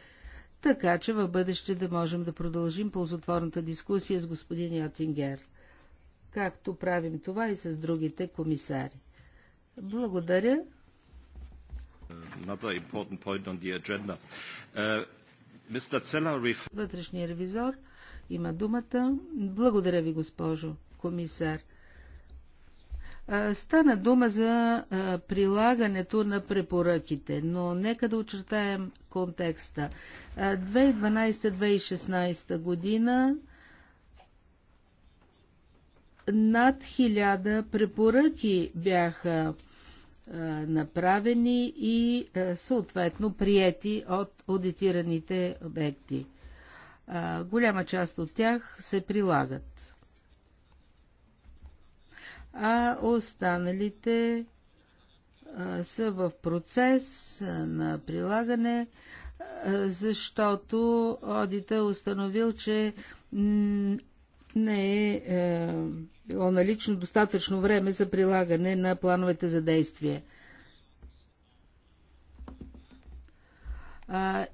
E: така че в бъдеще да можем да продължим ползотворната дискусия с господин Йотингер, както правим това и с другите комисари. Благодаря
C: another important point on the agenda. Uh,
E: Вътрешния ревизор има думата. Благодаря ви, госпожо комисар. Стана дума за прилагането на препоръките, но нека да очертаем контекста. 2012-2016 година над хиляда препоръки бяха направени и съответно приети от аудитираните обекти. Голяма част от тях се прилагат. А останалите са в процес на прилагане, защото одита е установил, че не е, е било налично достатъчно време за прилагане на плановете за действие.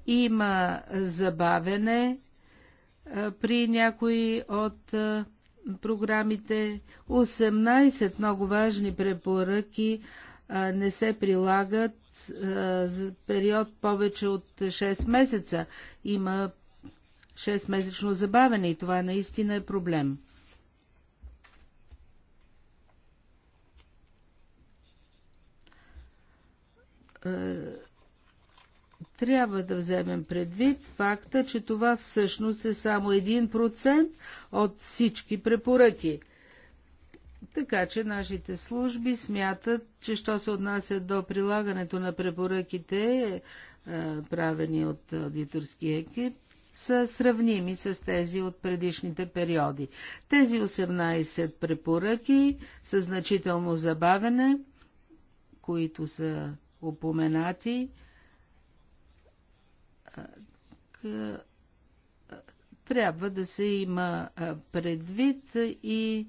E: има забавене при някои от програмите. 18 много важни препоръки не се прилагат за период повече от 6 месеца. Има 6-месечно забавене и това наистина е проблем. Е, трябва да вземем предвид факта, че това всъщност е само 1% от всички препоръки. Така че нашите служби смятат, че що се отнася до прилагането на препоръките, е, правени от аудиторския екип, са сравними с тези от предишните периоди. Тези 18 препоръки са значително забавене, които са упоменати. Трябва да се има предвид и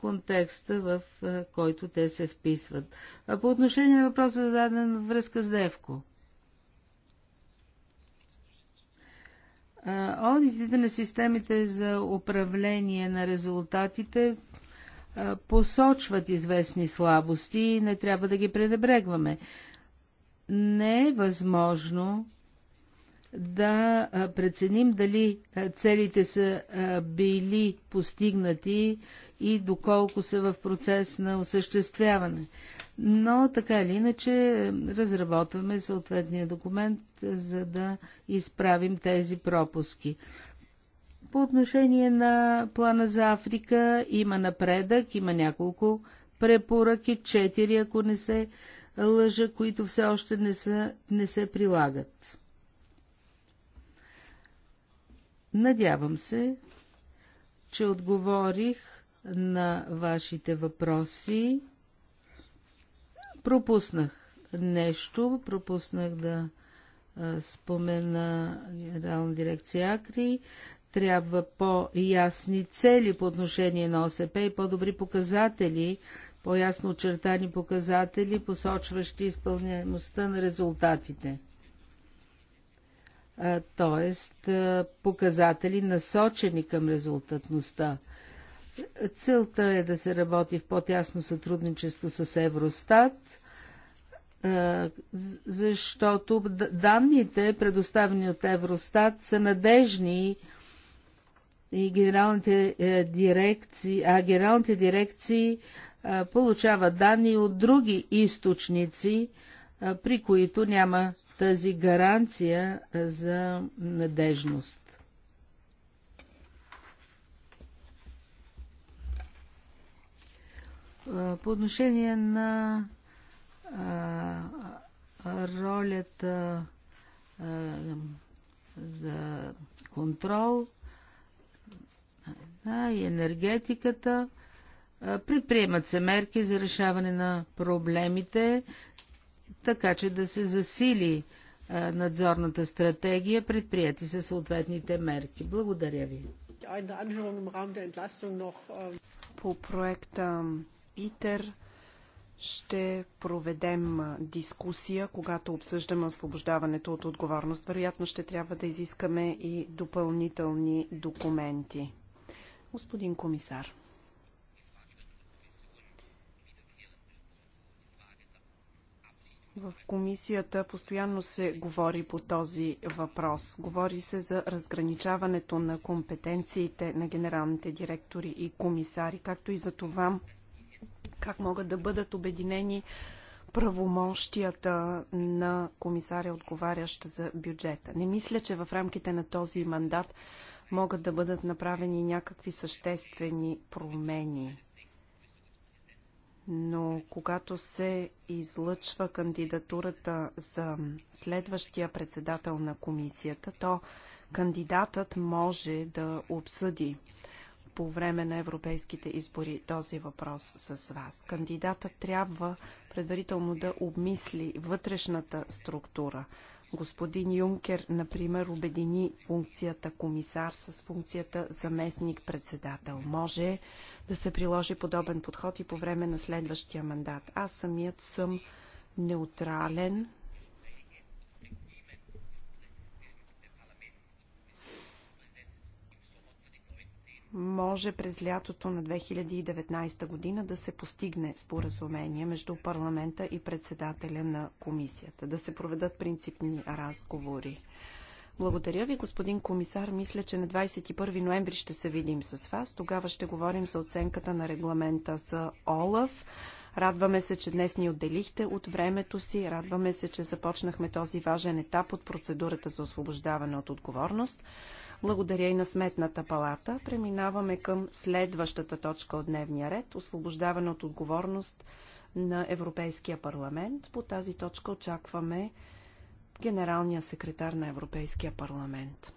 E: контекста, в който те се вписват. По отношение на въпроса, зададен във връзка с Девко. Одитите на системите за управление на резултатите посочват известни слабости и не трябва да ги пренебрегваме. Не е възможно да преценим дали целите са били постигнати и доколко са в процес на осъществяване. Но така или иначе разработваме съответния документ, за да изправим тези пропуски. По отношение на плана за Африка има напредък, има няколко препоръки, четири, ако не се лъжа, които все още не, са, не се прилагат. Надявам се, че отговорих на вашите въпроси. Пропуснах нещо, пропуснах да спомена генерална дирекция Акри. Трябва по-ясни цели по отношение на ОСП и по-добри показатели, по-ясно очертани показатели, посочващи изпълняемостта на резултатите. Тоест, показатели насочени към резултатността. Целта е да се работи в по-тясно сътрудничество с Евростат, защото данните, предоставени от Евростат, са надежни и и генералните е, дирекции, а генералните дирекции е, получават данни от други източници, е, при които няма тази гаранция за надежност. По отношение на а, ролята а, за контрол, а и енергетиката. Предприемат се мерки за решаване на проблемите, така че да се засили надзорната стратегия, предприяти се съответните мерки. Благодаря
A: ви. По проекта ИТЕР ще проведем дискусия, когато обсъждаме освобождаването от отговорност. Вероятно ще трябва да изискаме и допълнителни документи. Господин комисар. В комисията постоянно се говори по този въпрос. Говори се за разграничаването на компетенциите на генералните директори и комисари, както и за това как могат да бъдат обединени правомощията на комисаря, отговарящ за бюджета. Не мисля, че в рамките на този мандат могат да бъдат направени някакви съществени промени. Но когато се излъчва кандидатурата за следващия председател на комисията, то кандидатът може да обсъди по време на европейските избори този въпрос с вас. Кандидатът трябва предварително да обмисли вътрешната структура Господин Юнкер, например, обедини функцията комисар с функцията заместник-председател. Може да се приложи подобен подход и по време на следващия мандат. Аз самият съм неутрален може през лятото на 2019 година да се постигне споразумение между парламента и председателя на комисията, да се проведат принципни разговори. Благодаря ви, господин комисар. Мисля, че на 21 ноември ще се видим с вас. Тогава ще говорим за оценката на регламента за ОЛАФ. Радваме се, че днес ни отделихте от времето си. Радваме се, че започнахме този важен етап от процедурата за освобождаване от отговорност. Благодаря и на Сметната палата. Преминаваме към следващата точка от дневния ред – освобождаване от отговорност на Европейския парламент. По тази точка очакваме генералния секретар на Европейския парламент.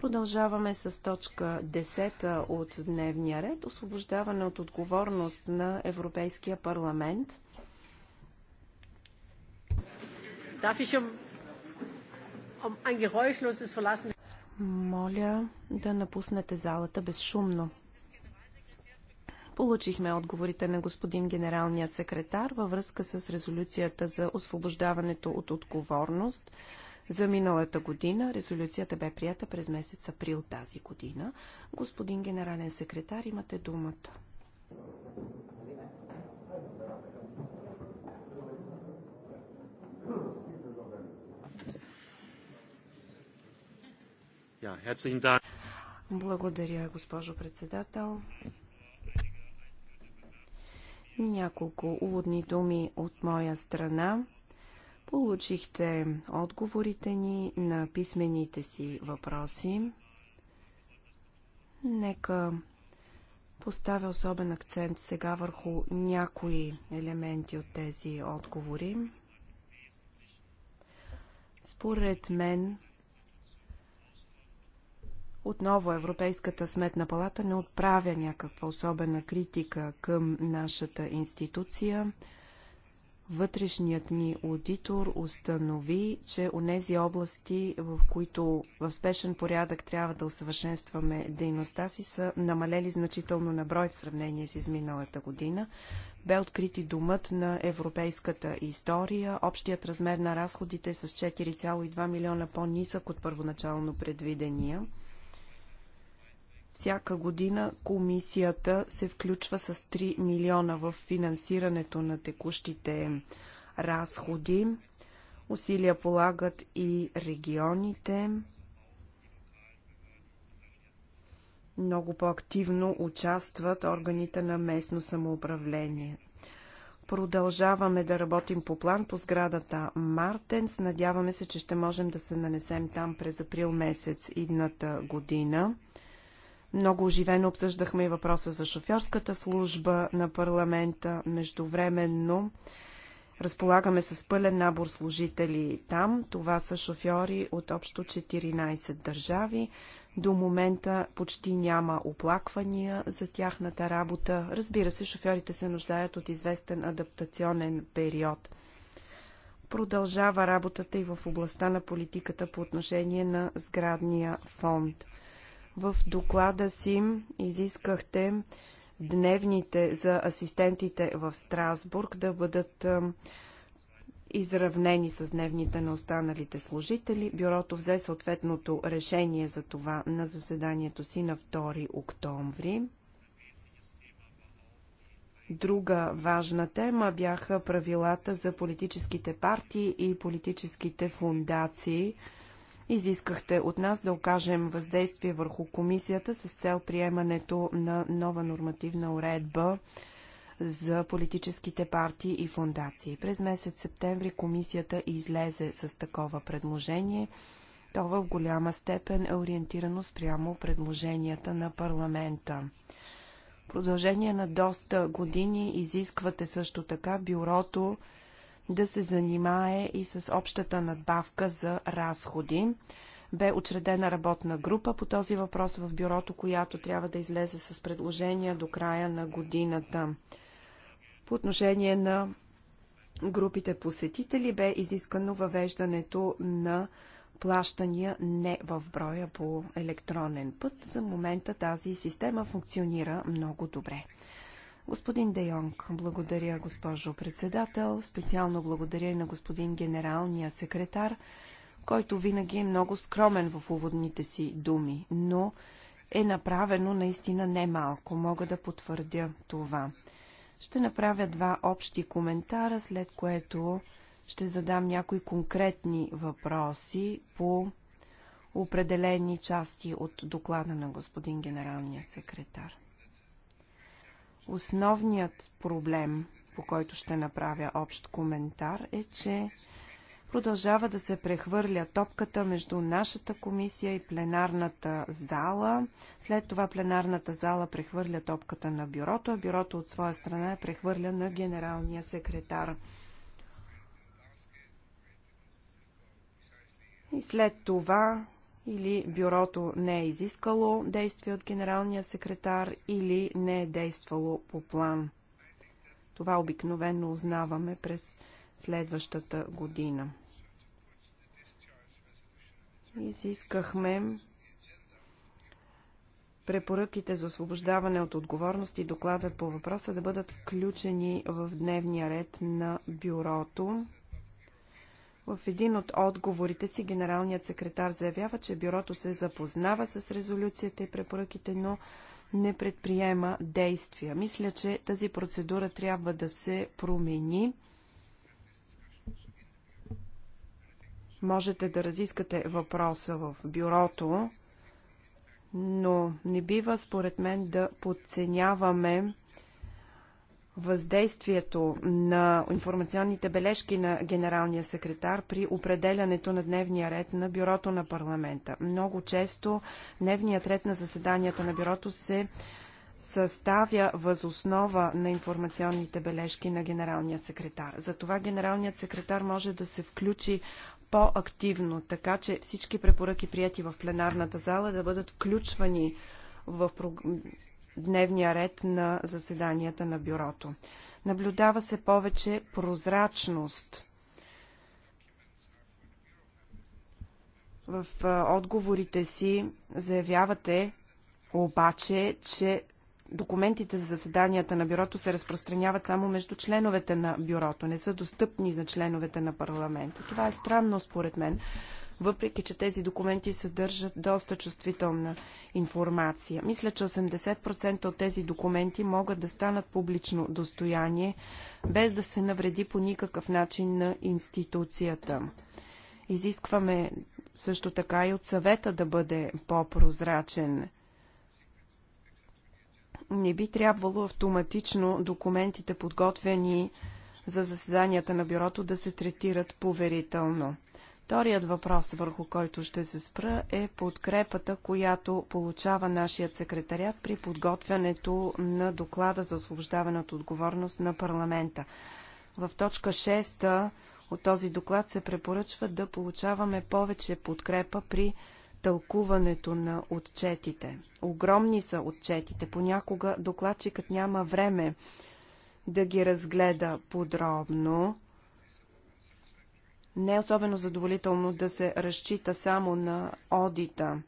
A: Продължаваме с точка 10 от дневния ред. Освобождаване от отговорност на Европейския парламент.
D: Um, um
A: Моля да напуснете залата безшумно. Получихме отговорите на господин генералния секретар във връзка с резолюцията за освобождаването от отговорност за миналата година. Резолюцията бе прията през месец април тази година. Господин генерален секретар, имате думата. Благодаря, госпожо председател. Няколко уводни думи от моя страна. Получихте отговорите ни на писмените си въпроси. Нека поставя особен акцент сега върху някои елементи от тези отговори. Според мен, отново Европейската сметна палата не отправя някаква особена критика към нашата институция. Вътрешният ни аудитор установи, че у нези области, в които в спешен порядък трябва да усъвършенстваме дейността си, са намалели значително на брой в сравнение с изминалата година. Бе открити думът на европейската история. Общият размер на разходите е с 4,2 милиона по-нисък от първоначално предвидения. Всяка година комисията се включва с 3 милиона в финансирането на текущите разходи. Усилия полагат и регионите. Много по-активно участват органите на местно самоуправление. Продължаваме да работим по план по сградата Мартенс. Надяваме се, че ще можем да се нанесем там през април месец идната година. Много оживено обсъждахме и въпроса за шофьорската служба на парламента. Междувременно разполагаме с пълен набор служители там. Това са шофьори от общо 14 държави. До момента почти няма оплаквания за тяхната работа. Разбира се, шофьорите се нуждаят от известен адаптационен период. Продължава работата и в областта на политиката по отношение на сградния фонд – в доклада си изискахте дневните за асистентите в Страсбург да бъдат изравнени с дневните на останалите служители. Бюрото взе съответното решение за това на заседанието си на 2 октомври. Друга важна тема бяха правилата за политическите партии и политическите фундации – Изискахте от нас да окажем въздействие върху комисията с цел приемането на нова нормативна уредба за политическите партии и фундации. През месец септември комисията излезе с такова предложение. То в голяма степен е ориентирано спрямо предложенията на парламента. В продължение на доста години изисквате също така бюрото да се занимае и с общата надбавка за разходи. Бе учредена работна група по този въпрос в бюрото, която трябва да излезе с предложения до края на годината. По отношение на групите посетители бе изискано въвеждането на плащания не в броя по електронен път. За момента тази система функционира много добре. Господин Де Йонг, благодаря госпожо председател. Специално благодаря и на господин генералния секретар, който винаги е много скромен в уводните си думи, но е направено наистина немалко. Мога да потвърдя това. Ще направя два общи коментара, след което ще задам някои конкретни въпроси по определени части от доклада на господин генералния секретар. Основният проблем, по който ще направя общ коментар, е, че продължава да се прехвърля топката между нашата комисия и пленарната зала. След това пленарната зала прехвърля топката на бюрото, а бюрото от своя страна е прехвърля на генералния секретар. И след това или бюрото не е изискало действие от генералния секретар, или не е действало по план. Това обикновено узнаваме през следващата година. Изискахме препоръките за освобождаване от отговорност и докладът по въпроса да бъдат включени в дневния ред на бюрото. В един от отговорите си генералният секретар заявява, че бюрото се запознава с резолюцията и препоръките, но не предприема действия. Мисля, че тази процедура трябва да се промени. Можете да разискате въпроса в бюрото, но не бива, според мен, да подценяваме въздействието на информационните бележки на генералния секретар при определянето на дневния ред на бюрото на парламента. Много често дневният ред на заседанията на бюрото се съставя възоснова на информационните бележки на генералния секретар. Затова генералният секретар може да се включи по-активно, така че всички препоръки прияти в пленарната зала да бъдат включвани в дневния ред на заседанията на бюрото. Наблюдава се повече прозрачност В отговорите си заявявате обаче, че документите за заседанията на бюрото се разпространяват само между членовете на бюрото, не са достъпни за членовете на парламента. Това е странно според мен, въпреки че тези документи съдържат доста чувствителна информация. Мисля, че 80% от тези документи могат да станат публично достояние, без да се навреди по никакъв начин на институцията. Изискваме също така и от съвета да бъде по-прозрачен не би трябвало автоматично документите, подготвени за заседанията на бюрото, да се третират поверително. Вторият въпрос, върху който ще се спра, е подкрепата, която получава нашият секретарят при подготвянето на доклада за освобождаване от отговорност на парламента. В точка 6 от този доклад се препоръчва да получаваме повече подкрепа при тълкуването на отчетите. Огромни са отчетите. Понякога докладчикът няма време да ги разгледа подробно. Не е особено задоволително да се разчита само на одита.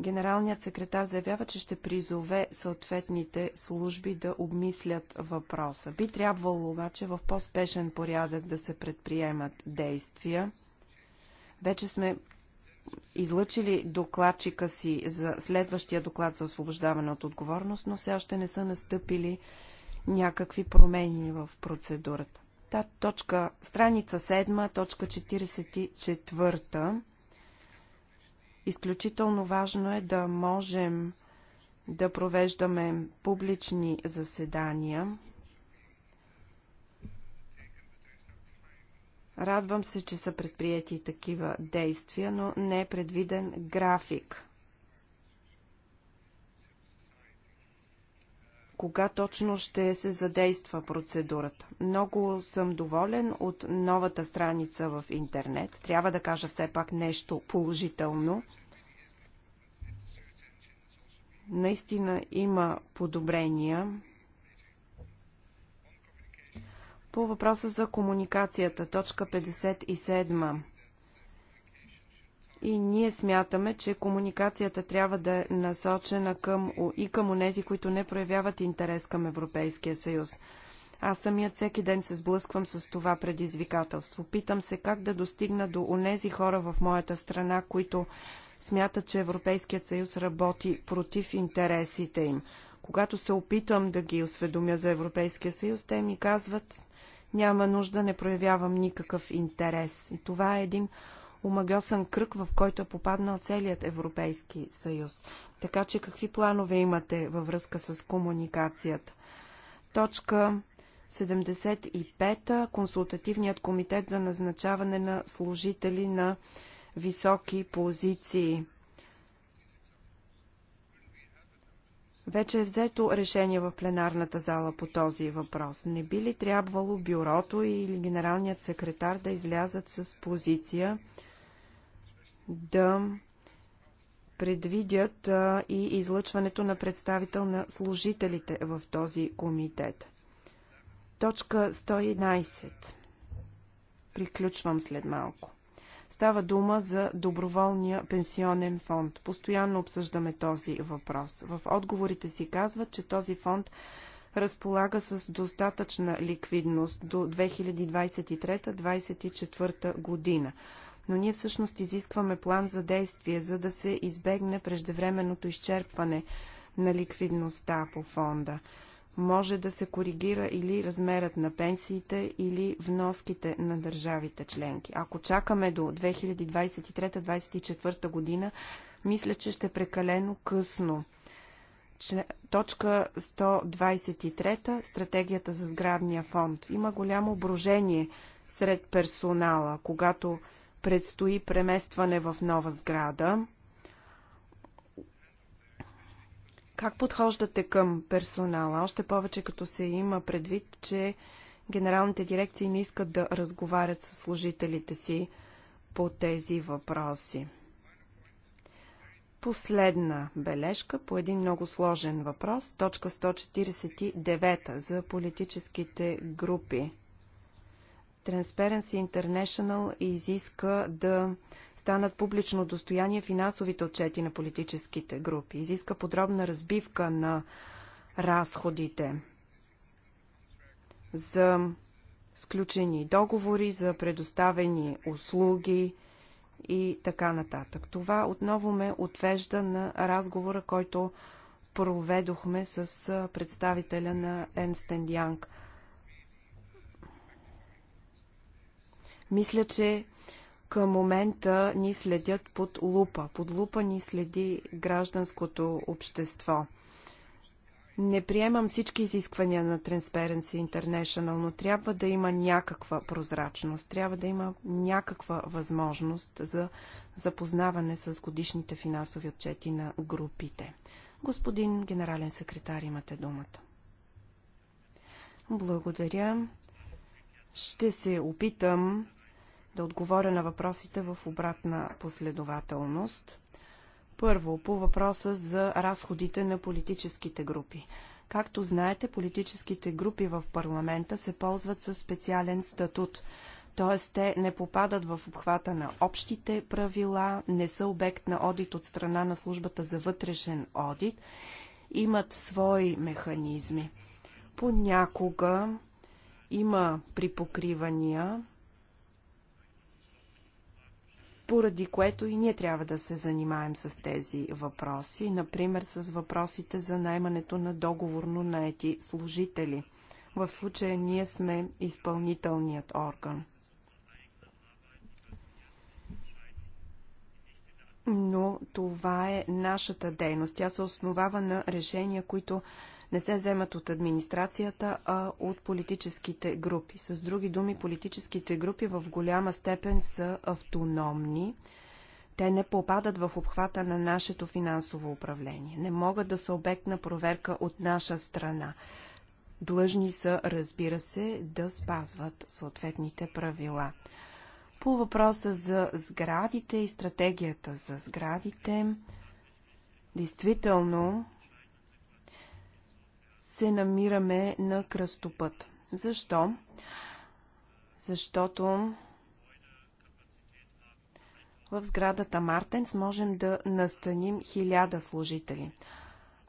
A: Генералният секретар заявява, че ще призове съответните служби да обмислят въпроса. Би трябвало обаче в по-спешен порядък да се предприемат действия. Вече сме излъчили докладчика си за следващия доклад за освобождаване от отговорност, но все още не са настъпили някакви промени в процедурата та точка, страница 7, точка 44. Изключително важно е да можем да провеждаме публични заседания. Радвам се, че са предприяти такива действия, но не е предвиден график. кога точно ще се задейства процедурата. Много съм доволен от новата страница в интернет. Трябва да кажа все пак нещо положително. Наистина има подобрения. По въпроса за комуникацията, точка 57. И ние смятаме, че комуникацията трябва да е насочена към и към онези, които не проявяват интерес към Европейския съюз. Аз самият всеки ден се сблъсквам с това предизвикателство. Питам се как да достигна до онези хора в моята страна, които смятат, че Европейският съюз работи против интересите им. Когато се опитам да ги осведомя за Европейския съюз, те ми казват, няма нужда, не проявявам никакъв интерес. И това е един омагьосан кръг, в който е попаднал целият Европейски съюз. Така че какви планове имате във връзка с комуникацията? Точка 75. Консултативният комитет за назначаване на служители на високи позиции. Вече е взето решение в пленарната зала по този въпрос. Не би ли трябвало бюрото или генералният секретар да излязат с позиция, да предвидят и излъчването на представител на служителите в този комитет. Точка 111. Приключвам след малко. Става дума за доброволния пенсионен фонд. Постоянно обсъждаме този въпрос. В отговорите си казват, че този фонд разполага с достатъчна ликвидност до 2023-2024 година но ние всъщност изискваме план за действие, за да се избегне преждевременното изчерпване на ликвидността по фонда. Може да се коригира или размерът на пенсиите, или вноските на държавите членки. Ако чакаме до 2023-2024 година, мисля, че ще прекалено късно. Точка 123. Стратегията за сградния фонд. Има голямо брожение сред персонала, когато предстои преместване в нова сграда. Как подхождате към персонала? Още повече като се има предвид, че генералните дирекции не искат да разговарят с служителите си по тези въпроси. Последна бележка по един много сложен въпрос, точка 149 за политическите групи. Transparency International изиска да станат публично достояние финансовите отчети на политическите групи. Изиска подробна разбивка на разходите за сключени договори, за предоставени услуги и така нататък. Това отново ме отвежда на разговора, който проведохме с представителя на Енстен Янг Мисля, че към момента ни следят под лупа. Под лупа ни следи гражданското общество. Не приемам всички изисквания на Transparency International, но трябва да има някаква прозрачност, трябва да има някаква възможност за запознаване с годишните финансови отчети на групите. Господин генерален секретар, имате думата. Благодаря. Ще се опитам да отговоря на въпросите в обратна последователност. Първо, по въпроса за разходите на политическите групи. Както знаете, политическите групи в парламента се ползват със специален статут, т.е. те не попадат в обхвата на общите правила, не са обект на одит от страна на службата за вътрешен одит, имат свои механизми. Понякога има припокривания, поради което и ние трябва да се занимаем с тези въпроси, например с въпросите за наймането на договорно наети служители. В случая ние сме изпълнителният орган. Но това е нашата дейност. Тя се основава на решения, които не се вземат от администрацията, а от политическите групи. С други думи, политическите групи в голяма степен са автономни. Те не попадат в обхвата на нашето финансово управление. Не могат да са обект на проверка от наша страна. Длъжни са, разбира се, да спазват съответните правила. По въпроса за сградите и стратегията за сградите, действително се намираме на кръстопът. Защо? Защото в сградата Мартенс можем да настаним 1000 служители.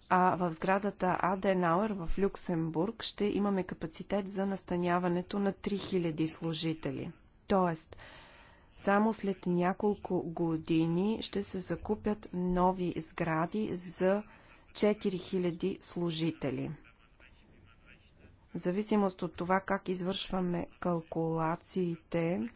A: А в сградата Аденауер в Люксембург ще имаме капацитет за настаняването на 3000 служители. Тоест, само след няколко години ще се закупят нови сгради за 4000 служители. В зависимост от това как извършваме калкулациите,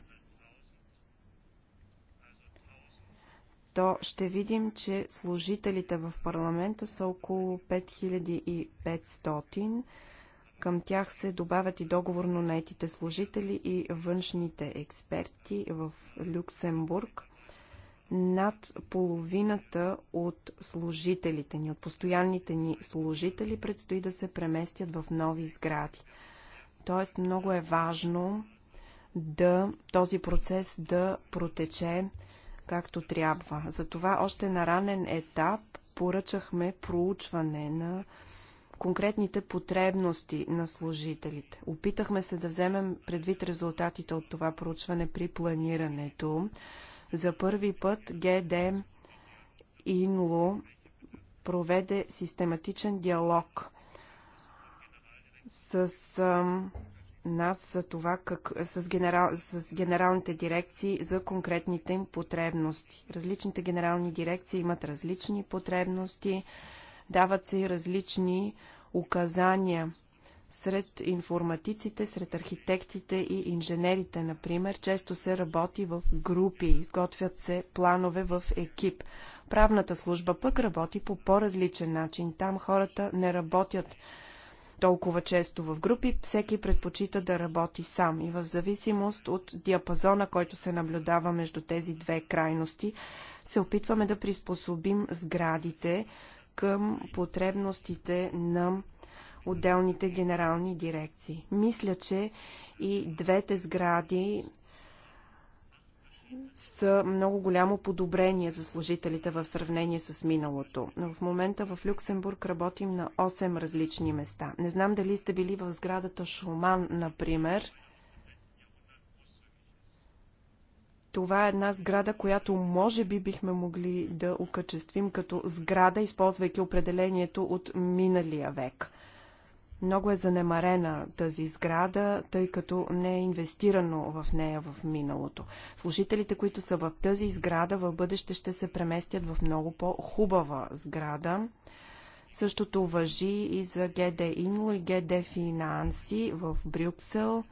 A: то ще видим, че служителите в парламента са около 5500. Към тях се добавят и договорно наетите служители и външните експерти в Люксембург над половината от служителите ни, от постоянните ни служители, предстои да се преместят в нови сгради. Тоест много е важно да този процес да протече както трябва. Затова още на ранен етап поръчахме проучване на конкретните потребности на служителите. Опитахме се да вземем предвид резултатите от това проучване при планирането. За първи път ГД Инло проведе систематичен диалог с нас за това как, с, генерал, с генералните дирекции за конкретните им потребности. Различните генерални дирекции имат различни потребности, дават се и различни указания сред информатиците, сред архитектите и инженерите, например, често се работи в групи, изготвят се планове в екип. Правната служба пък работи по по-различен начин. Там хората не работят толкова често в групи, всеки предпочита да работи сам и в зависимост от диапазона, който се наблюдава между тези две крайности, се опитваме да приспособим сградите към потребностите на отделните генерални дирекции. Мисля, че и двете сгради са много голямо подобрение за служителите в сравнение с миналото. Но в момента в Люксембург работим на 8 различни места. Не знам дали сте били в сградата Шуман, например. Това е една сграда, която може би бихме могли да окачествим като сграда, използвайки определението от миналия век – много е занемарена тази сграда, тъй като не е инвестирано в нея в миналото. Служителите, които са в тази сграда, в бъдеще ще се преместят в много по-хубава сграда. Същото въжи и за ГД Инло и ГД Финанси в Брюксел.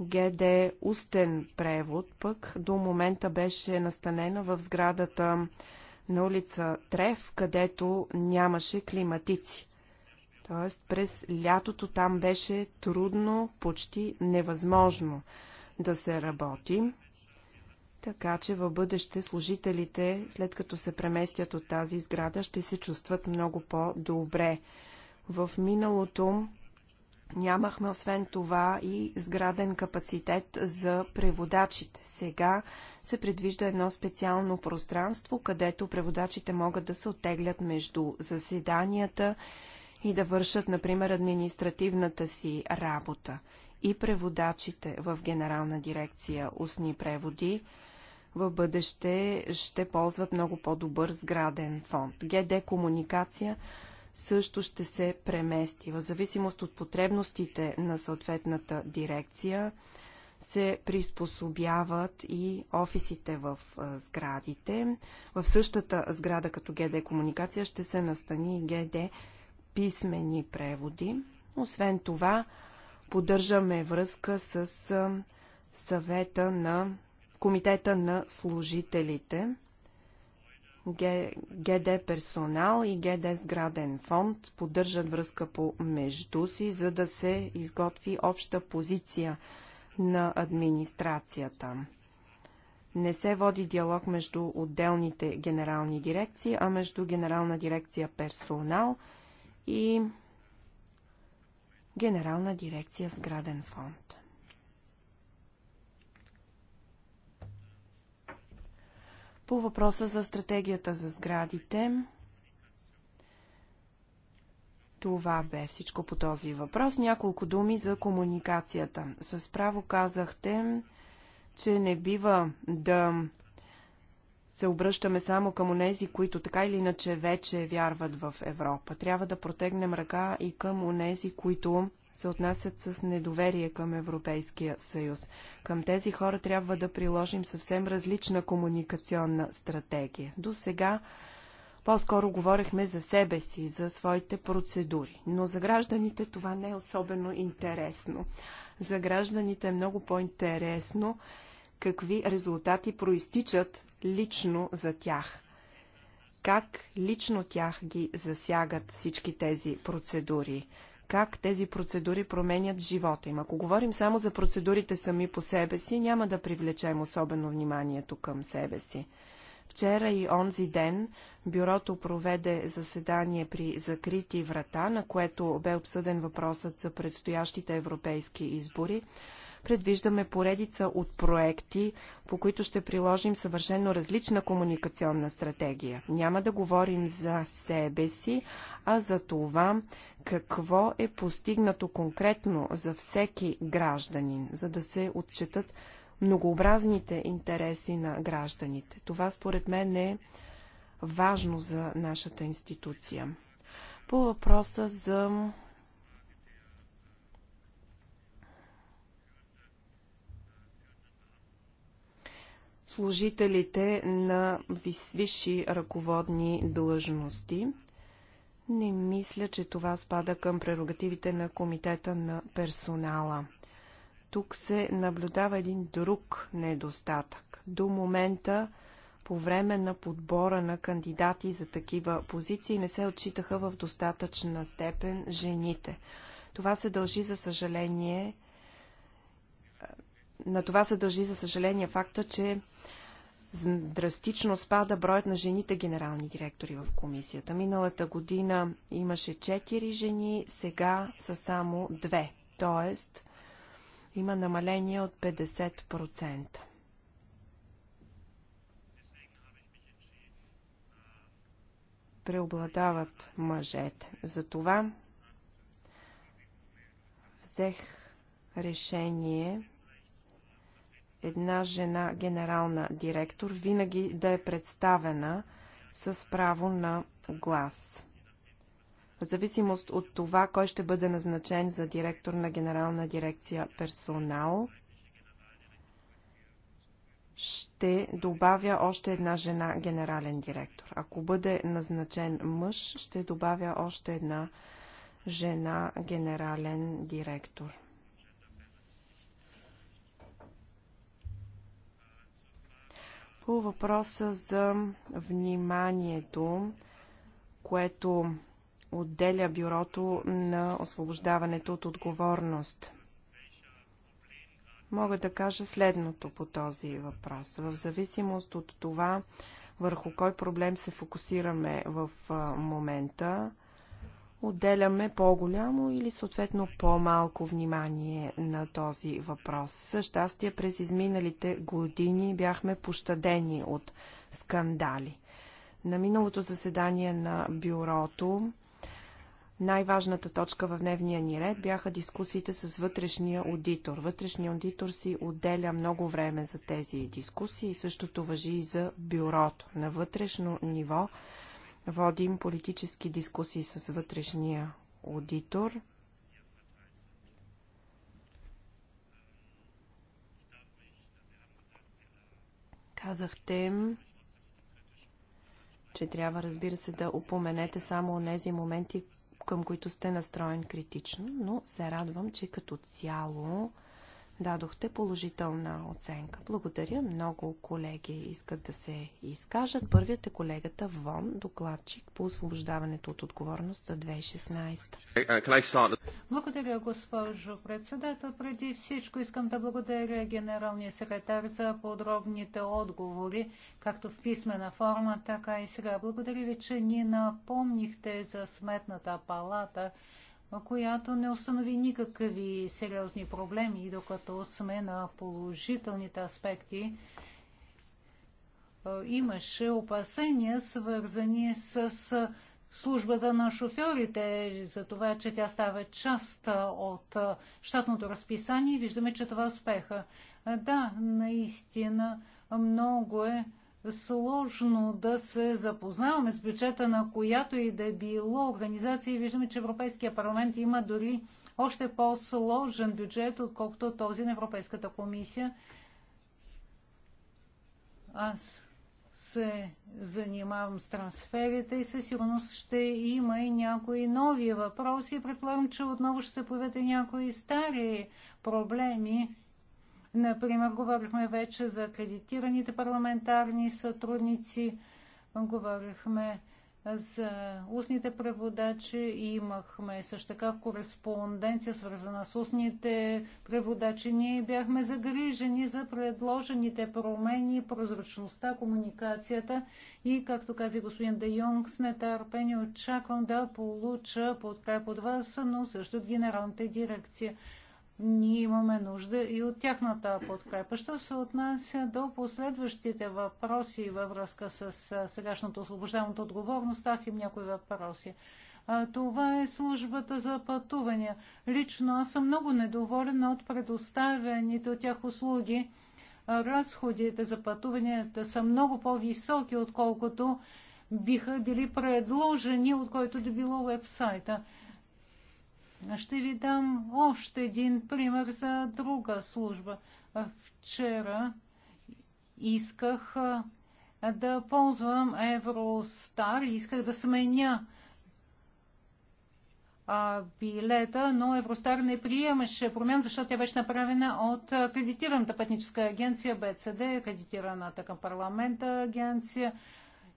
A: ГД Устен превод пък до момента беше настанена в сградата на улица Трев, където нямаше климатици. Тоест през лятото там беше трудно, почти невъзможно да се работи. Така че в бъдеще служителите, след като се преместят от тази сграда, ще се чувстват много по-добре. В миналото нямахме освен това и сграден капацитет за преводачите. Сега се предвижда едно специално пространство, където преводачите могат да се оттеглят между заседанията и да вършат, например, административната си работа. И преводачите в Генерална дирекция устни преводи в бъдеще ще ползват много по-добър сграден фонд. ГД Комуникация също ще се премести. В зависимост от потребностите на съответната дирекция се приспособяват и офисите в сградите. В същата сграда като ГД Комуникация ще се настани ГД писмени преводи. Освен това, поддържаме връзка с съвета на Комитета на служителите, ГД персонал и ГД сграден фонд поддържат връзка между си, за да се изготви обща позиция на администрацията. Не се води диалог между отделните генерални дирекции, а между генерална дирекция персонал – и Генерална дирекция Сграден фонд. По въпроса за стратегията за сградите, това бе всичко по този въпрос. Няколко думи за комуникацията. С право казахте, че не бива да се обръщаме само към онези, които така или иначе вече вярват в Европа. Трябва да протегнем ръка и към онези, които се отнасят с недоверие към Европейския съюз. Към тези хора трябва да приложим съвсем различна комуникационна стратегия. До сега по-скоро говорихме за себе си, за своите процедури, но за гражданите това не е особено интересно. За гражданите е много по-интересно какви резултати проистичат лично за тях. Как лично тях ги засягат всички тези процедури? Как тези процедури променят живота им? Ако говорим само за процедурите сами по себе си, няма да привлечем особено вниманието към себе си. Вчера и онзи ден бюрото проведе заседание при закрити врата, на което бе обсъден въпросът за предстоящите европейски избори. Предвиждаме поредица от проекти, по които ще приложим съвършено различна комуникационна стратегия. Няма да говорим за себе си, а за това какво е постигнато конкретно за всеки гражданин, за да се отчетат многообразните интереси на гражданите. Това според мен е важно за нашата институция. По въпроса за служителите на висши ръководни длъжности. Не мисля, че това спада към прерогативите на комитета на персонала. Тук се наблюдава един друг недостатък. До момента по време на подбора на кандидати за такива позиции не се отчитаха в достатъчна степен жените. Това се дължи, за съжаление, на това се дължи, за съжаление, факта, че драстично спада броят на жените генерални директори в комисията. Миналата година имаше 4 жени, сега са само 2. Тоест, има намаление от 50%. преобладават мъжете. Затова взех решение една жена генерална директор винаги да е представена с право на глас. В зависимост от това, кой ще бъде назначен за директор на генерална дирекция персонал, ще добавя още една жена генерален директор. Ако бъде назначен мъж, ще добавя още една жена генерален директор. По въпроса за вниманието, което отделя бюрото на освобождаването от отговорност. Мога да кажа следното по този въпрос. В зависимост от това, върху кой проблем се фокусираме в момента, отделяме по-голямо или съответно по-малко внимание на този въпрос. За щастие през изминалите години бяхме пощадени от скандали. На миналото заседание на бюрото най-важната точка в дневния ни ред бяха дискусиите с вътрешния аудитор. Вътрешния аудитор си отделя много време за тези дискусии. и Същото въжи и за бюрото. На вътрешно ниво Водим политически дискусии с вътрешния аудитор. Казахте, че трябва, разбира се, да упоменете само тези моменти, към които сте настроен критично, но се радвам, че като цяло дадохте положителна оценка. Благодаря. Много колеги искат да се изкажат. Първият е колегата Вон, докладчик по освобождаването от отговорност за 2016.
D: Uh,
A: благодаря, госпожо председател. Преди
B: всичко искам да благодаря генералния секретар за подробните отговори, както в писмена форма, така и сега. Благодаря ви, че ни напомнихте за сметната палата – която не установи никакви сериозни проблеми и докато сме на положителните аспекти, имаше опасения, свързани с службата на шофьорите, за това, че тя става част от щатното разписание. Виждаме, че това успеха. Да, наистина много е сложно да се запознаваме с бюджета на която и да е било организация и виждаме, че Европейския парламент има дори още по-сложен бюджет, отколкото този на Европейската комисия. Аз се занимавам с трансферите и със сигурност ще има и някои нови въпроси. Предполагам, че отново ще се появят и някои стари проблеми. Например, говорихме вече за акредитираните парламентарни сътрудници, говорихме за устните преводачи и имахме също така кореспонденция, свързана с устните преводачи. Ние бяхме загрижени за предложените промени, прозрачността, комуникацията и, както каза господин Де Йонг, с нетърпение очаквам да получа подкреп от вас, но също от генералната дирекция ние имаме нужда и от тяхната подкрепа. Що се отнася до последващите въпроси във връзка с сегашната освобождаваната отговорност, аз им някои въпроси. Това е службата за пътувания. Лично аз съм много недоволен от предоставяните от тях услуги. Разходите за пътуванията са много по-високи, отколкото биха били предложени, от който да било веб сайта ще ви дам още един пример за друга служба. Вчера исках да ползвам Евростар, исках да сменя билета, но Евростар не приемаше промен, защото тя беше направена от кредитираната пътническа агенция БЦД, кредитираната към парламента агенция.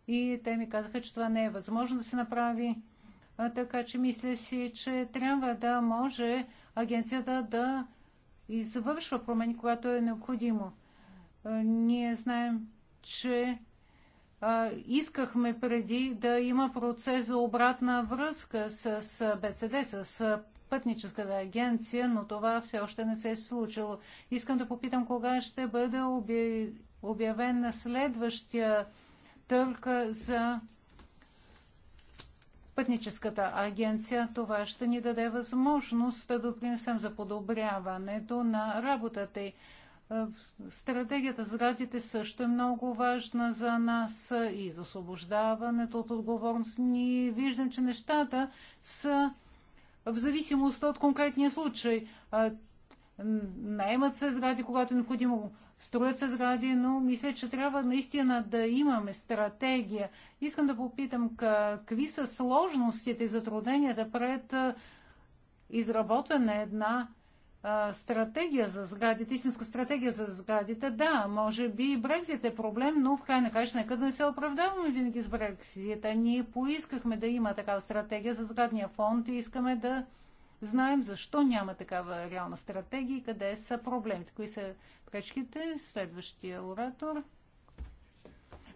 B: И те ми казаха, че това не е възможно да се направи така че мисля си, че трябва да може агенцията да извършва промени, когато е необходимо. Ние знаем, че искахме преди да има процес за обратна връзка с БЦД, с пътническата агенция, но това все още не се е случило. Искам да попитам кога ще бъде обявен на следващия търк за пътническата агенция, това ще ни даде възможност да допринесем за подобряването на работата й. Е, стратегията за сградите също е много важна за нас и за освобождаването от отговорност. Ние виждам, че нещата са в зависимост от конкретния случай. Е, наемат се сгради, когато е необходимо строят се сгради, но мисля, че трябва наистина да имаме стратегия. Искам да попитам какви са сложностите и затрудненията пред изработване на една стратегия за сградите, истинска стратегия за сградите. Да, може би и Брекзит е проблем, но в край на краща нека да не се оправдаваме винаги с Брекзита. Ние поискахме да има такава стратегия за сградния фонд и искаме да знаем защо няма такава реална стратегия и къде са проблемите. Кои са пречките? Следващия оратор.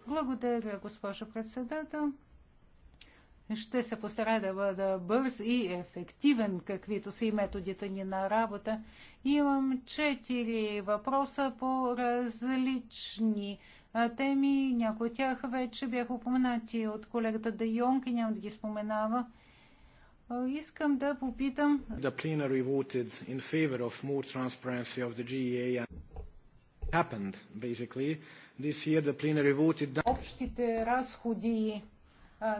B: Благодаря, госпожо председател. Ще се постарая да бъда бърз и ефективен, каквито са и методите ни на работа. Имам четири въпроса по различни теми. Някои от тях вече бяха упоменати от колегата Де и няма да ги споменава. Искам да попитам...
C: The plenary voted in favor of more transparency of the GEA and happened, basically. This year the plenary voted... Down...
B: Общите разходи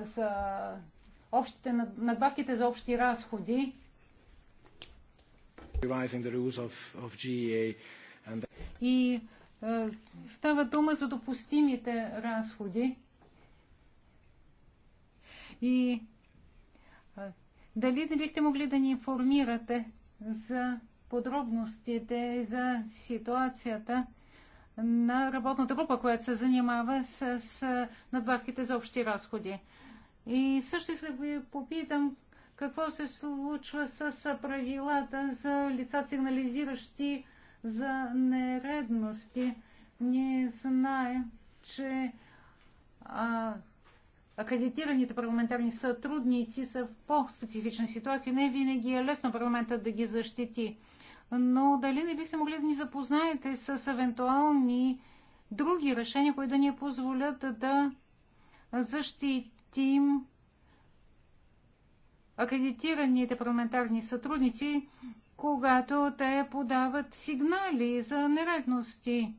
B: за... Общите надбавките за общи разходи
C: revising the rules of, of GEA and...
B: И става дума за допустимите разходи. И дали не бихте могли да ни информирате за подробностите, за ситуацията на работната група, която се занимава с, с надбавките за общи разходи? И също исках да ви попитам какво се случва с правилата за лица, сигнализиращи за нередности. Не знаем, че а, акредитираните парламентарни сътрудници са в по-специфична ситуация. Не винаги е лесно парламента да ги защити. Но дали не бихте могли да ни запознаете с евентуални други решения, които да ни позволят да защитим акредитираните парламентарни сътрудници, когато те подават сигнали за нередности.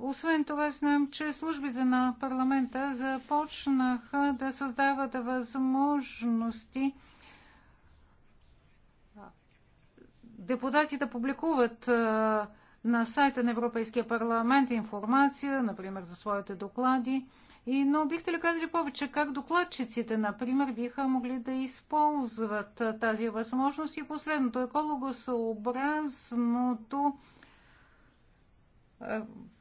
B: Освен това, знам, че службите на парламента започнаха да създават възможности депутати да публикуват на сайта на Европейския парламент информация, например, за своите доклади. И, но бихте ли казали повече как докладчиците, например, биха могли да използват тази възможност? И последното екологосъобразното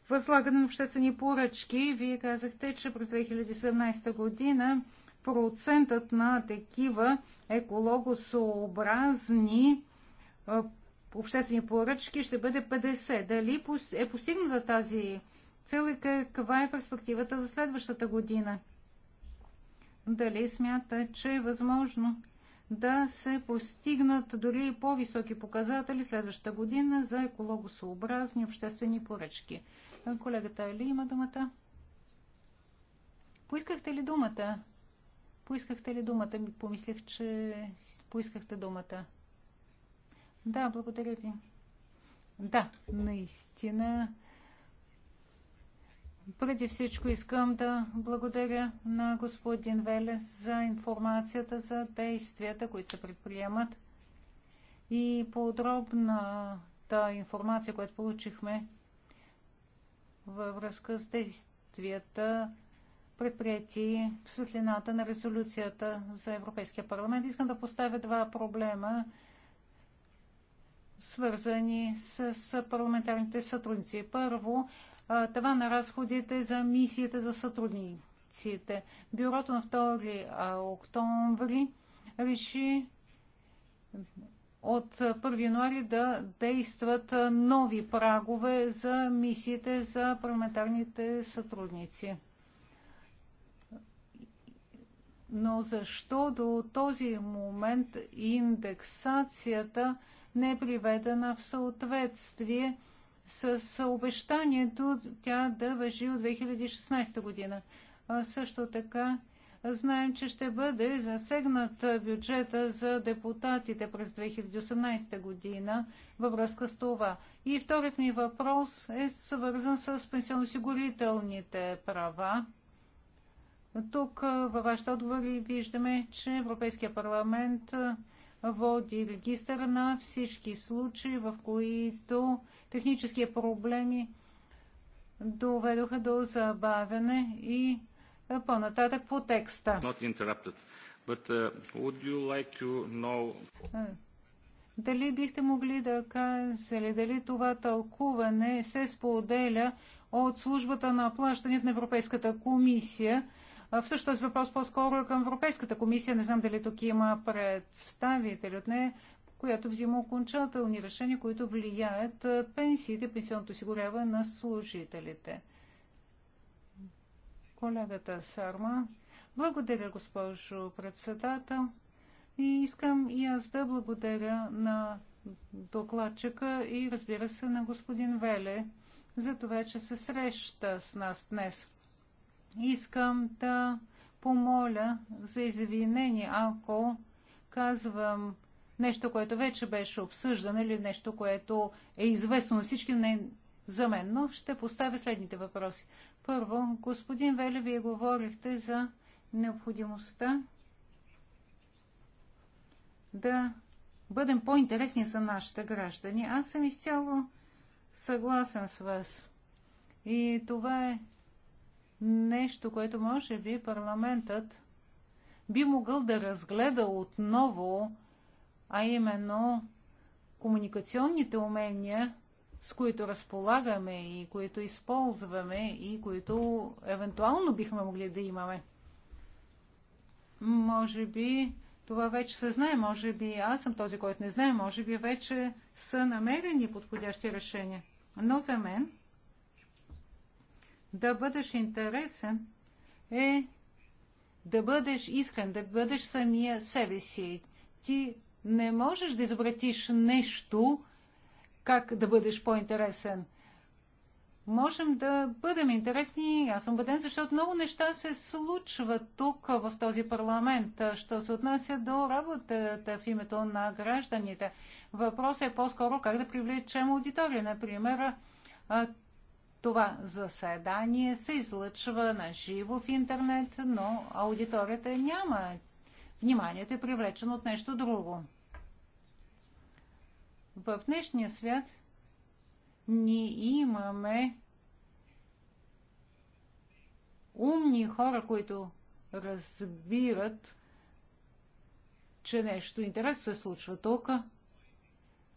B: възлагане на обществени поръчки. Вие казахте, че през 2017 година процентът на такива екологосообразни обществени поръчки ще бъде 50. Дали е постигната тази цел и каква е перспективата за следващата година? Дали смята, че е възможно да се постигнат дори и по-високи показатели следващата година за екологосообразни обществени поръчки? Колегата Али има думата. Поискахте ли думата? Поискахте ли думата? Помислих, че поискахте думата. Да, благодаря ви. Да, наистина. Преди всичко искам да благодаря на господин Веле за информацията за действията, които се предприемат и подробната информация, която получихме във връзка с действията предприяти в светлината на резолюцията за Европейския парламент. Искам да поставя два проблема, свързани с парламентарните сътрудници. Първо, това на разходите за мисията за сътрудниците. Бюрото на 2 октомври реши от 1 януари да действат нови прагове за мисиите за парламентарните сътрудници. Но защо до този момент индексацията не е приведена в съответствие с обещанието тя да въжи от 2016 година? също така Знаем, че ще бъде засегнат бюджета за депутатите през 2018 година във връзка с това. И вторият ми въпрос е свързан с пенсионно-осигурителните права. Тук във вашите отговори виждаме, че Европейския парламент води регистър на всички случаи, в които технически проблеми доведоха до забавяне и е, по-нататък по текста.
E: Uh,
B: е, дали бихте могли да казали, дали това тълкуване се споделя от службата на плащането на Европейската комисия? Всъщност този въпрос по-скоро е към Европейската комисия. Не знам дали тук има представители от нея, която взима окончателни решения, които влияят е, пенсиите, пенсионното осигуряване на служителите колегата Сарма. Благодаря, госпожо председател. И искам и аз да благодаря на докладчика и разбира се на господин Веле за това, че се среща с нас днес. Искам да помоля за извинение, ако казвам нещо, което вече беше обсъждано или нещо, което е известно на всички, не за мен, но ще поставя следните въпроси. Първо, господин Веле, вие говорихте за необходимостта да бъдем по-интересни за нашите граждани. Аз съм изцяло съгласен с вас. И това е нещо, което може би парламентът би могъл да разгледа отново, а именно комуникационните умения – с които разполагаме и които използваме и които евентуално бихме могли да имаме. Може би това вече се знае, може би аз съм този, който не знае, може би вече са намерени подходящи решения. Но за мен да бъдеш интересен е да бъдеш искан, да бъдеш самия себе си. Ти не можеш да изобретиш нещо, как да бъдеш по-интересен. Можем да бъдем интересни, аз съм убеден, защото много неща се случват тук в този парламент, що се отнася до работата в името на гражданите. Въпросът е по-скоро как да привлечем аудитория. Например, това заседание се излъчва на живо в интернет, но аудиторията няма. Вниманието е привлечено от нещо друго. В днешния свят ни имаме умни хора, които разбират, че нещо интересно се случва тук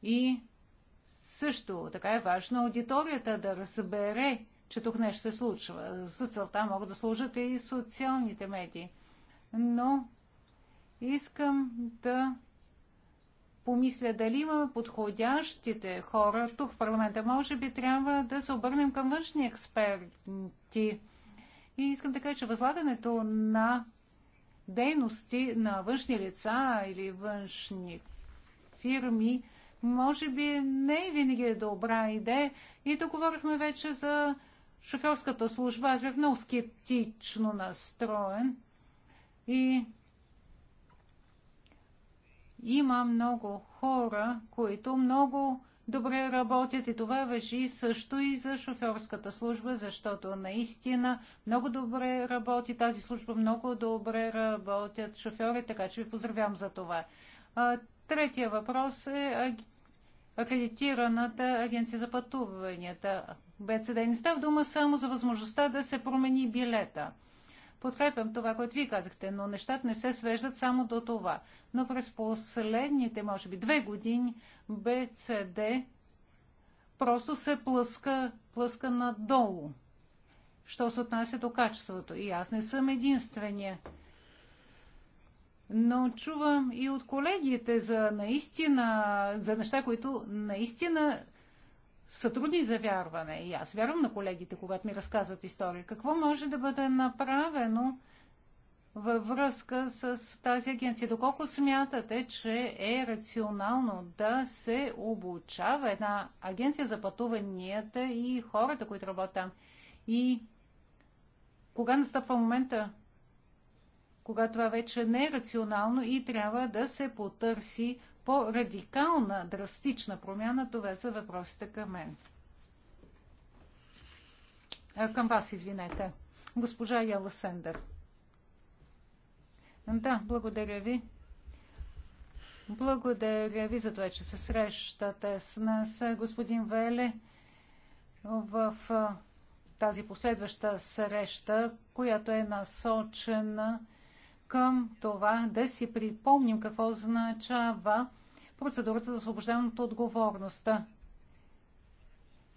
B: и също така е важно аудиторията да разбере, че тук нещо се случва. За целта могат да служат и социалните медии. Но искам да помисля дали имаме подходящите хора тук в парламента. Може би трябва да се обърнем към външни експерти. И искам да кажа, че възлагането на дейности на външни лица или външни фирми може би не е винаги добра идея. И тук говорихме вече за шофьорската служба. Аз бях много скептично настроен. И има много хора, които много добре работят и това въжи също и за шофьорската служба, защото наистина много добре работи тази служба, много добре работят шофьори, така че ви поздравям за това. Третия въпрос е акредитираната агенция за пътуванията. БЦД не става дума само за възможността да се промени билета – Подкрепям това, което ви казахте, но нещата не се свеждат само до това. Но през последните, може би, две години БЦД просто се плъска, плъска надолу, що се отнася до качеството. И аз не съм единствения. Но чувам и от колегите за наистина, за неща, които наистина са трудни за вярване. И аз вярвам на колегите, когато ми разказват истории. Какво може да бъде направено във връзка с тази агенция? Доколко смятате, че е рационално да се обучава една агенция за пътуванията и хората, които работят там? И кога настъпва момента, кога това вече не е рационално и трябва да се потърси по-радикална, драстична промяна, това са въпросите към мен. А, към вас, извинете. Госпожа Яла Сендер. Да, благодаря ви. Благодаря ви за това, че се срещате с нас, господин Веле, в тази последваща среща, която е насочена към това да си припомним какво означава процедурата за освобождаване от отговорността.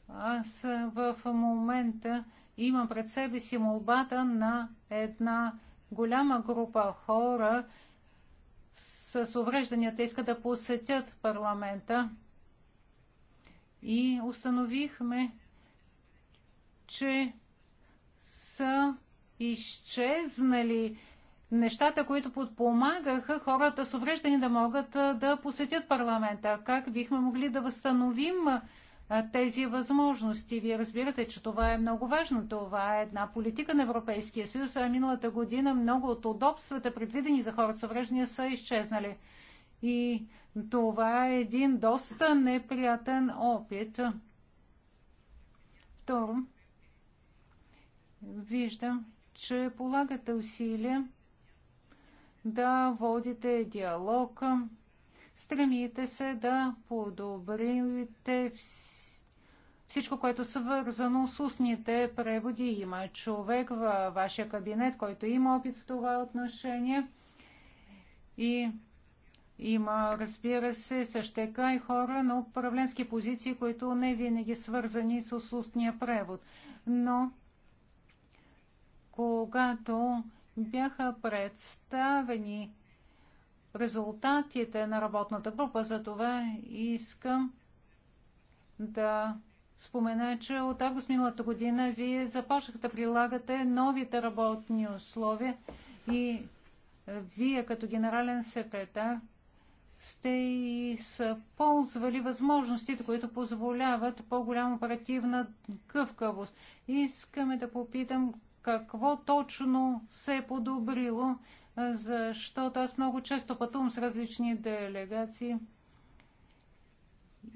B: Аз в момента имам пред себе си молбата на една голяма група хора с уврежданията искат да посетят парламента. И установихме, че са изчезнали нещата, които подпомагаха хората с увреждане да могат да посетят парламента. Как бихме могли да възстановим тези възможности. Вие разбирате, че това е много важно. Това е една политика на Европейския съюз, а миналата година много от удобствата, предвидени за хората с увреждания, са изчезнали. И това е един доста неприятен опит. Второ, виждам, че полагате усилия да водите диалог, стремите се да подобрите всичко, което е свързано с устните преводи. Има човек във вашия кабинет, който има опит в това отношение. И има, разбира се, също така и хора на управленски позиции, които не винаги свързани с устния превод. Но когато бяха представени резултатите на работната група. За това искам да спомена, че от август миналата година вие започнахте да прилагате новите работни условия и вие като генерален секретар сте ползвали възможностите, които позволяват по-голяма оперативна гъвкавост. Искаме да попитам какво точно се е подобрило, защото аз много често пътувам с различни делегации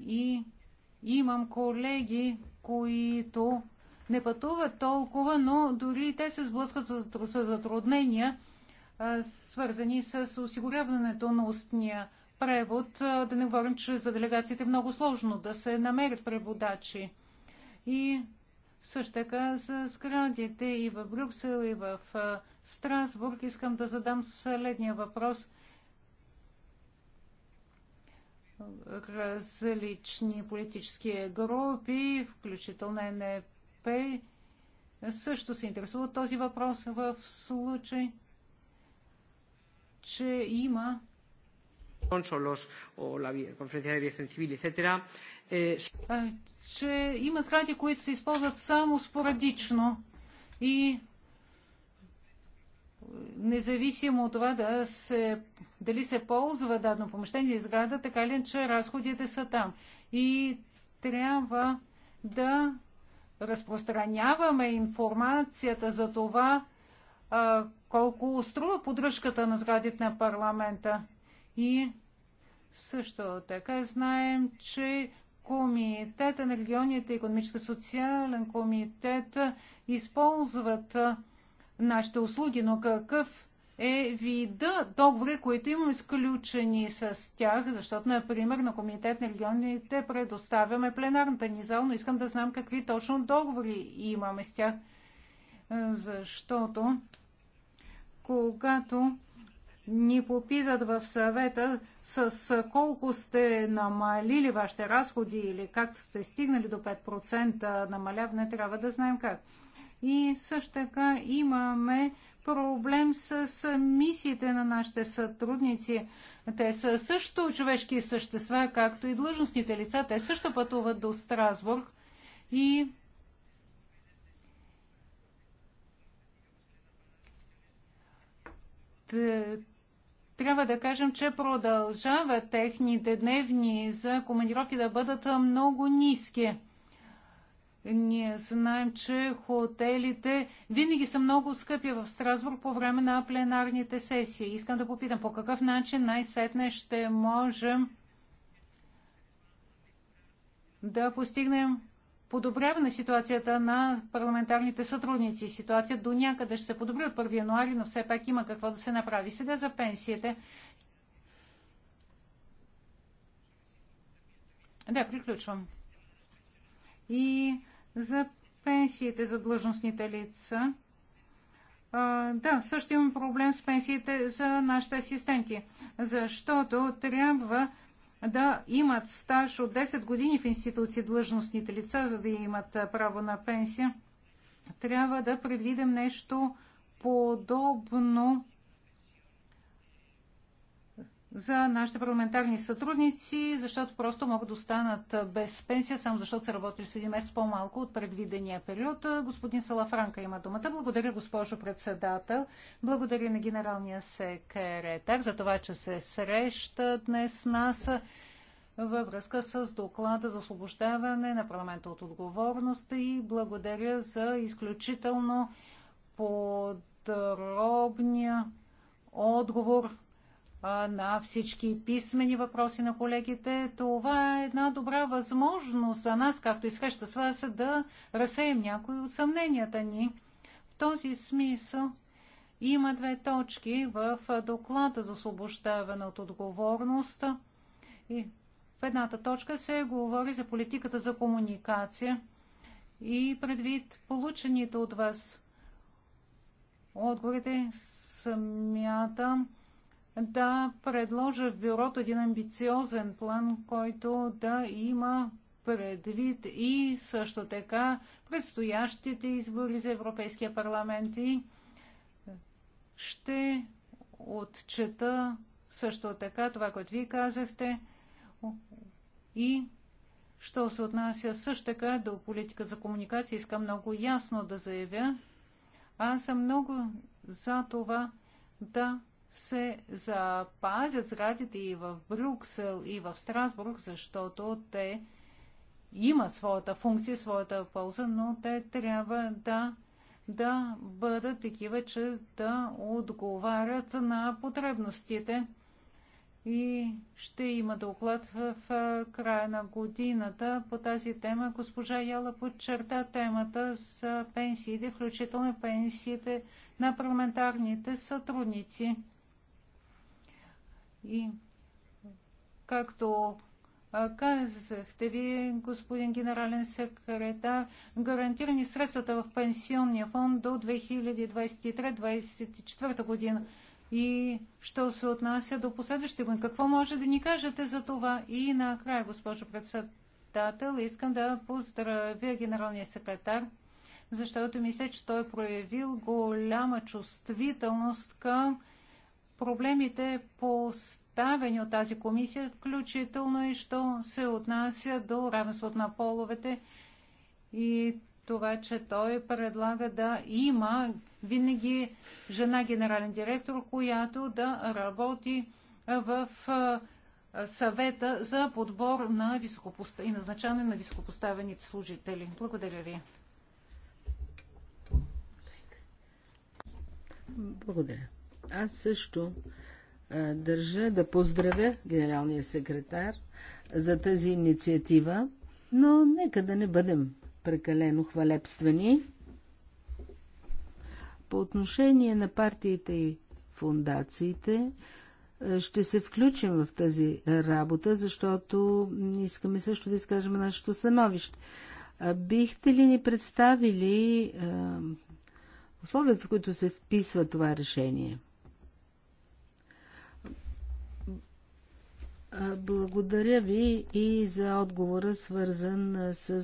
B: и имам колеги, които не пътуват толкова, но дори те се сблъскат с затруднения, свързани с осигуряването на устния превод. Да не говорим, че за делегациите е много сложно да се намерят преводачи. И също така за сградите и в Брюксел, и в Страсбург искам да задам следния въпрос. Различни политически групи, включително НП, също се интересуват този въпрос в случай, че има че има сгради, които се използват само спорадично и независимо от това да се, дали се ползва дадено помещение или сграда, така ли, че разходите са там. И трябва да разпространяваме информацията за това, колко струва поддръжката на сградите на парламента. И също така знаем, че Комитета на регионите, економическа социален комитет използват нашите услуги, но какъв е вида договори, които имаме сключени с тях, защото, например, на Комитет на регионите предоставяме пленарната ни зал, но искам да знам какви точно договори имаме с тях, защото когато ни попитат в съвета с колко сте намалили вашите разходи или как сте стигнали до 5% намаляване, трябва да знаем как. И също така имаме проблем с мисиите на нашите сътрудници. Те са също човешки същества, както и длъжностните лица. Те също пътуват до Страсбург и трябва да кажем, че продължават техните дневни за командировки да бъдат много ниски. Ние знаем, че хотелите винаги са много скъпи в Страсбург по време на пленарните сесии. Искам да попитам по какъв начин най-сетне ще можем да постигнем подобряване на ситуацията на парламентарните сътрудници. Ситуацията до някъде ще се подобри от 1 януари, но все пак има какво да се направи. Сега за пенсиите. Да, приключвам. И за пенсиите за длъжностните лица. А, да, също имам проблем с пенсиите за нашите асистенти, защото трябва да имат стаж от 10 години в институции длъжностните лица, за да имат право на пенсия. Трябва да предвидим нещо подобно за нашите парламентарни сътрудници, защото просто могат да останат без пенсия, само защото са работили с един месец по-малко от предвидения период. Господин Салафранка има думата. Благодаря, госпожо председател. Благодаря на генералния секретар за това, че се среща днес с нас във връзка с доклада за освобождаване на парламента от отговорност и благодаря за изключително подробния отговор на всички писмени въпроси на колегите. Това е една добра възможност за нас, както и среща с вас, да разсеем някои от съмненията ни. В този смисъл има две точки в доклада за освобождаване от отговорност. И в едната точка се говори за политиката за комуникация и предвид получените от вас отговорите смятам, да предложа в бюрото един амбициозен план, който да има предвид и също така предстоящите избори за Европейския парламент и ще отчета също така това, което вие казахте и що се отнася също така до политика за комуникация, искам много ясно да заявя. Аз съм много за това да се запазят сградите и в Брюксел, и в Страсбург, защото те имат своята функция, своята полза, но те трябва да, да бъдат такива, че да отговарят на потребностите. И ще има доклад в края на годината по тази тема. Госпожа Яла подчерта темата за пенсиите, включително пенсиите на парламентарните сътрудници. И както казахте ви, господин генерален секретар, гарантирани средствата в пенсионния фонд до 2023-2024 година. И що се отнася до последващите години, какво може да ни кажете за това? И накрая, госпожо председател, искам да поздравя генералния секретар, защото мисля, че той е проявил голяма чувствителност към проблемите поставени от тази комисия, включително и що се отнася до равенството на половете и това, че той предлага да има винаги жена генерален директор, която да работи в съвета за подбор на високопоста... и назначаване на високопоставените служители. Благодаря ви.
E: Благодаря. Аз също а, държа да поздравя генералния секретар за тази инициатива, но нека да не бъдем прекалено хвалебствени. По отношение на партиите и фундациите, ще се включим в тази работа, защото искаме също да изкажем нашето становище. Бихте ли ни представили условията, в които се вписва това решение? Благодаря ви и за отговора, свързан с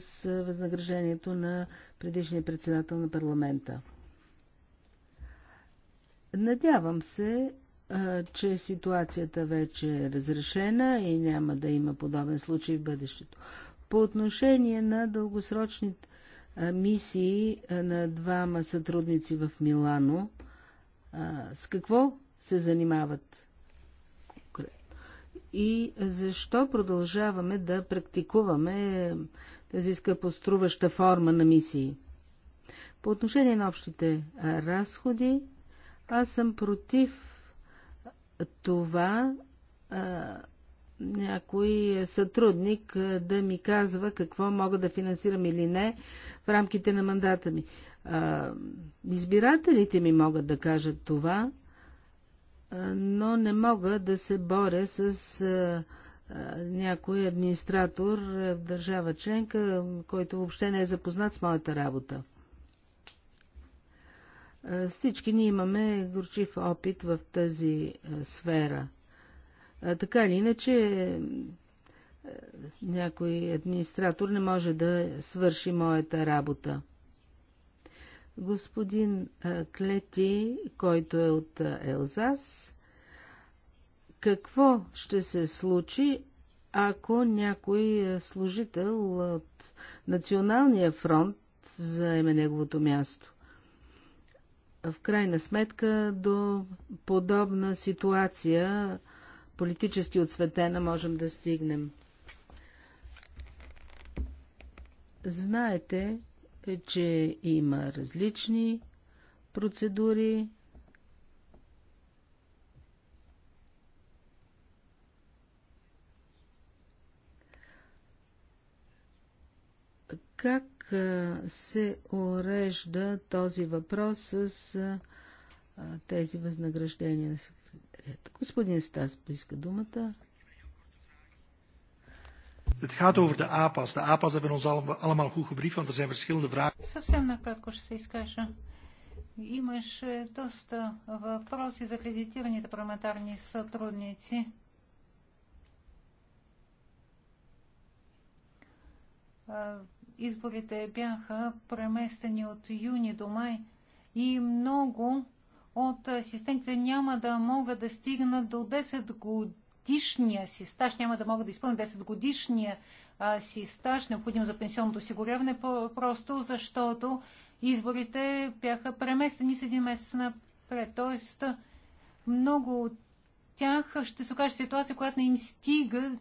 E: възнаграждението на предишния председател на парламента. Надявам се, че ситуацията вече е разрешена и няма да има подобен случай в бъдещето. По отношение на дългосрочните мисии на двама сътрудници в Милано, с какво се занимават и защо продължаваме да практикуваме тази скъпоструваща форма на мисии. По отношение на общите разходи, аз съм против това а, някой сътрудник да ми казва какво мога да финансирам или не в рамките на мандата ми. А, избирателите ми могат да кажат това, но не мога да се боря с някой администратор в държава членка, който въобще не е запознат с моята работа. Всички ние имаме горчив опит в тази сфера. Така или иначе, някой администратор не може да свърши моята работа. Господин Клети, който е от Елзас, какво ще се случи, ако някой служител от Националния фронт заеме неговото място? В крайна сметка до подобна ситуация, политически отсветена, можем да стигнем. Знаете, е, че има различни процедури. Как се урежда този въпрос с тези възнаграждения на секретарията? Господин Стас поиска думата. Het gaat over de APA's. De APA's hebben ons allemaal goed gebriefd, want er zijn verschillende vragen.
B: Съвсем накратко ще се изкажа. Имаше доста въпроси за акредитираните парламентарни сътрудници. Изборите бяха преместени от юни до май и много от асистентите няма да могат да стигнат до 10 години годишния си стаж, няма да могат да изпълнят 10 годишния си стаж, необходим за пенсионното осигуряване, просто защото изборите бяха преместени с един месец напред. Тоест, много от тях ще се окаже ситуация, която не им стига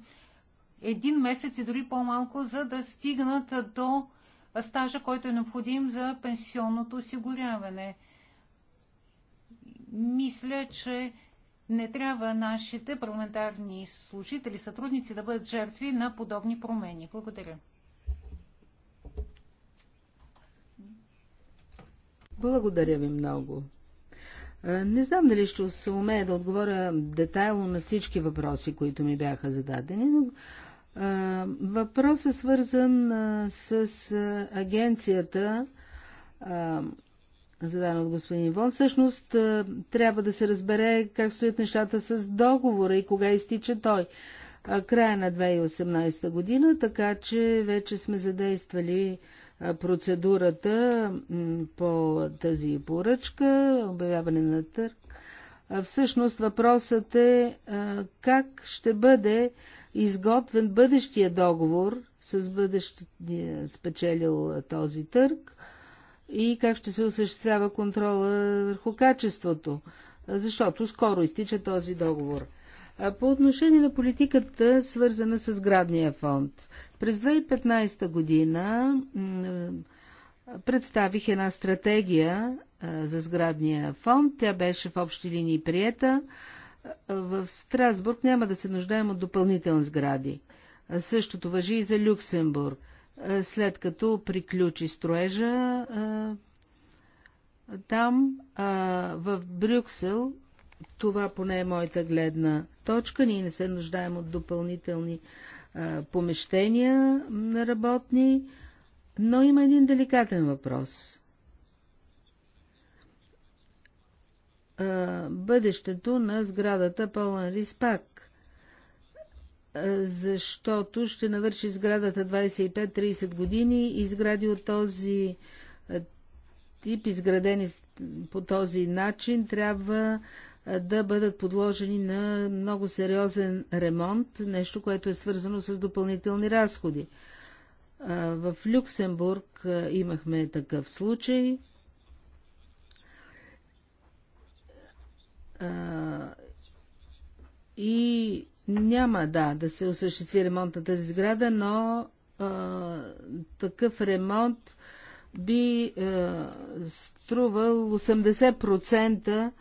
B: един месец и дори по-малко, за да стигнат до стажа, който е необходим за пенсионното осигуряване. Мисля, че не трябва нашите парламентарни служители, сътрудници да бъдат жертви на подобни промени. Благодаря.
E: Благодаря ви много. Не знам дали ще се умея да отговоря детайлно на всички въпроси, които ми бяха зададени, но въпросът е свързан с агенцията зададен от господин Вон. Всъщност е, трябва да се разбере как стоят нещата с договора и кога изтича той. Края на 2018 година, така че вече сме задействали е, процедурата по тази поръчка, обявяване на търг. Всъщност въпросът е, е как ще бъде изготвен бъдещия договор с бъдещия спечелил този търг и как ще се осъществява контрола върху качеството, защото скоро изтича този договор. По отношение на политиката, свързана с градния фонд, през 2015 година представих една стратегия за сградния фонд. Тя беше в общи линии приета. В Страсбург няма да се нуждаем от допълнителни сгради. Същото въжи и за Люксембург. Е, след като приключи строежа е, там, е, в Брюксел, това поне е моята гледна точка. Ние не се нуждаем от допълнителни помещения на работни, но има един деликатен въпрос. бъдещето на сградата Пълнарис пак защото ще навърши сградата 25-30 години и сгради от този тип, изградени по този начин, трябва да бъдат подложени на много сериозен ремонт, нещо, което е свързано с допълнителни разходи. В Люксембург имахме такъв случай. И няма, да, да се осъществи ремонт на тази сграда, но а, такъв ремонт би а, струвал 80%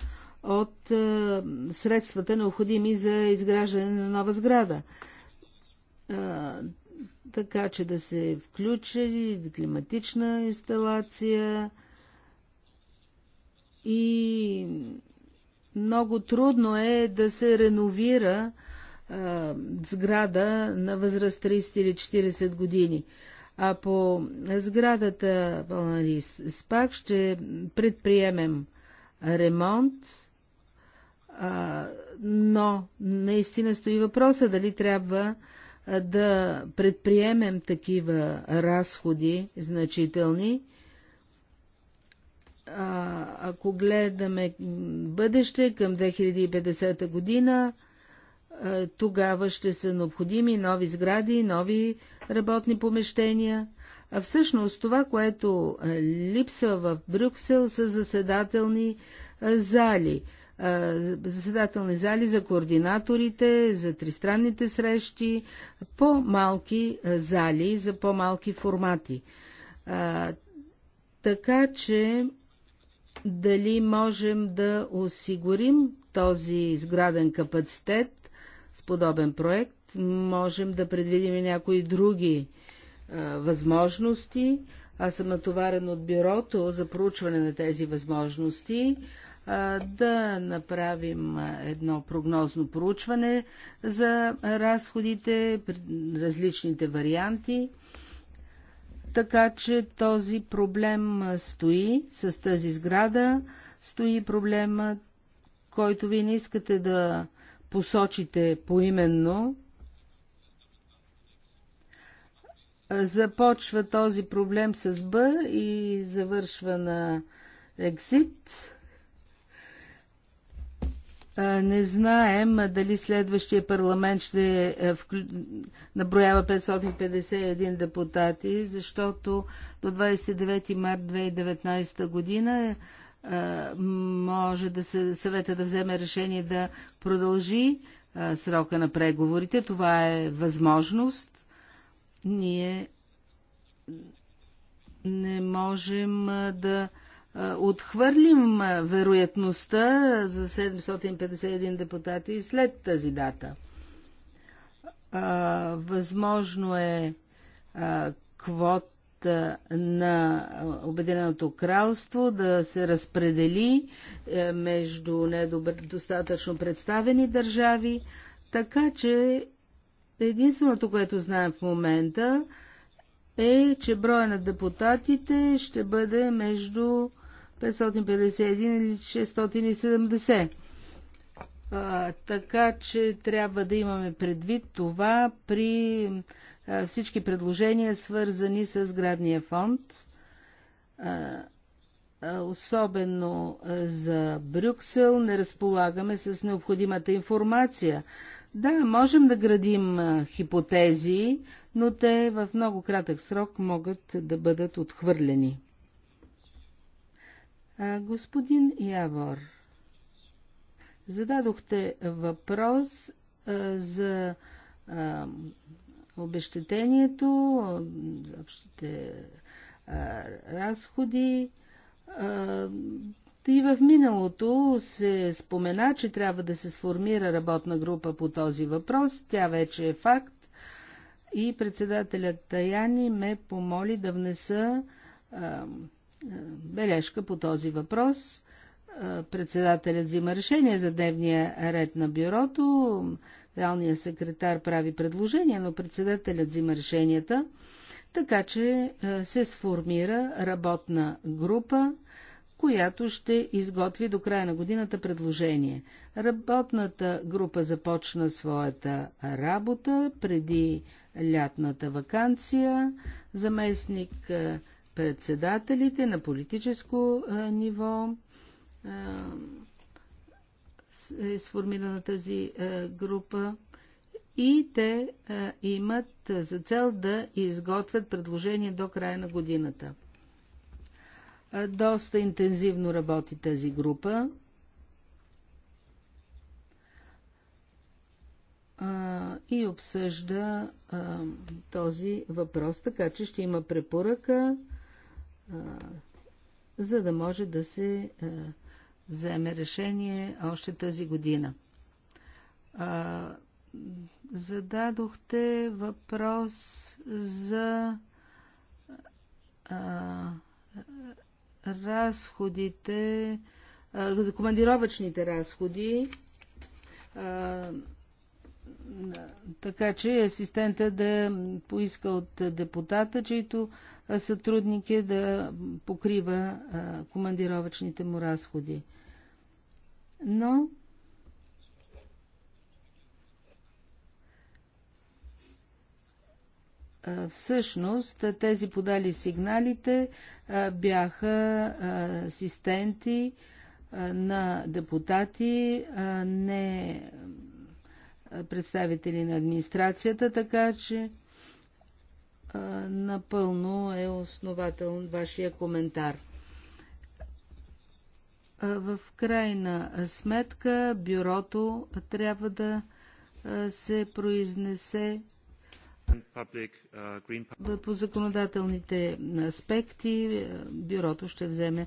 E: от а, средствата необходими за изграждане на нова сграда. А, така че да се включи климатична инсталация и много трудно е да се реновира а, сграда на възраст 30 или 40 години. А по сградата нали, спак ще предприемем ремонт, а, но наистина стои въпроса дали трябва да предприемем такива разходи значителни. А, ако гледаме бъдеще към 2050 година, е, тогава ще са необходими нови сгради, нови работни помещения. А всъщност това, което е, липсва в Брюксел са заседателни е, зали. Заседателни зали за координаторите, за тристранните срещи, по-малки зали за по-малки формати. Така че дали можем да осигурим този сграден капацитет с подобен проект. Можем да предвидим и някои други а, възможности. Аз съм натоварен от бюрото за проучване на тези възможности а, да направим едно прогнозно проучване за разходите, различните варианти. Така че този проблем стои с тази сграда, стои проблема, който вие не искате да посочите поименно, започва този проблем с Б и завършва на екзит. Не знаем дали следващия парламент ще е, наброява 551 депутати, защото до 29 март 2019 година може да се съвета да вземе решение да продължи срока на преговорите. Това е възможност. Ние не можем да отхвърлим вероятността за 751 депутати след тази дата. Възможно е квот волята на Обединеното кралство да се разпредели е, между недостатъчно представени държави, така че единственото, което знаем в момента, е, че броя на депутатите ще бъде между 551 или 670. А, така че трябва да имаме предвид това при всички предложения, свързани с градния фонд, особено за Брюксел, не разполагаме с необходимата информация. Да, можем да градим хипотези, но те в много кратък срок могат да бъдат отхвърлени. Господин Явор, зададохте въпрос за обещетението, общите разходи. и в миналото се спомена, че трябва да се сформира работна група по този въпрос. Тя вече е факт. И председателят Таяни ме помоли да внеса бележка по този въпрос председателят взима решение за дневния ред на бюрото, реалният секретар прави предложение, но председателят взима решенията, така че се сформира работна група, която ще изготви до края на годината предложение. Работната група започна своята работа преди лятната вакансия. Заместник председателите на политическо ниво е сформирана тази група и те имат за цел да изготвят предложение до края на годината. Доста интензивно работи тази група. и обсъжда а, този въпрос, така че ще има препоръка, а, за да може да се а, вземе решение още тази година. А, зададохте въпрос за а, разходите, а, за командировачните разходи. А, така че асистента да поиска от депутата, чието сътрудник е да покрива командировъчните му разходи. Но всъщност тези подали сигналите бяха асистенти на депутати, не представители на администрацията, така че напълно е основателен вашия коментар. В крайна сметка бюрото трябва да се произнесе по законодателните аспекти. Бюрото ще вземе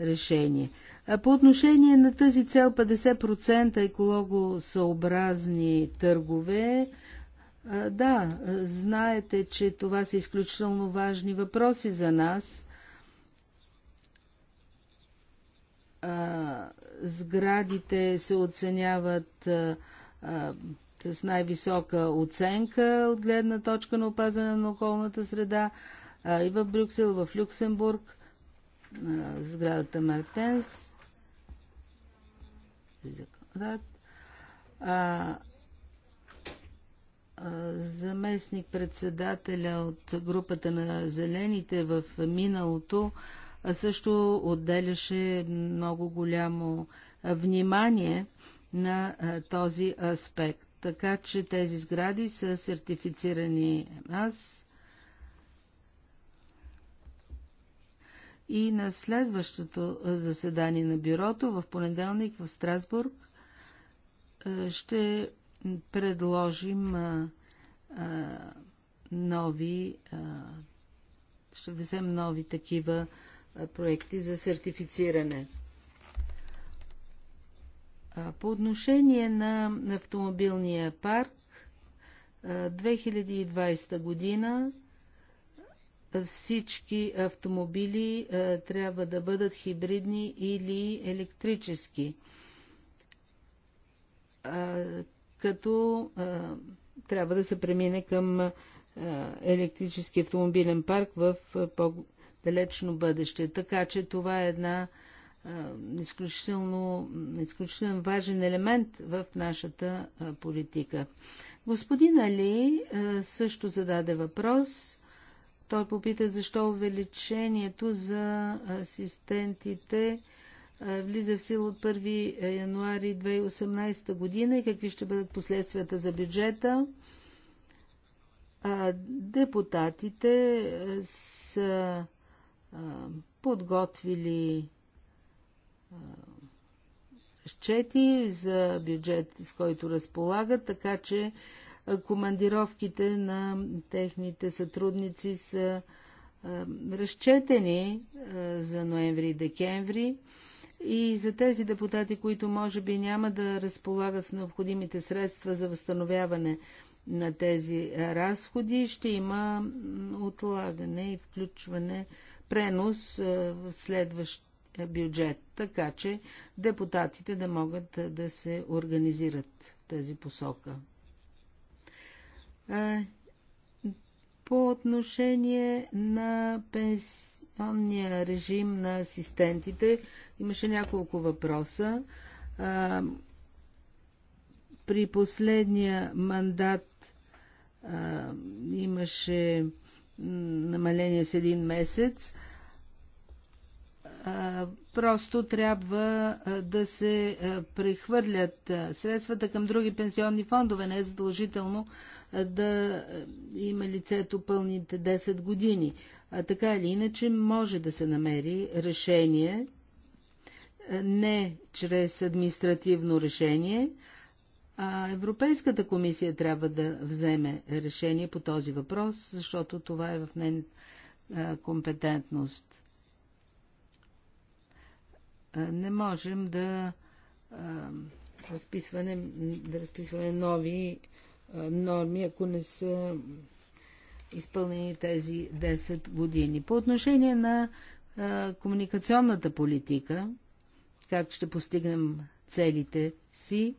E: решение. А по отношение на тази цел 50% екологосъобразни търгове, да, знаете, че това са изключително важни въпроси за нас. Сградите се оценяват с най-висока оценка от гледна точка на опазване на околната среда и в Брюксел, в Люксембург, сградата Мартенс заместник председателя от групата на зелените в миналото също отделяше много голямо внимание на този аспект. Така че тези сгради са сертифицирани аз. И на следващото заседание на бюрото в понеделник в Страсбург ще предложим а, а, нови, а, ще взем нови такива а, проекти за сертифициране. А, по отношение на автомобилния парк, а, 2020 година всички автомобили а, трябва да бъдат хибридни или електрически. А, като трябва да се премине към електрически автомобилен парк в по-далечно бъдеще. Така че това е една изключително, изключително важен елемент в нашата политика. Господин Али също зададе въпрос. Той попита защо увеличението за асистентите влиза в сила от 1 е, януари 2018 година и какви ще бъдат последствията за бюджета. Депутатите са подготвили счети за бюджет, с който разполагат, така че командировките на техните сътрудници са разчетени за ноември и декември. И за тези депутати, които може би няма да разполагат с необходимите средства за възстановяване на тези разходи, ще има отлагане и включване, пренос е, в следващ бюджет, така че депутатите да могат е, да се организират в тази посока. Е, по отношение на пенсионите, електронния режим на асистентите. Имаше няколко въпроса. При последния мандат имаше намаление с един месец. Просто трябва да се прехвърлят средствата към други пенсионни фондове. Не е задължително да има лицето пълните 10 години. А така или иначе може да се намери решение, не чрез административно решение, а Европейската комисия трябва да вземе решение по този въпрос, защото това е в нейна компетентност. Не можем да разписваме, да разписваме нови норми, ако не са изпълнени тези 10 години. По отношение на а, комуникационната политика, как ще постигнем целите си,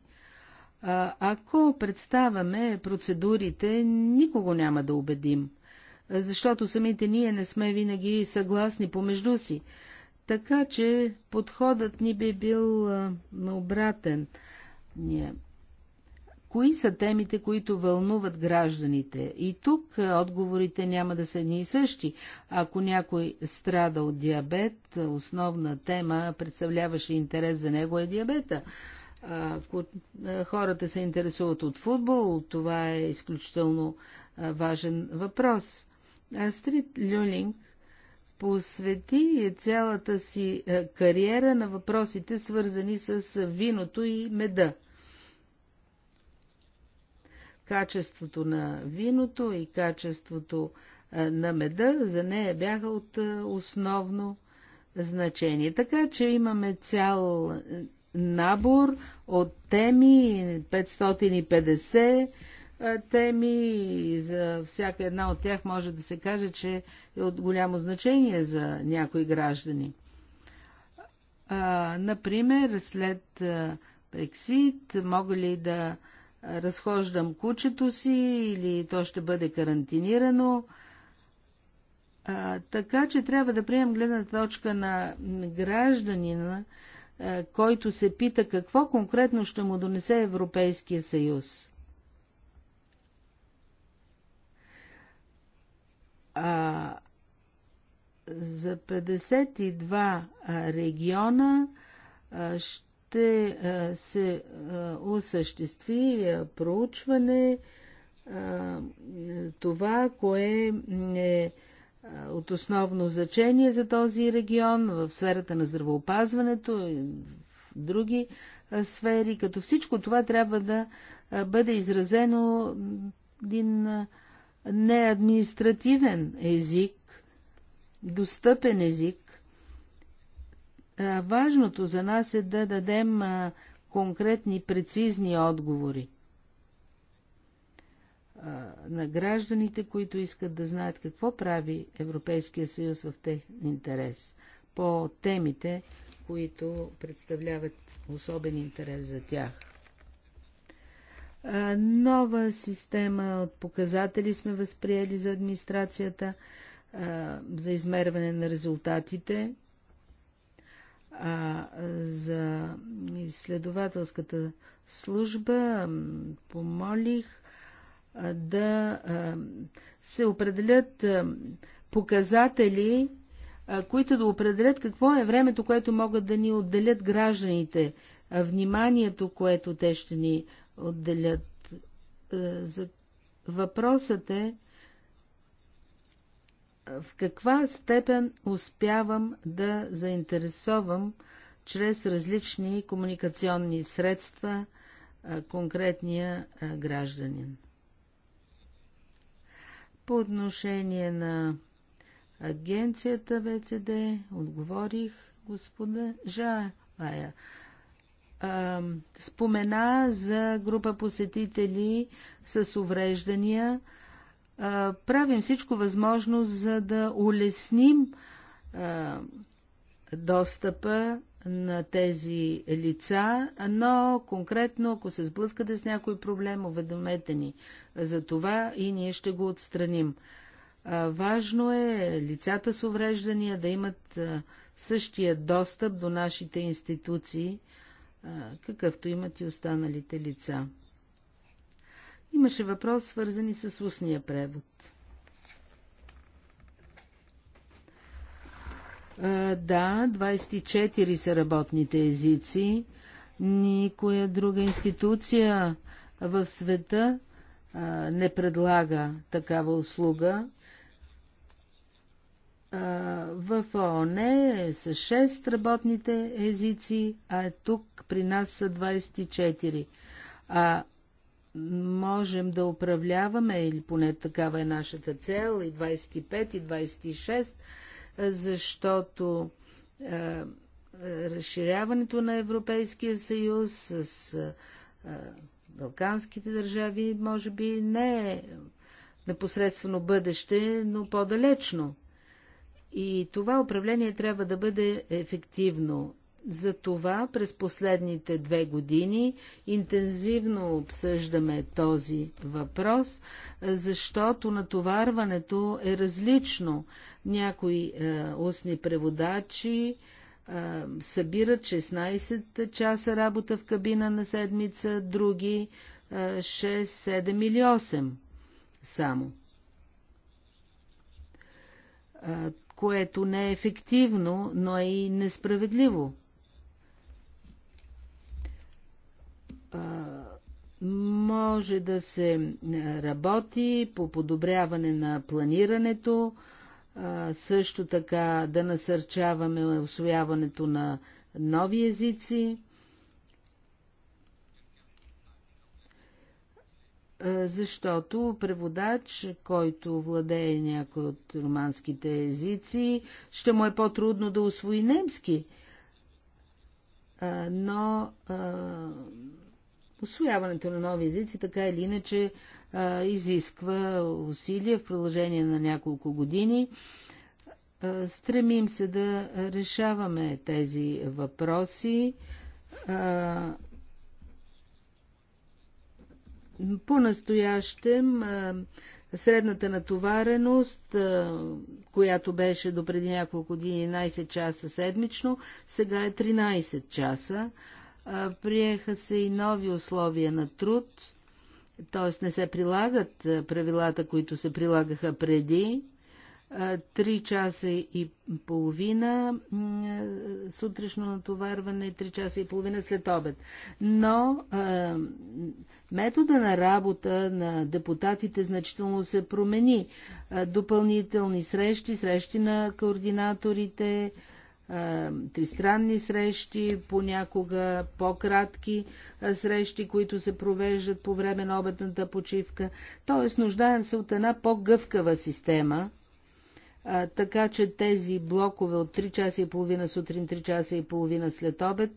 E: а, ако представяме процедурите, никого няма да убедим, защото самите ние не сме винаги съгласни помежду си. Така че подходът ни би бил а, обратен. Ние Кои са темите, които вълнуват гражданите? И тук е, отговорите няма да са едни и същи. Ако някой страда от диабет, е, основна тема, представляваше интерес за него е диабета. Ако е, хората се интересуват от футбол, това е изключително важен въпрос. Астрид Люлинг посвети цялата си кариера на въпросите, свързани с виното и меда качеството на виното и качеството на меда за нея бяха от основно значение. Така че имаме цял набор от теми, 550 теми и за всяка една от тях може да се каже, че е от голямо значение за някои граждани. А, например, след Брексит, мога ли да разхождам кучето си или то ще бъде карантинирано. А, така че трябва да приемем гледна точка на гражданина, а, който се пита какво конкретно ще му донесе Европейския съюз. А, за 52 региона а, ще ще се осъществи проучване това, кое е от основно значение за този регион в сферата на здравеопазването и в други сфери, като всичко това трябва да бъде изразено един неадминистративен език, достъпен език, Важното за нас е да дадем конкретни, прецизни отговори на гражданите, които искат да знаят какво прави Европейския съюз в тех интерес по темите, които представляват особен интерес за тях. Нова система от показатели сме възприели за администрацията, за измерване на резултатите а за изследователската служба помолих да се определят показатели, които да определят какво е времето, което могат да ни отделят гражданите, вниманието, което те ще ни отделят. Въпросът е в каква степен успявам да заинтересовам чрез различни комуникационни средства конкретния гражданин. По отношение на агенцията ВЦД отговорих господа Жалая. Спомена за група посетители с увреждания, правим всичко възможно, за да улесним достъпа на тези лица, но конкретно, ако се сблъскате с някой проблем, уведомете ни за това и ние ще го отстраним. Важно е лицата с увреждания да имат същия достъп до нашите институции, какъвто имат и останалите лица. Имаше въпрос, свързани с устния превод. Да, 24 са работните езици. Никоя друга институция в света не предлага такава услуга. В ООН е с 6 работните езици, а тук при нас са 24. А можем да управляваме, или поне такава е нашата цел, и 25, и 26, защото е, разширяването на Европейския съюз с е, Балканските държави, може би не е непосредствено бъдеще, но по-далечно. И това управление трябва да бъде ефективно затова през последните две години интензивно обсъждаме този въпрос, защото натоварването е различно. Някои е, устни преводачи е, събират 16 часа работа в кабина на седмица, други е, 6, 7 или 8 само. Е, което не е ефективно, но е и несправедливо може да се работи по подобряване на планирането, също така да насърчаваме освояването на нови езици. Защото преводач, който владее някой от романските езици, ще му е по-трудно да освои немски. Но Освояването на нови езици така или иначе изисква усилия в продължение на няколко години. Стремим се да решаваме тези въпроси. По-настоящем средната натовареност, която беше до преди няколко години 11 часа седмично, сега е 13 часа. Приеха се и нови условия на труд, т.е. не се прилагат правилата, които се прилагаха преди. Три часа и половина сутрешно натоварване и 3 часа и половина след обед. Но метода на работа на депутатите значително се промени. Допълнителни срещи, срещи на координаторите, тристранни срещи, понякога по-кратки срещи, които се провеждат по време на обедната почивка. Тоест, нуждаем се от една по-гъвкава система, така че тези блокове от 3 часа и половина сутрин, 3 часа и половина след обед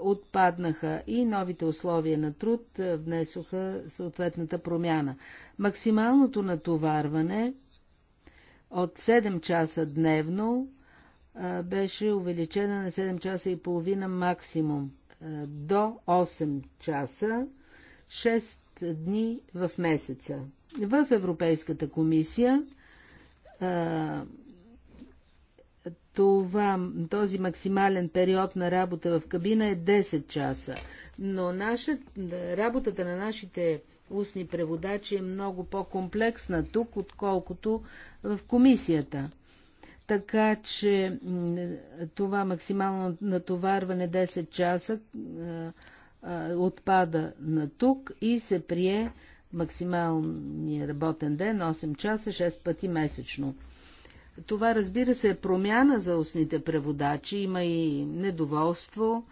E: отпаднаха и новите условия на труд внесоха съответната промяна. Максималното натоварване от 7 часа дневно беше увеличена на 7 часа и половина максимум до 8 часа 6 дни в месеца. В Европейската комисия това, този максимален период на работа в кабина е 10 часа. Но наша, работата на нашите устни преводачи е много по-комплексна тук, отколкото в комисията така че това максимално натоварване 10 часа отпада на тук и се прие максималния работен ден 8 часа 6 пъти месечно. Това разбира се е промяна за устните преводачи, има и недоволство,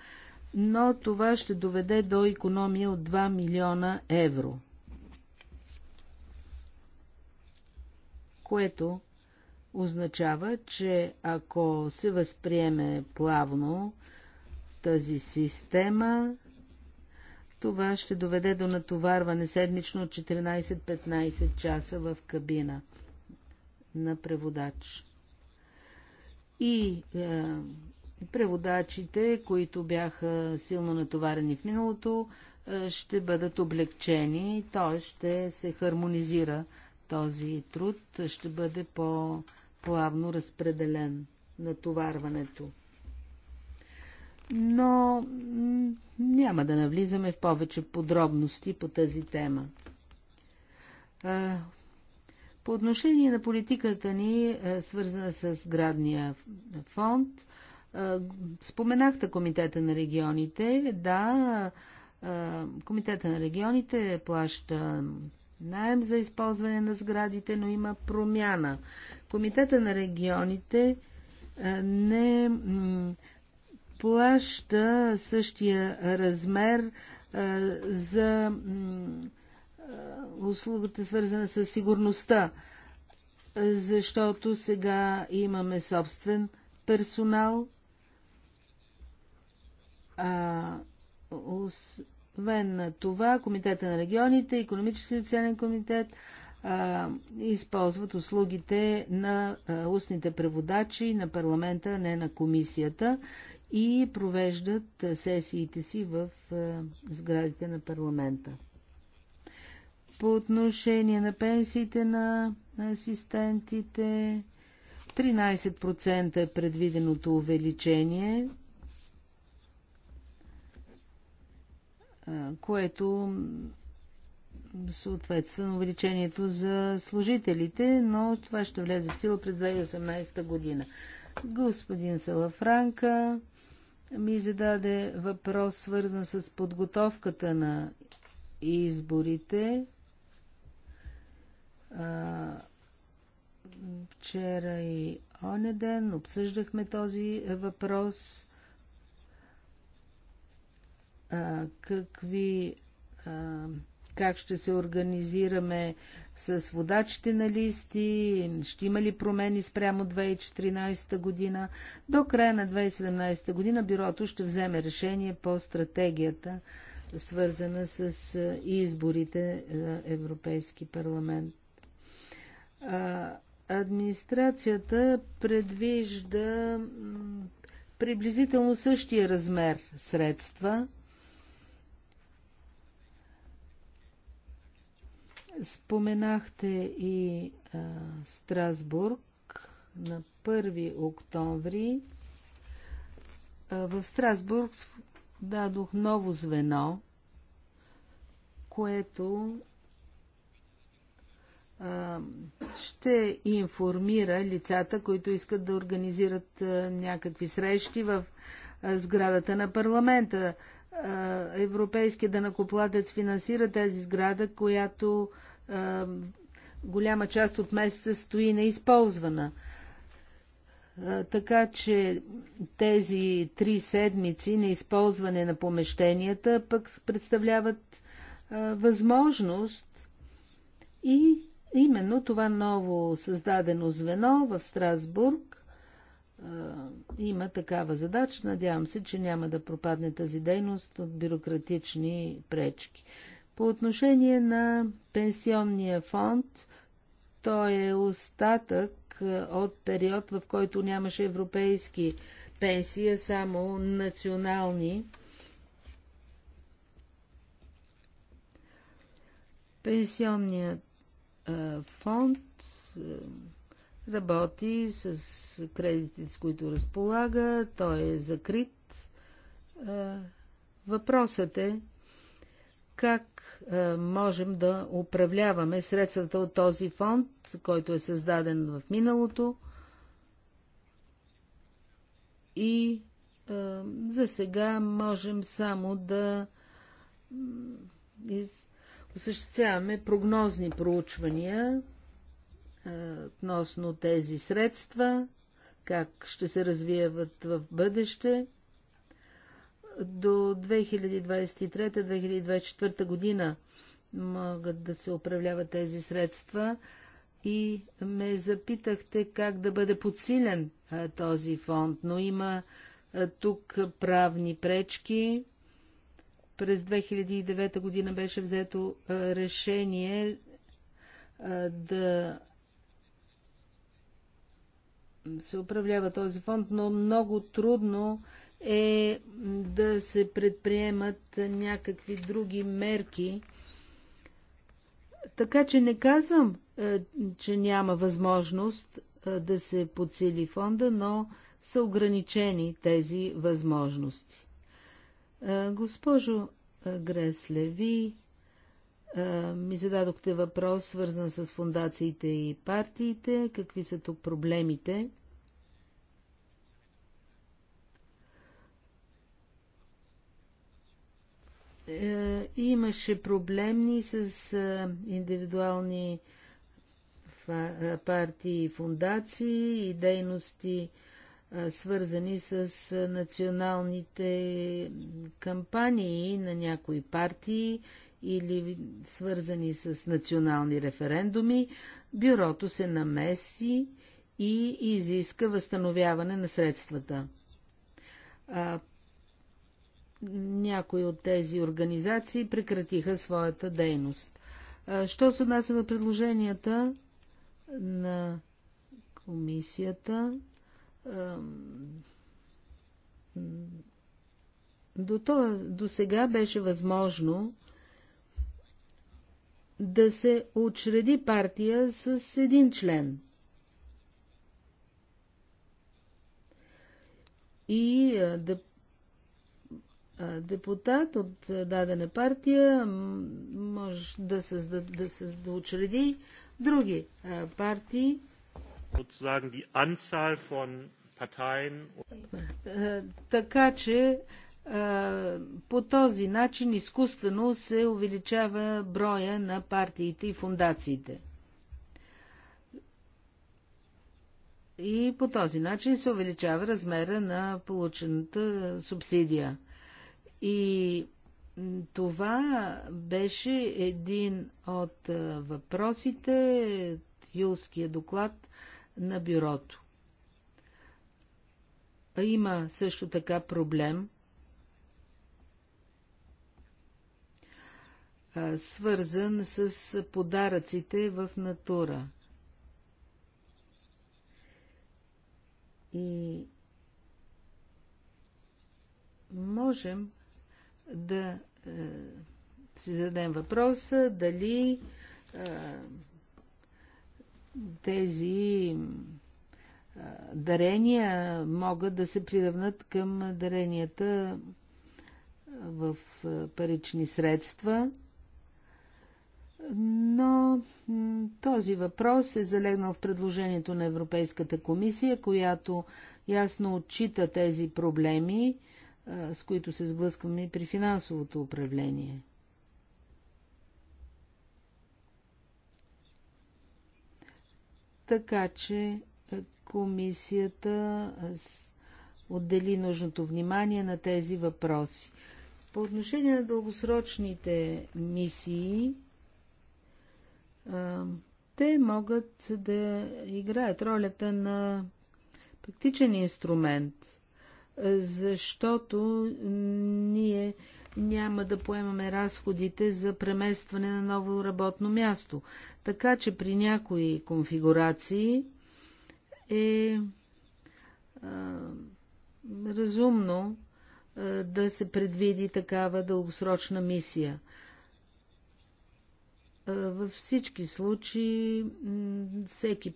E: но това ще доведе до економия от 2 милиона евро. Което означава, че ако се възприеме плавно тази система, това ще доведе до натоварване седмично от 14-15 часа в кабина на преводач. И е, преводачите, които бяха силно натоварени в миналото, е, ще бъдат облегчени, т.е. ще се хармонизира този труд, ще бъде по- плавно разпределен натоварването. Но няма да навлизаме в повече подробности по тази тема. По отношение на политиката ни, свързана с градния фонд, споменахте Комитета на регионите. Да, Комитета на регионите плаща найем за използване на сградите, но има промяна. Комитета на регионите не плаща същия размер за услугата, свързана с сигурността, защото сега имаме собствен персонал, а, освен на това, Комитета на регионите, Економически и социален комитет а, използват услугите на а, устните преводачи на парламента, не на комисията и провеждат сесиите си в а, сградите на парламента. По отношение на пенсиите на асистентите, 13% е предвиденото увеличение което съответства на увеличението за служителите, но това ще влезе в сила през 2018 година. Господин Салафранка ми зададе въпрос, свързан с подготовката на изборите. А, вчера и онеден обсъждахме този въпрос какви как ще се организираме с водачите на листи, ще има ли промени спрямо 2014 година. До края на 2017 година бюрото ще вземе решение по стратегията, свързана с изборите за Европейски парламент. Администрацията предвижда приблизително същия размер средства – Споменахте и а, Страсбург на 1 октомври. А, в Страсбург дадох ново звено, което а, ще информира лицата, които искат да организират а, някакви срещи в а, сградата на парламента европейския данакоплатец финансира тази сграда, която голяма част от месеца стои неизползвана. Така че тези три седмици на използване на помещенията пък представляват възможност и именно това ново създадено звено в Страсбург има такава задача. Надявам се, че няма да пропадне тази дейност от бюрократични пречки. По отношение на пенсионния фонд, той е остатък е, от период, в който нямаше европейски пенсии, само национални. Пенсионният е, фонд е, работи с кредитите, с които разполага, той е закрит. Въпросът е как е, можем да управляваме средствата от този фонд, който е създаден в миналото и е, за сега можем само да из... осъществяваме прогнозни проучвания е, относно тези средства, как ще се развиват в бъдеще до 2023-2024 година могат да се управляват тези средства и ме запитахте как да бъде подсилен този фонд, но има тук правни пречки. През 2009 година беше взето решение да се управлява този фонд, но много трудно е да се предприемат някакви други мерки. Така че не казвам, е, че няма възможност е, да се подсили фонда, но са ограничени тези възможности. Е, госпожо Гресле, ви ми зададохте въпрос, свързан с фундациите и партиите. Какви са тук проблемите? Е, имаше проблемни с е, индивидуални е, партии и фундации и дейности, свързани с националните кампании на някои партии или свързани с национални референдуми, бюрото се намеси и изиска възстановяване на средствата някои от тези организации прекратиха своята дейност. Що се отнася до предложенията на комисията? До, то, до сега беше възможно да се учреди партия с един член. И да депутат от дадена партия може да, създад, да, създад, да учреди други партии. Така че по този начин изкуствено се увеличава броя на партиите и фундациите. И по този начин се увеличава размера на получената субсидия. И това беше един от въпросите, юлския доклад на бюрото. Има също така проблем, свързан с подаръците в натура. И можем да е, си зададем въпроса дали е, тези е, дарения могат да се приравнат към даренията е, в е, парични средства. Но този въпрос е залегнал в предложението на Европейската комисия, която ясно отчита тези проблеми с които се сблъскваме и при финансовото управление. Така че комисията отдели нужното внимание на тези въпроси. По отношение на дългосрочните мисии, те могат да играят ролята на практичен инструмент защото ние няма да поемаме разходите за преместване на ново работно място. Така че при някои конфигурации е а, разумно а, да се предвиди такава дългосрочна мисия. А, във всички случаи всеки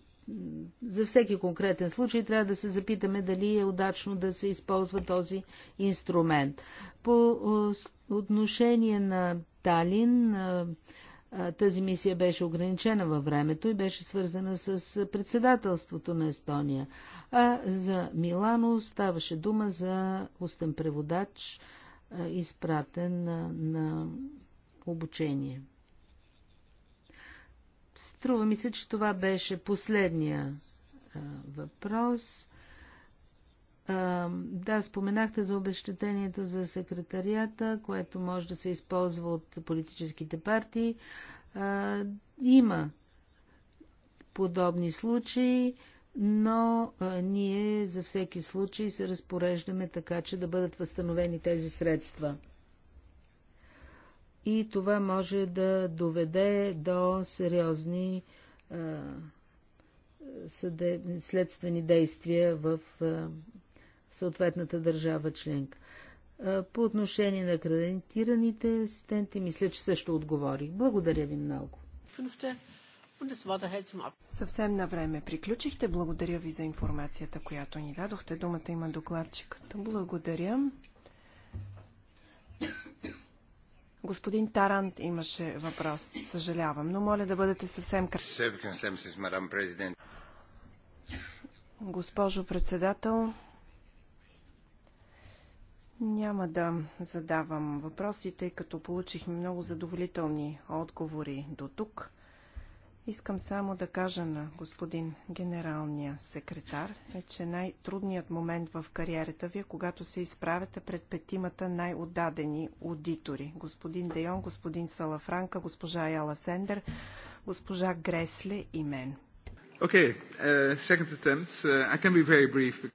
E: за всеки конкретен случай трябва да се запитаме дали е удачно да се използва този инструмент. По отношение на Талин, тази мисия беше ограничена във времето и беше свързана с председателството на Естония. А за Милано ставаше дума за устен преводач, изпратен на, на обучение. Струва ми се, че това беше последния а, въпрос. А, да, споменахте за обещетението за секретарията, което може да се използва от политическите партии. А, има подобни случаи, но а, ние за всеки случай се разпореждаме така, че да бъдат възстановени тези средства и това може да доведе до сериозни а, следствени действия в а, съответната държава членка. А, по отношение на кредитираните асистенти, мисля, че
A: също отговорих. Благодаря ви много. Съвсем на време приключихте. Благодаря ви за информацията, която ни дадохте. Думата има докладчиката. Благодаря. Господин Тарант имаше въпрос, съжалявам, но моля да бъдете съвсем кратки. Госпожо председател, няма да задавам въпросите, като получихме много задоволителни отговори до тук. Искам само да кажа на господин генералния секретар, е, че най-трудният момент в кариерата ви е когато се изправяте пред петимата най-отдадени аудитори. Господин Дейон, господин Салафранка, госпожа Яла Сендер, госпожа Гресле и мен.
C: Okay, uh, second attempt. Uh, I can be very brief.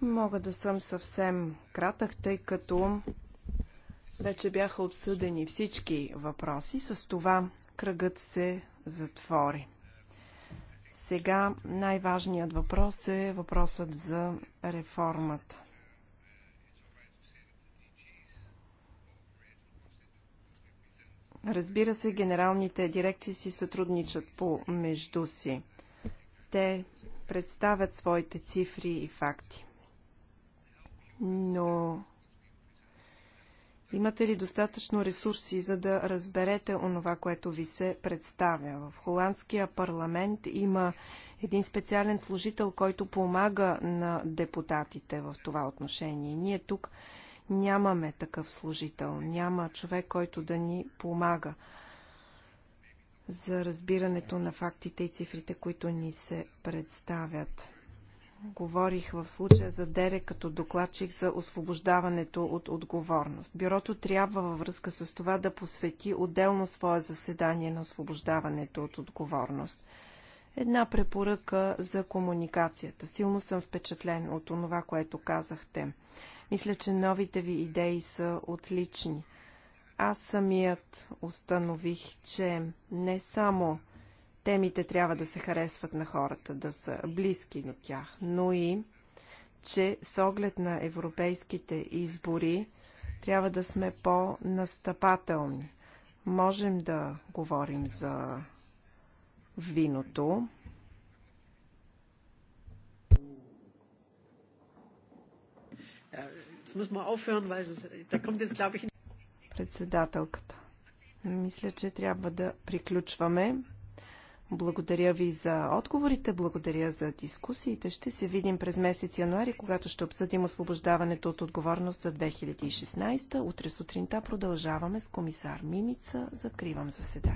A: Мога да съм съвсем кратък, тъй като вече бяха обсъдени всички въпроси. С това кръгът се затвори. Сега най-важният въпрос е въпросът за реформата. Разбира се, генералните дирекции си сътрудничат помежду си. Те представят своите цифри и факти. Но Имате ли достатъчно ресурси, за да разберете онова, което ви се представя? В холандския парламент има един специален служител, който помага на депутатите в това отношение. Ние тук нямаме такъв служител, няма човек, който да ни помага за разбирането на фактите и цифрите, които ни се представят. Говорих в случая за Дере като докладчик за освобождаването от отговорност. Бюрото трябва във връзка с това да посвети отделно свое заседание на освобождаването от отговорност. Една препоръка за комуникацията. Силно съм впечатлен от това, което казахте. Мисля, че новите ви идеи са отлични. Аз самият установих, че не само темите трябва да се харесват на хората, да са близки до тях, но и че с оглед на европейските избори трябва да сме по-настъпателни. Можем да говорим за виното.
D: Äh,
A: Председателката. Мисля, че трябва да приключваме. Благодаря ви за отговорите, благодаря за дискусиите. Ще се видим през месец януари, когато ще обсъдим освобождаването от отговорност за 2016. Утре сутринта продължаваме с комисар Мимица. Закривам заседание.